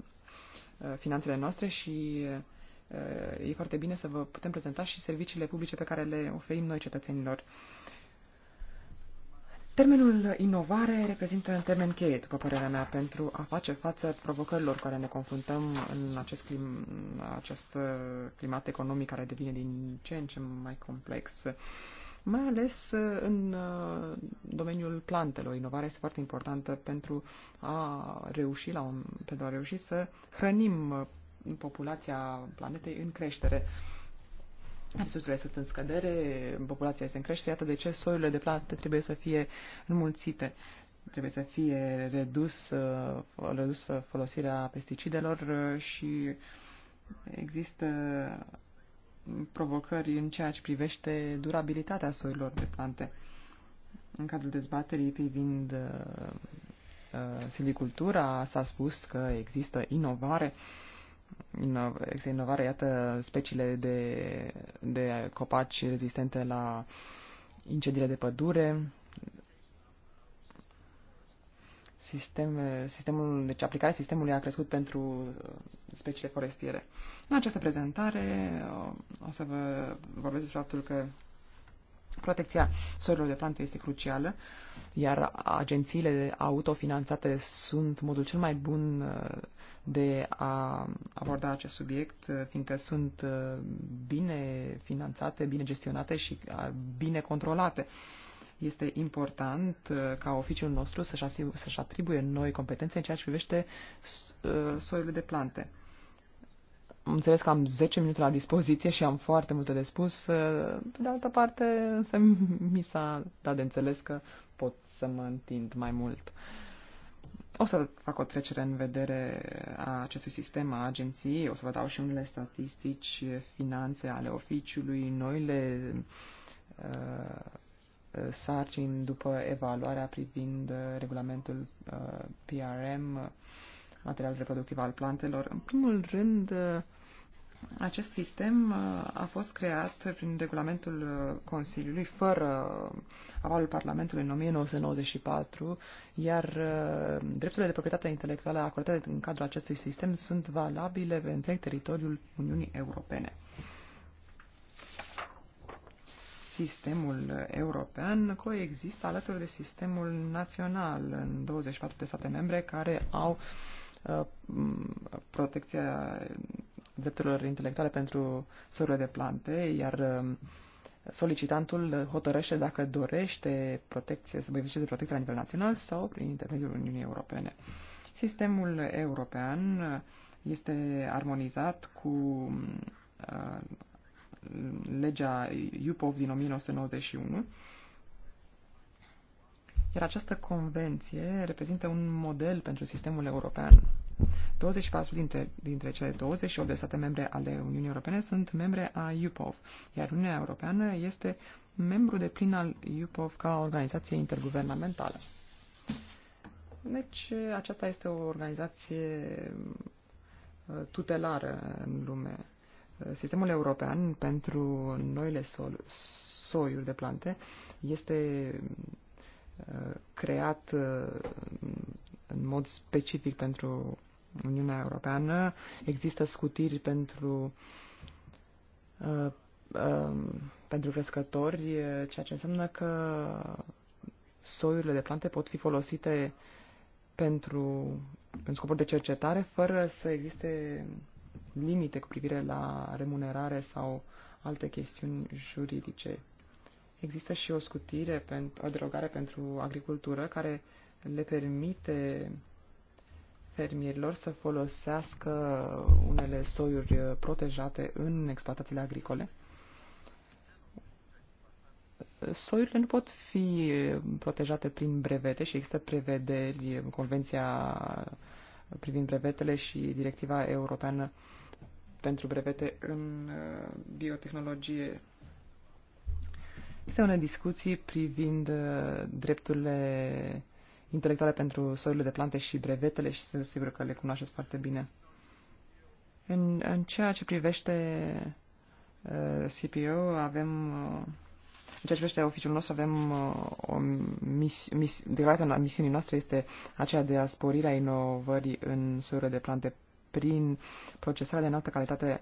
uh, finanțele noastre și e foarte bine să vă putem prezenta și serviciile publice pe care le oferim noi cetățenilor. Termenul inovare reprezintă un termen cheie, după părerea mea, pentru a face față provocărilor care ne confruntăm în acest, clim, acest uh, climat economic care devine din ce în ce mai complex, mai ales uh, în uh, domeniul plantelor. Inovarea este foarte importantă pentru a reuși, la un, pentru a reuși să hrănim populația planetei în creștere. Uh, resursele sunt în scădere, populația este în creștere, iată de ce soiurile de plante trebuie să fie înmulțite. Trebuie să fie redus, uh, redusă folosirea pesticidelor uh, și există provocări în ceea ce privește durabilitatea soiurilor de plante. În cadrul dezbaterii privind uh, silvicultura s-a spus că există inovare uh, există inovare, iată speciile de, de copaci rezistente la incendiile de pădure, Sistem, sistemul, deci aplicarea sistemului a crescut pentru uh, speciile forestiere. În această prezentare o, uh, o să vă vorbesc despre faptul că Protecția sorilor de plante este crucială, iar agențiile autofinanțate sunt modul cel mai bun uh, de a aborda acest subiect, uh, fiindcă sunt uh, bine finanțate, bine gestionate și bine controlate este important ca oficiul nostru să-și, atribuie noi competențe în ceea ce privește soiurile de plante. Înțeles că am 10 minute la dispoziție și am foarte multe de spus. Pe de altă parte, însă mi s-a dat de înțeles că pot să mă întind mai mult. O să fac o trecere în vedere a acestui sistem, a agenției, o să vă dau și unele statistici, finanțe ale oficiului, noile uh, sarcini după evaluarea privind uh, regulamentul uh, PRM, uh, material reproductiv al plantelor. În primul rând, uh, acest sistem uh, a fost creat prin regulamentul uh, Consiliului fără uh, avalul Parlamentului în 1994, iar drepturile de proprietate intelectuală acordate în cadrul acestui sistem sunt valabile pe întreg teritoriul Uniunii Europene. Sistemul european coexistă alături de sistemul național în 24 de state membre care au uh, Uh, protecția drepturilor intelectuale pentru sorurile de plante, iar um, solicitantul hotărăște dacă dorește protecție, să beneficieze de protecție la nivel național sau prin intermediul Uniunii Europene. Sistemul european este armonizat cu uh, legea UPOV din 1991 iar această convenție reprezintă un model pentru sistemul european. 24 dintre, dintre cele 28 de state membre ale Uniunii Europene sunt membre a UPOV, iar Uniunea Europeană este membru de plin al UPOV ca organizație interguvernamentală. Deci aceasta este o organizație uh, tutelară în lume. Sistemul european pentru noile sol, soiuri de plante este creat uh, în mod specific pentru Uniunea Europeană. Există scutiri pentru, uh, um, pentru crescători, uh, ceea ce înseamnă că soiurile de plante pot fi folosite pentru, în scopuri de cercetare, fără să existe limite cu privire la remunerare sau alte chestiuni juridice Există și o scutire, o derogare pentru agricultură care le permite fermierilor să folosească unele soiuri protejate în exploatațiile agricole. Soiurile nu pot fi protejate prin brevete și există prevederi, Convenția privind brevetele și Directiva Europeană pentru brevete în uh, biotehnologie este o discuție privind uh, drepturile intelectuale pentru soiurile de plante și brevetele și sunt sigur că le cunoașteți foarte bine. În, în ceea ce privește uh, CPO, avem uh, în ceea ce privește oficiul nostru, avem uh, o misi, misi, declarația a misiunii noastre este aceea de a spori la inovării în soiurile de plante prin procesarea de înaltă calitate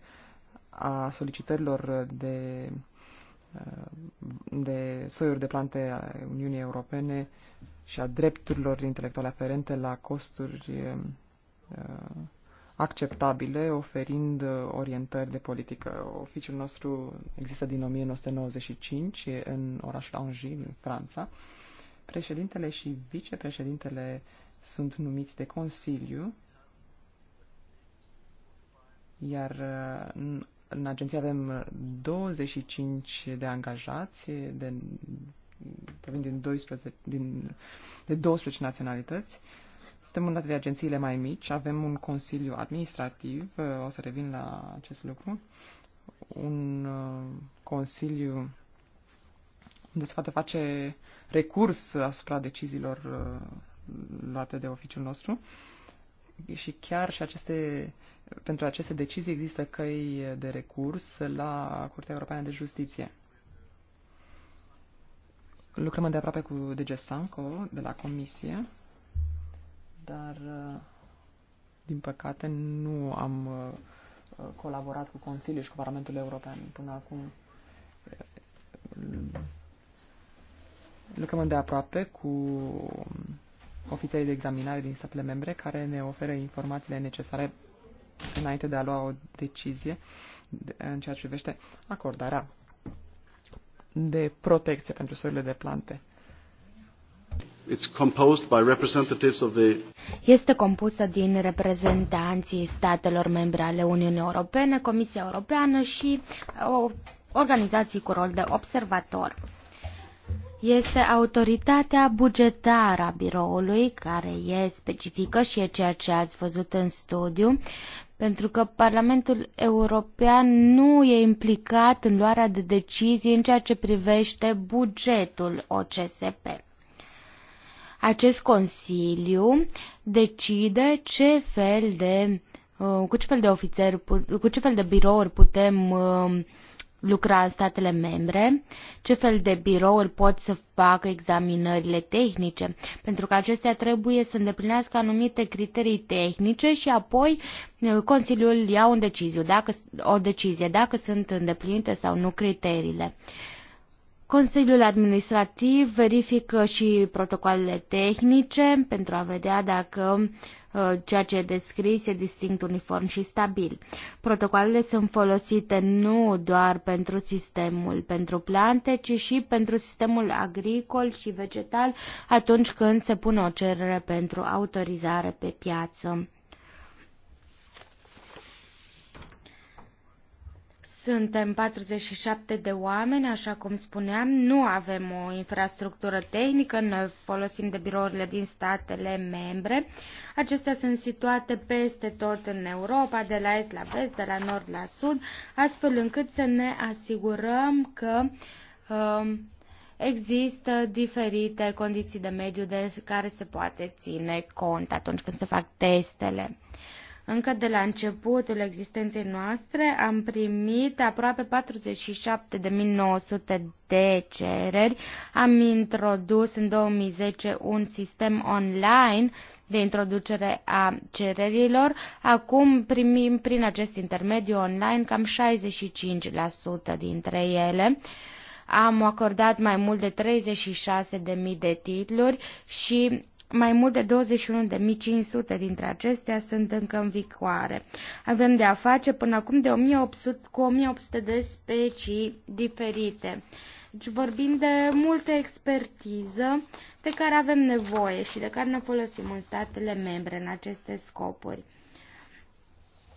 a solicitărilor de Uh, de soiuri de plante a Uniunii Europene și a drepturilor intelectuale aferente la costuri uh, acceptabile, oferind orientări de politică. Oficiul nostru există din 1995 în orașul Angers, în Franța. Președintele și vicepreședintele sunt numiți de Consiliu, iar uh, în agenție avem 25 de angajați de, provin din 12, din, de 12 naționalități. Suntem în de agențiile mai mici, avem un consiliu administrativ, o să revin la acest lucru, un uh, consiliu unde se poate face recurs asupra deciziilor uh, luate de oficiul nostru. Uh, și chiar și aceste, pentru aceste decizii există căi de recurs la Curtea Europeană de Justiție. Lucrăm de aproape cu DG Sanco de la Comisie, dar din păcate nu am colaborat cu Consiliul și cu Parlamentul European până acum. Lucrăm de aproape cu ofițerii de examinare din statele membre care ne oferă informațiile necesare înainte de a lua o decizie în ceea ce privește acordarea de protecție pentru soiurile de plante. It's composed by representatives of the... Este compusă din reprezentanții statelor membre ale Uniunii Europene, Comisia Europeană și o uh, organizații cu rol de observator este autoritatea bugetară a biroului, care e specifică și e ceea ce ați văzut în studiu, pentru că Parlamentul European nu e implicat în luarea de decizii în ceea ce privește bugetul OCSP. Acest Consiliu decide ce fel de, uh, cu ce fel de ofițeri, cu ce fel de birouri putem uh, lucra în statele membre, ce fel de birouri pot să facă examinările tehnice, pentru că acestea trebuie să îndeplinească anumite criterii tehnice și apoi uh, Consiliul ia un deciziu, dacă, o decizie dacă sunt îndeplinite sau nu criteriile. Consiliul Administrativ verifică și protocoalele tehnice pentru a vedea dacă uh, Uh, ceea ce descris e distinct uniform și stabil. Protocoalele sunt folosite nu doar pentru sistemul pentru plante, ci și pentru sistemul agricol și vegetal atunci când se pune o cerere pentru autorizare pe piață. Suntem 47 de oameni, așa cum spuneam, nu avem o infrastructură tehnică, ne folosim de birourile din statele membre. Acestea sunt situate peste tot în Europa, de la est la vest, de la nord la sud, astfel încât să ne asigurăm că uh, există diferite condiții de mediu de care se poate ține cont atunci când se fac testele. Încă de la începutul existenței noastre am primit aproape 47.900 de cereri. Am introdus în 2010 un sistem online de introducere a cererilor. Acum primim prin acest intermediu online cam 65% dintre ele. Am acordat mai mult de 36.000 de titluri și mai mult de 21.500 dintre acestea sunt încă în vicoare. Avem de a face până acum de 1800, cu 1800 de specii diferite. Deci vorbim de multă expertiză de care avem nevoie și de care ne folosim în statele membre în aceste scopuri.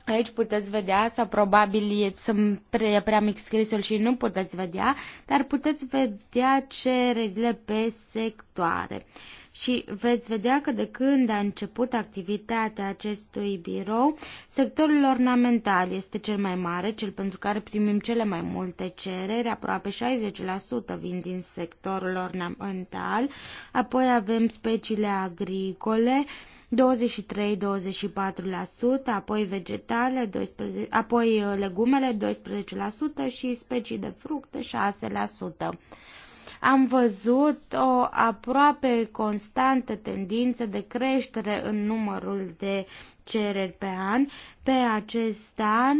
Aici puteți vedea, sau probabil sunt prea, prea mic scrisul și nu puteți vedea, dar puteți vedea cererile pe sectoare. Uh, și veți vedea că de când a început activitatea acestui birou, sectorul ornamental este cel mai mare, cel pentru care primim cele mai multe cereri, aproape 60% vin din sectorul ornamental, apoi avem speciile agricole, 23-24%, apoi vegetale, 12, apoi legumele 12% și specii de fructe 6% am văzut o aproape constantă tendință de creștere în numărul de cereri pe an. Pe acest an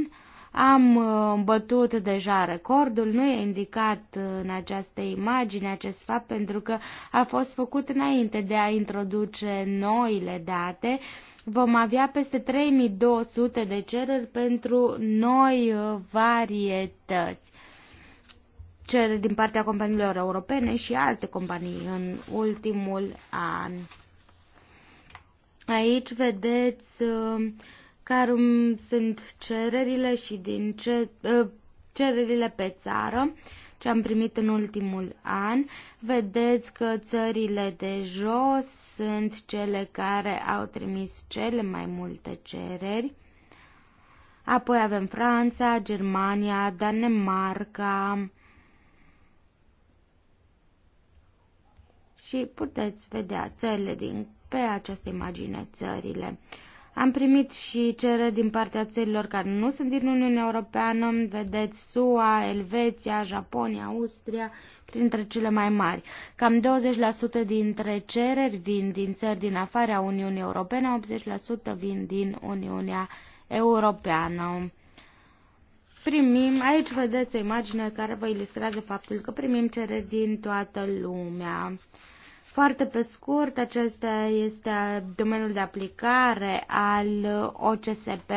am uh, bătut deja recordul, nu e indicat uh, în această imagine acest fapt pentru că a fost făcut înainte de a introduce noile date. Vom avea peste 3200 de cereri pentru noi uh, varietăți cel din partea companiilor europene și alte companii în ultimul an. Aici vedeți uh, care sunt cererile și din ce uh, cererile pe țară ce am primit în ultimul an. Vedeți că țările de jos sunt cele care au trimis cele mai multe cereri. Apoi avem Franța, Germania, Danemarca, și puteți vedea țările din, pe această imagine, țările. Am primit și cereri din partea țărilor care nu sunt din Uniunea Europeană, vedeți SUA, Elveția, Japonia, Austria, printre cele mai mari. Cam 20% dintre cereri vin din țări din afara Uniunii Europene, 80% vin din Uniunea Europeană. Primim, aici vedeți o imagine care vă ilustrează faptul că primim cereri din toată lumea. Foarte pe scurt, acesta este domeniul de aplicare al OCSP.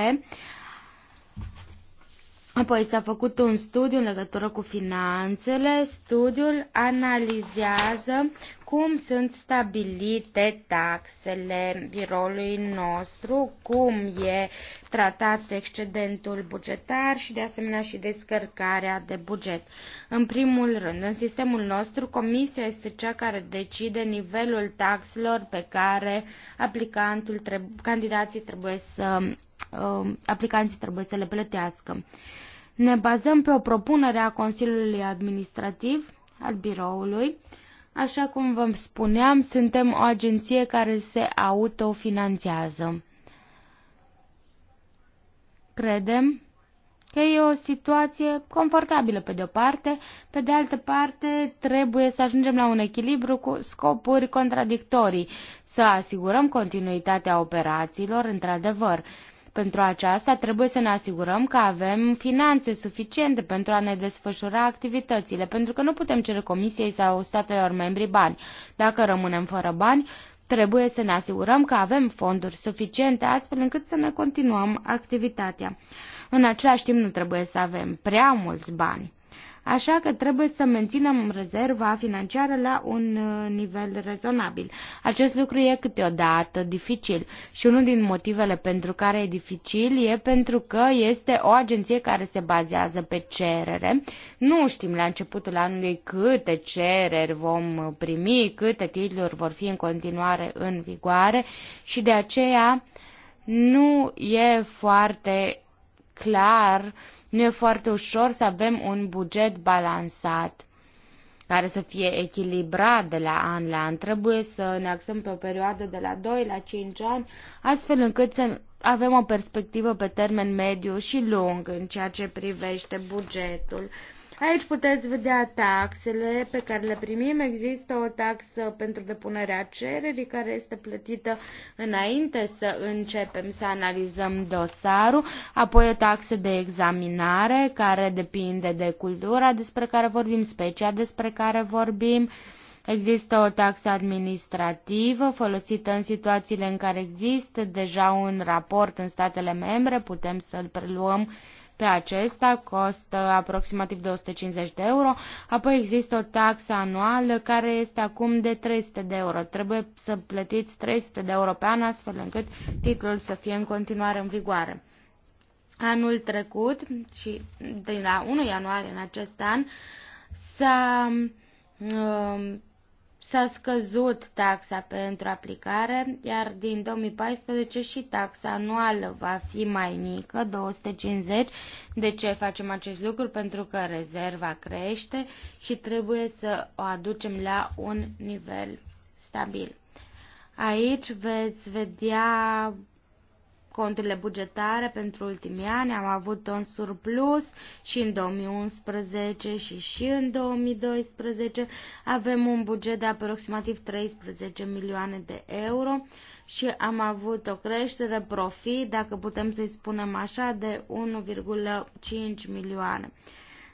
Apoi s-a făcut un studiu în legătură cu finanțele. Studiul analizează cum sunt stabilite taxele biroului nostru, cum e tratat excedentul bugetar și de asemenea și descărcarea de buget. În primul rând, în sistemul nostru, comisia este cea care decide nivelul taxelor pe care aplicantul trebuie, candidații trebuie să um, aplicanții trebuie să le plătească. Ne bazăm pe o propunere a Consiliului Administrativ al biroului Așa cum vă spuneam, suntem o agenție care se autofinanțează. Credem că e o situație confortabilă pe de-o parte, pe de altă parte trebuie să ajungem la un echilibru cu scopuri contradictorii, să asigurăm continuitatea operațiilor într-adevăr, pentru aceasta trebuie să ne asigurăm că avem finanțe suficiente pentru a ne desfășura activitățile, pentru că nu putem cere Comisiei sau statelor membri bani. Dacă rămânem fără bani, trebuie să ne asigurăm că avem fonduri suficiente astfel încât să ne continuăm activitatea. În același timp nu trebuie să avem prea mulți bani. Așa că trebuie să menținem rezerva financiară la un uh, nivel rezonabil. Acest lucru e câteodată dificil și unul din motivele pentru care e dificil e pentru că este o agenție care se bazează pe cerere. Nu știm la începutul anului câte cereri vom primi, câte titluri vor fi în continuare în vigoare și de aceea nu e foarte clar uh, nu e foarte ușor să avem un buget balansat care să fie echilibrat de la an la an. Trebuie să ne axăm pe o perioadă de la 2 la 5 ani, astfel încât să avem o perspectivă pe termen mediu și lung în ceea ce privește bugetul. Aici puteți vedea taxele pe care le primim. Există o taxă pentru depunerea cererii care este plătită înainte să începem să analizăm dosarul, apoi o taxă de examinare care depinde de cultura despre care vorbim, specia despre care vorbim, Există o taxă administrativă folosită în situațiile în care există deja un raport în statele membre, putem să-l preluăm pe acesta, costă aproximativ 250 de euro, apoi există o taxă anuală care este acum de 300 de euro. Trebuie să plătiți 300 de euro pe an astfel încât titlul să fie în continuare în vigoare. Anul trecut și de la 1 ianuarie în acest an s-a uh, S-a scăzut taxa pentru aplicare, iar din 2014 și taxa anuală va fi mai mică, 250. De ce facem acest lucru? Pentru că rezerva crește și trebuie să o aducem la un nivel stabil. Aici veți vedea conturile bugetare pentru ultimii ani, am avut un surplus și în 2011 și și în 2012. Avem un buget de aproximativ 13 milioane de euro și am avut o creștere profit, dacă putem să-i spunem așa, de 1,5 milioane.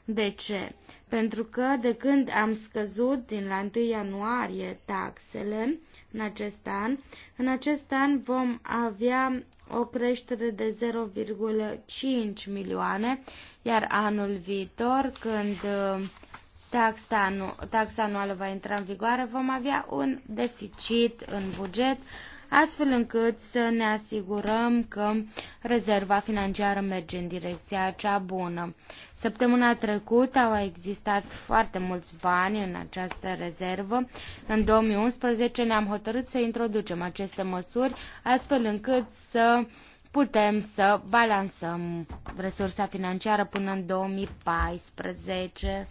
De ce? Pentru că de când am scăzut din la 1 ianuarie taxele în acest an, în acest an vom avea o creștere de 0,5 milioane, iar anul viitor, când uh, taxa, anu- taxa anuală va intra în vigoare, vom avea un deficit în buget astfel încât să ne asigurăm că rezerva financiară merge în direcția cea bună. Săptămâna trecută au existat foarte mulți bani în această rezervă. În 2011 ne-am hotărât să introducem aceste măsuri astfel încât să putem să balansăm resursa financiară până în 2014.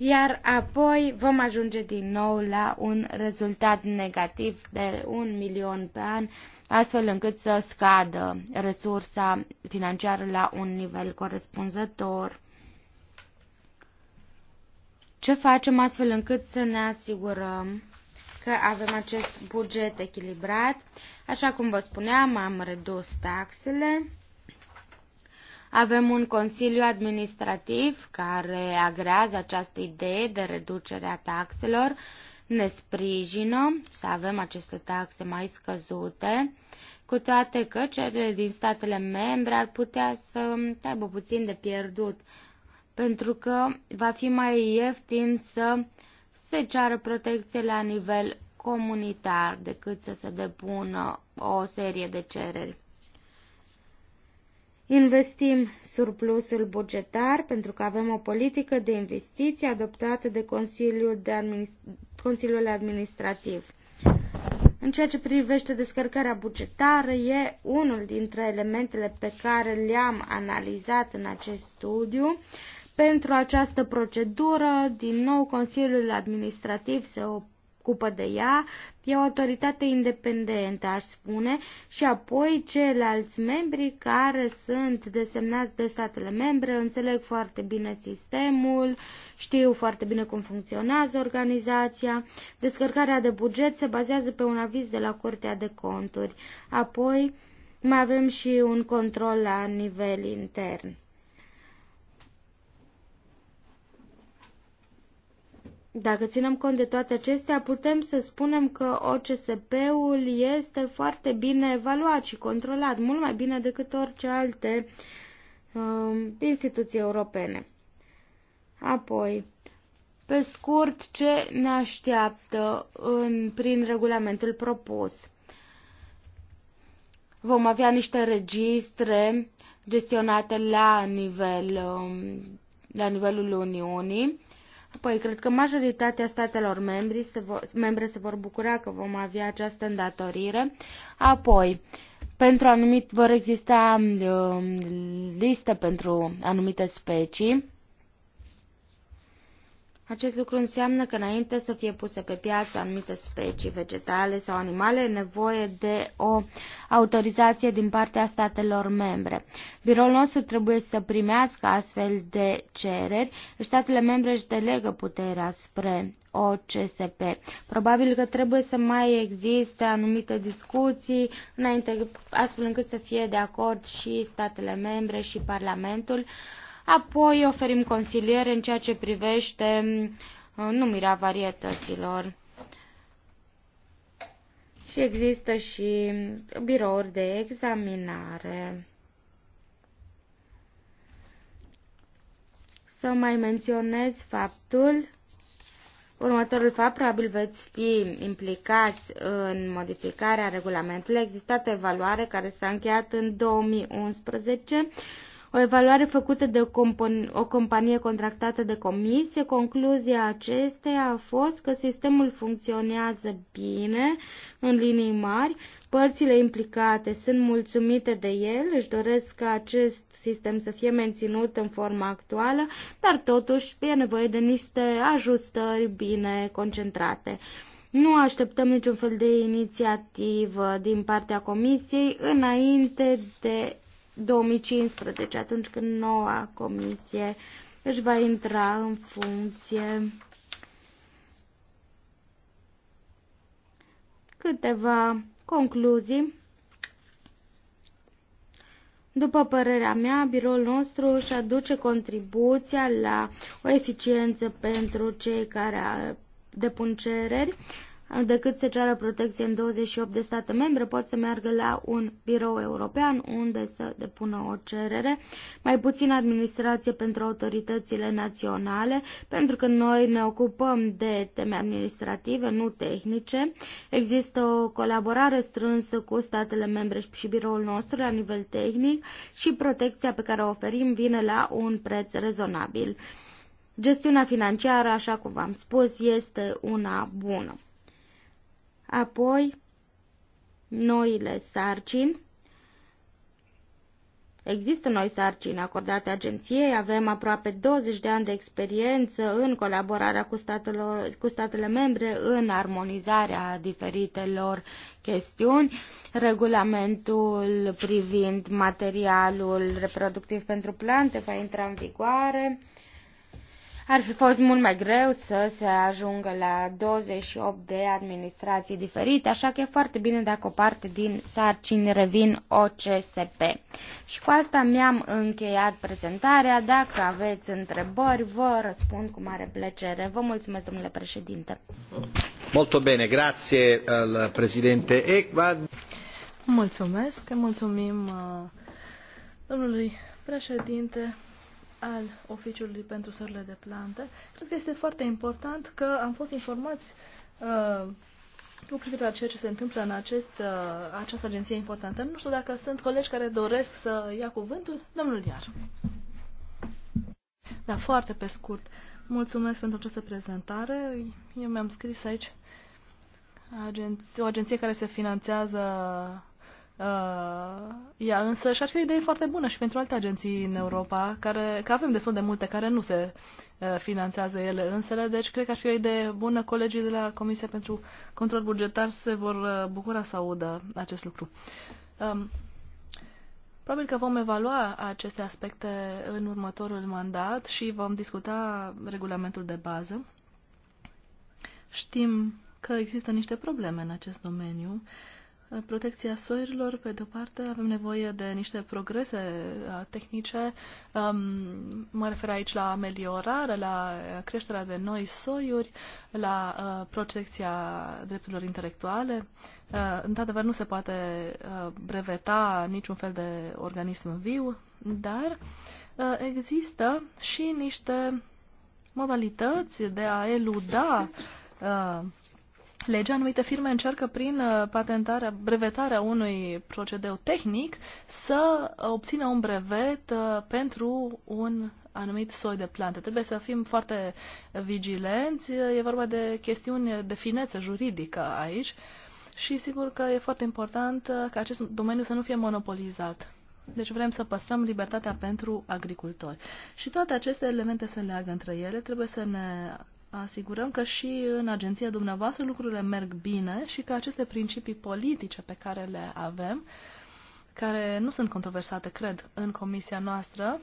iar apoi vom ajunge din nou la un rezultat negativ de un milion pe an, astfel încât să scadă resursa financiară la un nivel corespunzător. Ce facem astfel încât să ne asigurăm că avem acest buget echilibrat? Așa cum vă spuneam, am redus taxele avem un consiliu administrativ care agrează această idee de reducere a taxelor, ne sprijină să avem aceste taxe mai scăzute, cu toate că cererile din statele membre ar putea să aibă puțin de pierdut, pentru că va fi mai ieftin să se ceară protecție la nivel comunitar decât să se depună o serie de cereri. Investim surplusul bugetar pentru că avem o politică de investiții adoptată de Consiliul, de Administ- Consiliul Administrativ. În ceea ce privește descărcarea bugetară, e unul dintre elementele pe care le-am analizat în acest studiu. Pentru această procedură, din nou, Consiliul Administrativ se opune ocupă de ea, e o autoritate independentă, aș spune, și apoi ceilalți membri care sunt desemnați de statele membre, înțeleg foarte bine sistemul, știu foarte bine cum funcționează organizația. Descărcarea de buget se bazează pe un aviz de la Curtea de Conturi. Apoi mai avem și un control la nivel intern. Dacă ținem cont de toate acestea, putem să spunem că OCSP-ul este foarte bine evaluat și controlat, mult mai bine decât orice alte uh, instituții europene. Apoi, pe scurt, ce ne așteaptă în, prin regulamentul propus? Vom avea niște registre gestionate la nivel um, la nivelul Uniunii Păi, cred că majoritatea statelor membri se vo- membre se vor bucura că vom avea această îndatorire. Apoi, pentru anumit vor exista uh, liste pentru anumite specii. Acest lucru înseamnă că înainte să fie puse pe piață anumite specii vegetale sau animale, e nevoie de o autorizație din partea statelor membre. Biroul nostru trebuie să primească astfel de cereri. Statele membre își delegă puterea spre OCSP. Probabil că trebuie să mai existe anumite discuții înainte, astfel încât să fie de acord și statele membre și Parlamentul. Uh, Apoi oferim consiliere în ceea ce privește uh, numirea varietăților. Și există și birouri de examinare. Să mai menționez faptul Următorul fapt, probabil veți fi implicați în modificarea regulamentului. Există o evaluare care s-a încheiat în 2011 o evaluare făcută de o companie contractată de comisie, concluzia acesteia a fost că sistemul funcționează bine, în linii mari, părțile implicate sunt mulțumite de el, își doresc ca acest sistem să fie menținut în forma actuală, dar totuși e nevoie de niște ajustări bine concentrate. Nu așteptăm niciun fel de inițiativă din partea Comisiei înainte de 2015, atunci când noua comisie își va intra în funcție. Câteva concluzii. După părerea mea, biroul nostru își aduce contribuția la o eficiență pentru cei care depun cereri, decât să ceară protecție în 28 de state membre, pot să meargă la un birou european unde să depună o cerere, mai puțin administrație pentru autoritățile naționale, pentru că noi ne ocupăm de teme administrative, nu tehnice. Există o colaborare strânsă cu statele membre și biroul nostru la nivel tehnic și protecția pe care o oferim vine la un preț rezonabil. Gestiunea financiară, așa cum v-am spus, este una bună. Apoi, noile sarcini. Există noi sarcini acordate agenției, avem aproape 20 de ani de experiență în colaborarea cu, statelor, cu statele membre, în armonizarea diferitelor chestiuni, regulamentul privind materialul reproductiv pentru plante va intra în vigoare, uh, ar fi fost mult mai greu să se ajungă la 28 de administrații diferite, așa că e foarte bine dacă o parte din sarcini revin OCSP. Și cu asta mi-am încheiat prezentarea. Dacă aveți întrebări, vă răspund cu mare plăcere. Vă mulțumesc, domnule președinte. Molto bene, grazie al președinte Ecvad. Mulțumesc, mulțumim uh, domnului președinte al Oficiului pentru Sările de Plante. Cred că este foarte important că am fost informați uh, privire la ceea ce se întâmplă în acest, uh, această agenție importantă. Nu știu dacă sunt colegi care doresc să ia cuvântul. Domnul Iar. Da, foarte pe scurt. Mulțumesc pentru această prezentare. Eu mi-am scris aici agenție, o agenție care se finanțează Uh, ea însă și-ar fi o idee foarte bună și pentru alte agenții în Europa, care, că avem destul de multe care nu se uh, finanțează ele însele, deci cred că ar fi o idee bună. Colegii de la Comisia pentru Control Bugetar se vor uh, bucura să audă acest lucru. Um, probabil că vom evalua aceste aspecte în următorul mandat și vom discuta regulamentul de bază. Știm că există niște probleme în acest domeniu. Uh, protecția soiurilor, pe de-o parte, avem nevoie de niște progrese uh, tehnice. Um, mă refer aici la ameliorare, la creșterea de noi soiuri, la uh, protecția drepturilor intelectuale. Uh, într-adevăr, nu se poate breveta niciun fel de organism viu, dar există și niște modalități de a eluda legea, anumite firme încearcă prin uh, patentarea, brevetarea unui procedeu tehnic să obțină un brevet uh, pentru un anumit soi de plante. Trebuie să fim foarte vigilenți, e vorba de chestiuni de finețe juridică aici și sigur că e foarte important uh, ca acest domeniu să nu fie monopolizat. Deci vrem să păstrăm libertatea pentru agricultori. Și toate aceste elemente se leagă între ele. Trebuie să ne asigurăm că și în agenția dumneavoastră lucrurile merg bine și că aceste principii politice pe care le avem, care nu sunt controversate, cred, în comisia noastră,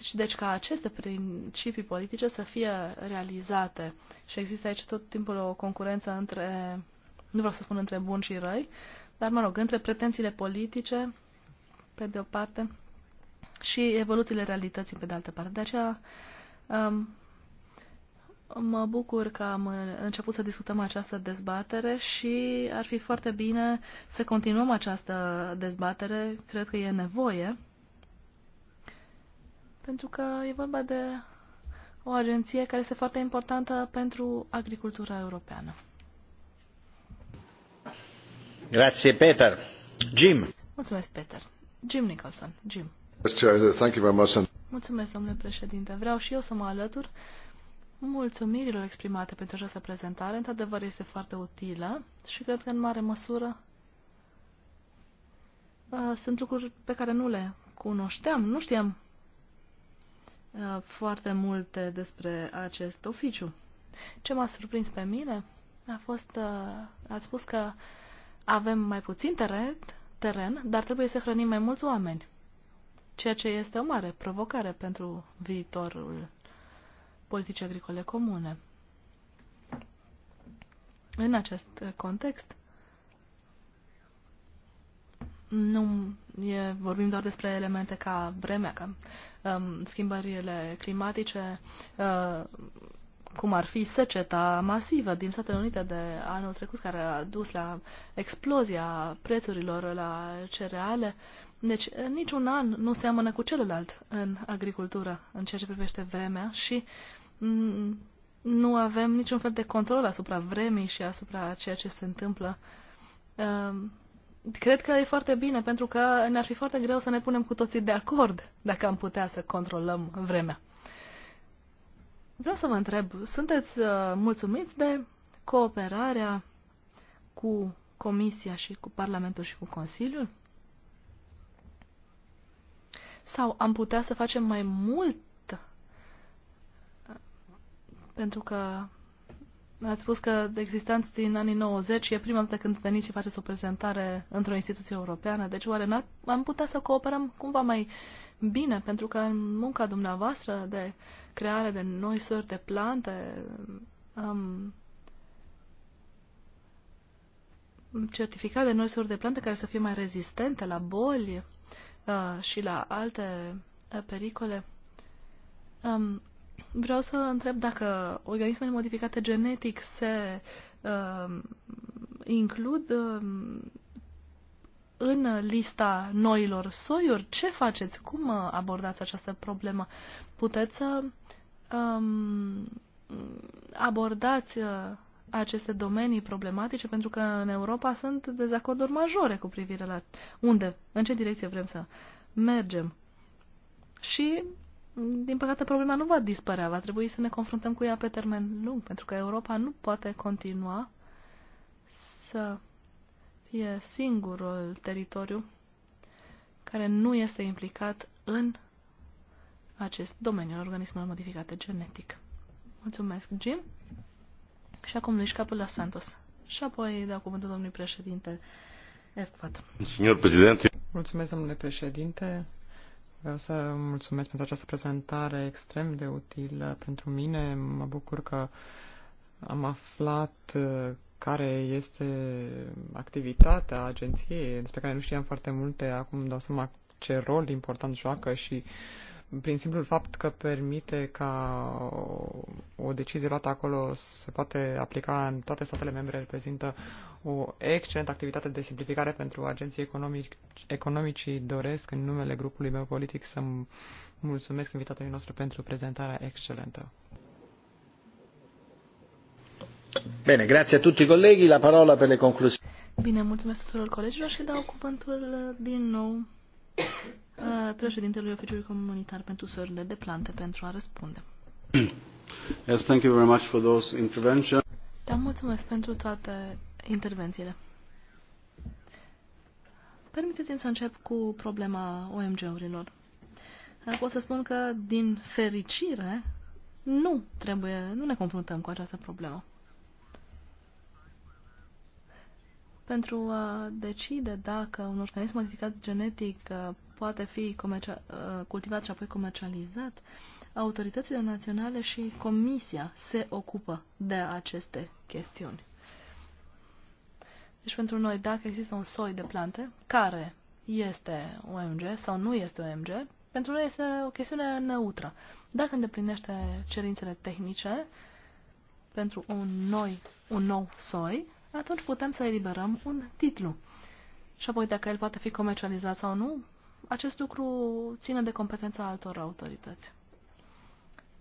și deci ca aceste principii politice să fie realizate. Și există aici tot timpul o concurență între, nu vreau să spun între bun și răi, dar mă rog, între pretențiile politice, pe de o parte, și evoluțiile realității, pe de altă parte. De aceea um, Mă bucur că am început să discutăm această dezbatere și ar fi foarte bine să continuăm această dezbatere. Cred că e nevoie. Pentru că e vorba de o agenție care este foarte importantă pentru agricultura europeană. Grazie, Peter. Jim. Mulțumesc, Peter. Jim Nicholson. Jim. Mulțumesc, domnule președinte. Vreau și eu să mă alătur mulțumirilor exprimate pentru această prezentare. Într-adevăr, este foarte utilă și cred că, în mare măsură, uh, sunt lucruri pe care nu le cunoșteam, nu știam uh, foarte multe despre acest oficiu. Ce m-a surprins pe mine a fost, uh, ați spus că avem mai puțin teren, teren, dar trebuie să hrănim mai mulți oameni, ceea ce este o mare provocare pentru viitorul Politici agricole comune. În acest context, nu e, vorbim doar despre elemente ca vremea, ca um, schimbările climatice, uh, cum ar fi seceta masivă din Statele Unite de anul trecut, care a dus la explozia prețurilor la cereale. Deci niciun an nu seamănă cu celălalt în agricultură, în ceea ce privește vremea și Mm, nu avem niciun fel de control asupra vremii și asupra ceea ce se întâmplă. Um, cred că e foarte bine, pentru că ne-ar fi foarte greu să ne punem cu toții de acord dacă am putea să controlăm vremea. Vreau să vă întreb, sunteți uh, mulțumiți de cooperarea cu Comisia și cu Parlamentul și cu Consiliul? Sau am putea să facem mai mult pentru că ați spus că de existanță din anii 90 și e prima dată când veniți și faceți o prezentare într-o instituție europeană. Deci oare n-ar, am putea să cooperăm cumva mai bine? Pentru că în munca dumneavoastră de creare de noi sori de plante am certificat de noi sori de plante care să fie mai rezistente la boli uh, și la alte uh, pericole. Um, Vreau să întreb dacă organismele modificate genetic se uh, includ uh, în lista noilor soiuri. Ce faceți? Cum uh, abordați această problemă? Puteți să uh, abordați uh, aceste domenii problematice, pentru că în Europa sunt dezacorduri majore cu privire la unde, în ce direcție vrem să mergem. Și din păcate, problema nu va dispărea. Va trebui să ne confruntăm cu ea pe termen lung, pentru că Europa nu poate continua să fie singurul teritoriu care nu este implicat în acest domeniu al organismelor modificate genetic. Mulțumesc, Jim. Și acum lui capul la Santos. Și apoi dau cuvântul domnului președinte F4. Mulțumesc, domnule președinte. Vreau să mulțumesc pentru această prezentare extrem de utilă pentru mine. Mă bucur că am aflat uh, care este activitatea agenției, despre care nu știam foarte multe. Acum dau seama ce rol important joacă și uh, prin simplul fapt că permite ca o decizie luată acolo se poate aplica în toate statele membre, reprezintă o excelentă activitate de simplificare pentru agenții economici, economicii. Doresc, în numele grupului meu politic, să mulțumesc invitatului nostru pentru prezentarea excelentă. Bine, grazie a tutti colleghi. La parola per le conclusioni. Bine, mulțumesc tuturor colegilor și dau cuvântul din nou Uh, președintelui Oficiului Comunitar pentru Sorile de Plante pentru a răspunde. Yes, thank you very much for those interventions. Da, mulțumesc pentru toate intervențiile. Permiteți-mi să încep cu problema OMG-urilor. Pot să spun că, din fericire, nu trebuie, nu ne confruntăm cu această problemă. pentru a decide dacă un organism modificat genetic uh, poate fi uh, cultivat și apoi comercializat, autoritățile naționale și Comisia se ocupă de aceste chestiuni. Deci pentru noi, dacă există un soi de plante care este OMG sau nu este OMG, pentru noi este o chestiune neutră. Dacă îndeplinește cerințele tehnice pentru un, noi, un nou soi, atunci putem să eliberăm un titlu. Și apoi, dacă el poate fi comercializat sau nu, acest lucru ține de competența altor autorități.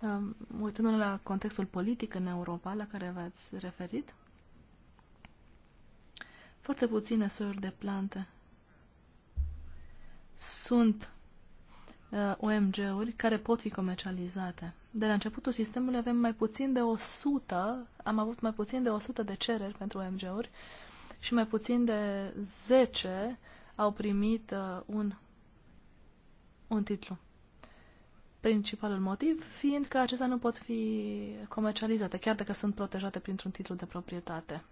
Ehm, uitându-ne la contextul politic în Europa la care v-ați referit, foarte puține soiuri de plante sunt uh, eh, OMG-uri care pot fi comercializate de la începutul sistemului avem mai puțin de 100, am avut mai puțin de 100 de cereri pentru OMG-uri și mai puțin de 10 au primit uh, un, un titlu. Principalul motiv fiind că acestea nu pot fi comercializate, chiar dacă sunt protejate printr-un titlu de proprietate.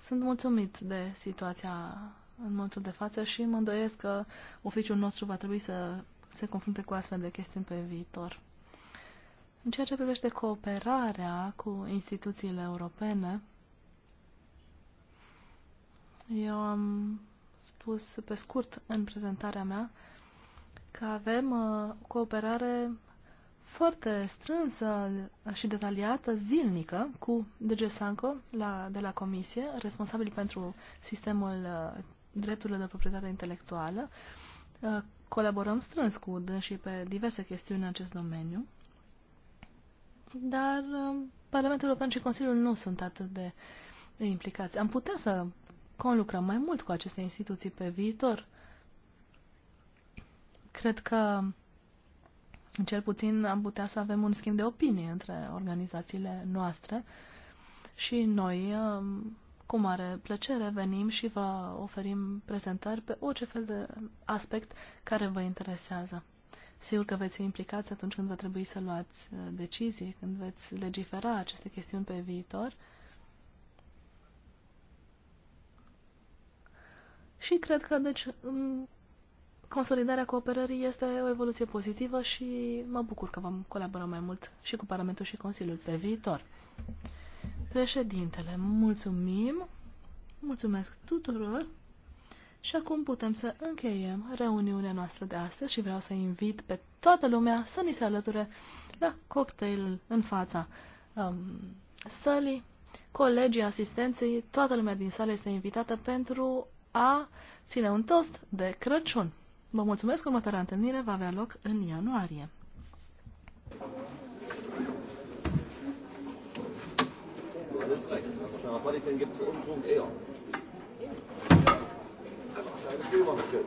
Sunt mulțumit de situația în momentul de față și mă îndoiesc că oficiul nostru va trebui să se confrunte cu astfel de chestiuni pe viitor. În ceea ce privește cooperarea cu instituțiile europene, eu am spus pe scurt în prezentarea mea că avem o uh, cooperare foarte strânsă și detaliată, zilnică, cu DG Sanco la, de la Comisie, responsabil pentru sistemul uh, drepturilor de proprietate intelectuală, uh, colaborăm strâns cu UDA și pe diverse chestiuni în acest domeniu, dar uh, Parlamentul European și Consiliul nu sunt atât de implicați. Am putea să conlucrăm mai mult cu aceste instituții pe viitor. Cred că cel puțin am putea să avem un schimb de opinie între organizațiile noastre și noi uh, cu mare plăcere venim și vă oferim prezentări pe orice fel de aspect care vă interesează. Sigur că veți fi implicați atunci când va trebui să luați uh, decizii, când veți legifera aceste chestiuni pe viitor. Și cred că, deci, um, consolidarea cooperării este o evoluție pozitivă și mă bucur că vom colabora mai mult și cu Parlamentul și Consiliul pe viitor. Președintele, mulțumim, mulțumesc tuturor și acum putem să încheiem reuniunea noastră de astăzi și vreau să invit pe toată lumea să ni se alăture la cocktailul în fața um, sălii. Colegii, asistenții, toată lumea din sală este invitată pentru a ține un toast de Crăciun. Vă mulțumesc, următoarea întâlnire va avea loc în ianuarie. Parisen gibt es unten eher. Kleines Silbermittel.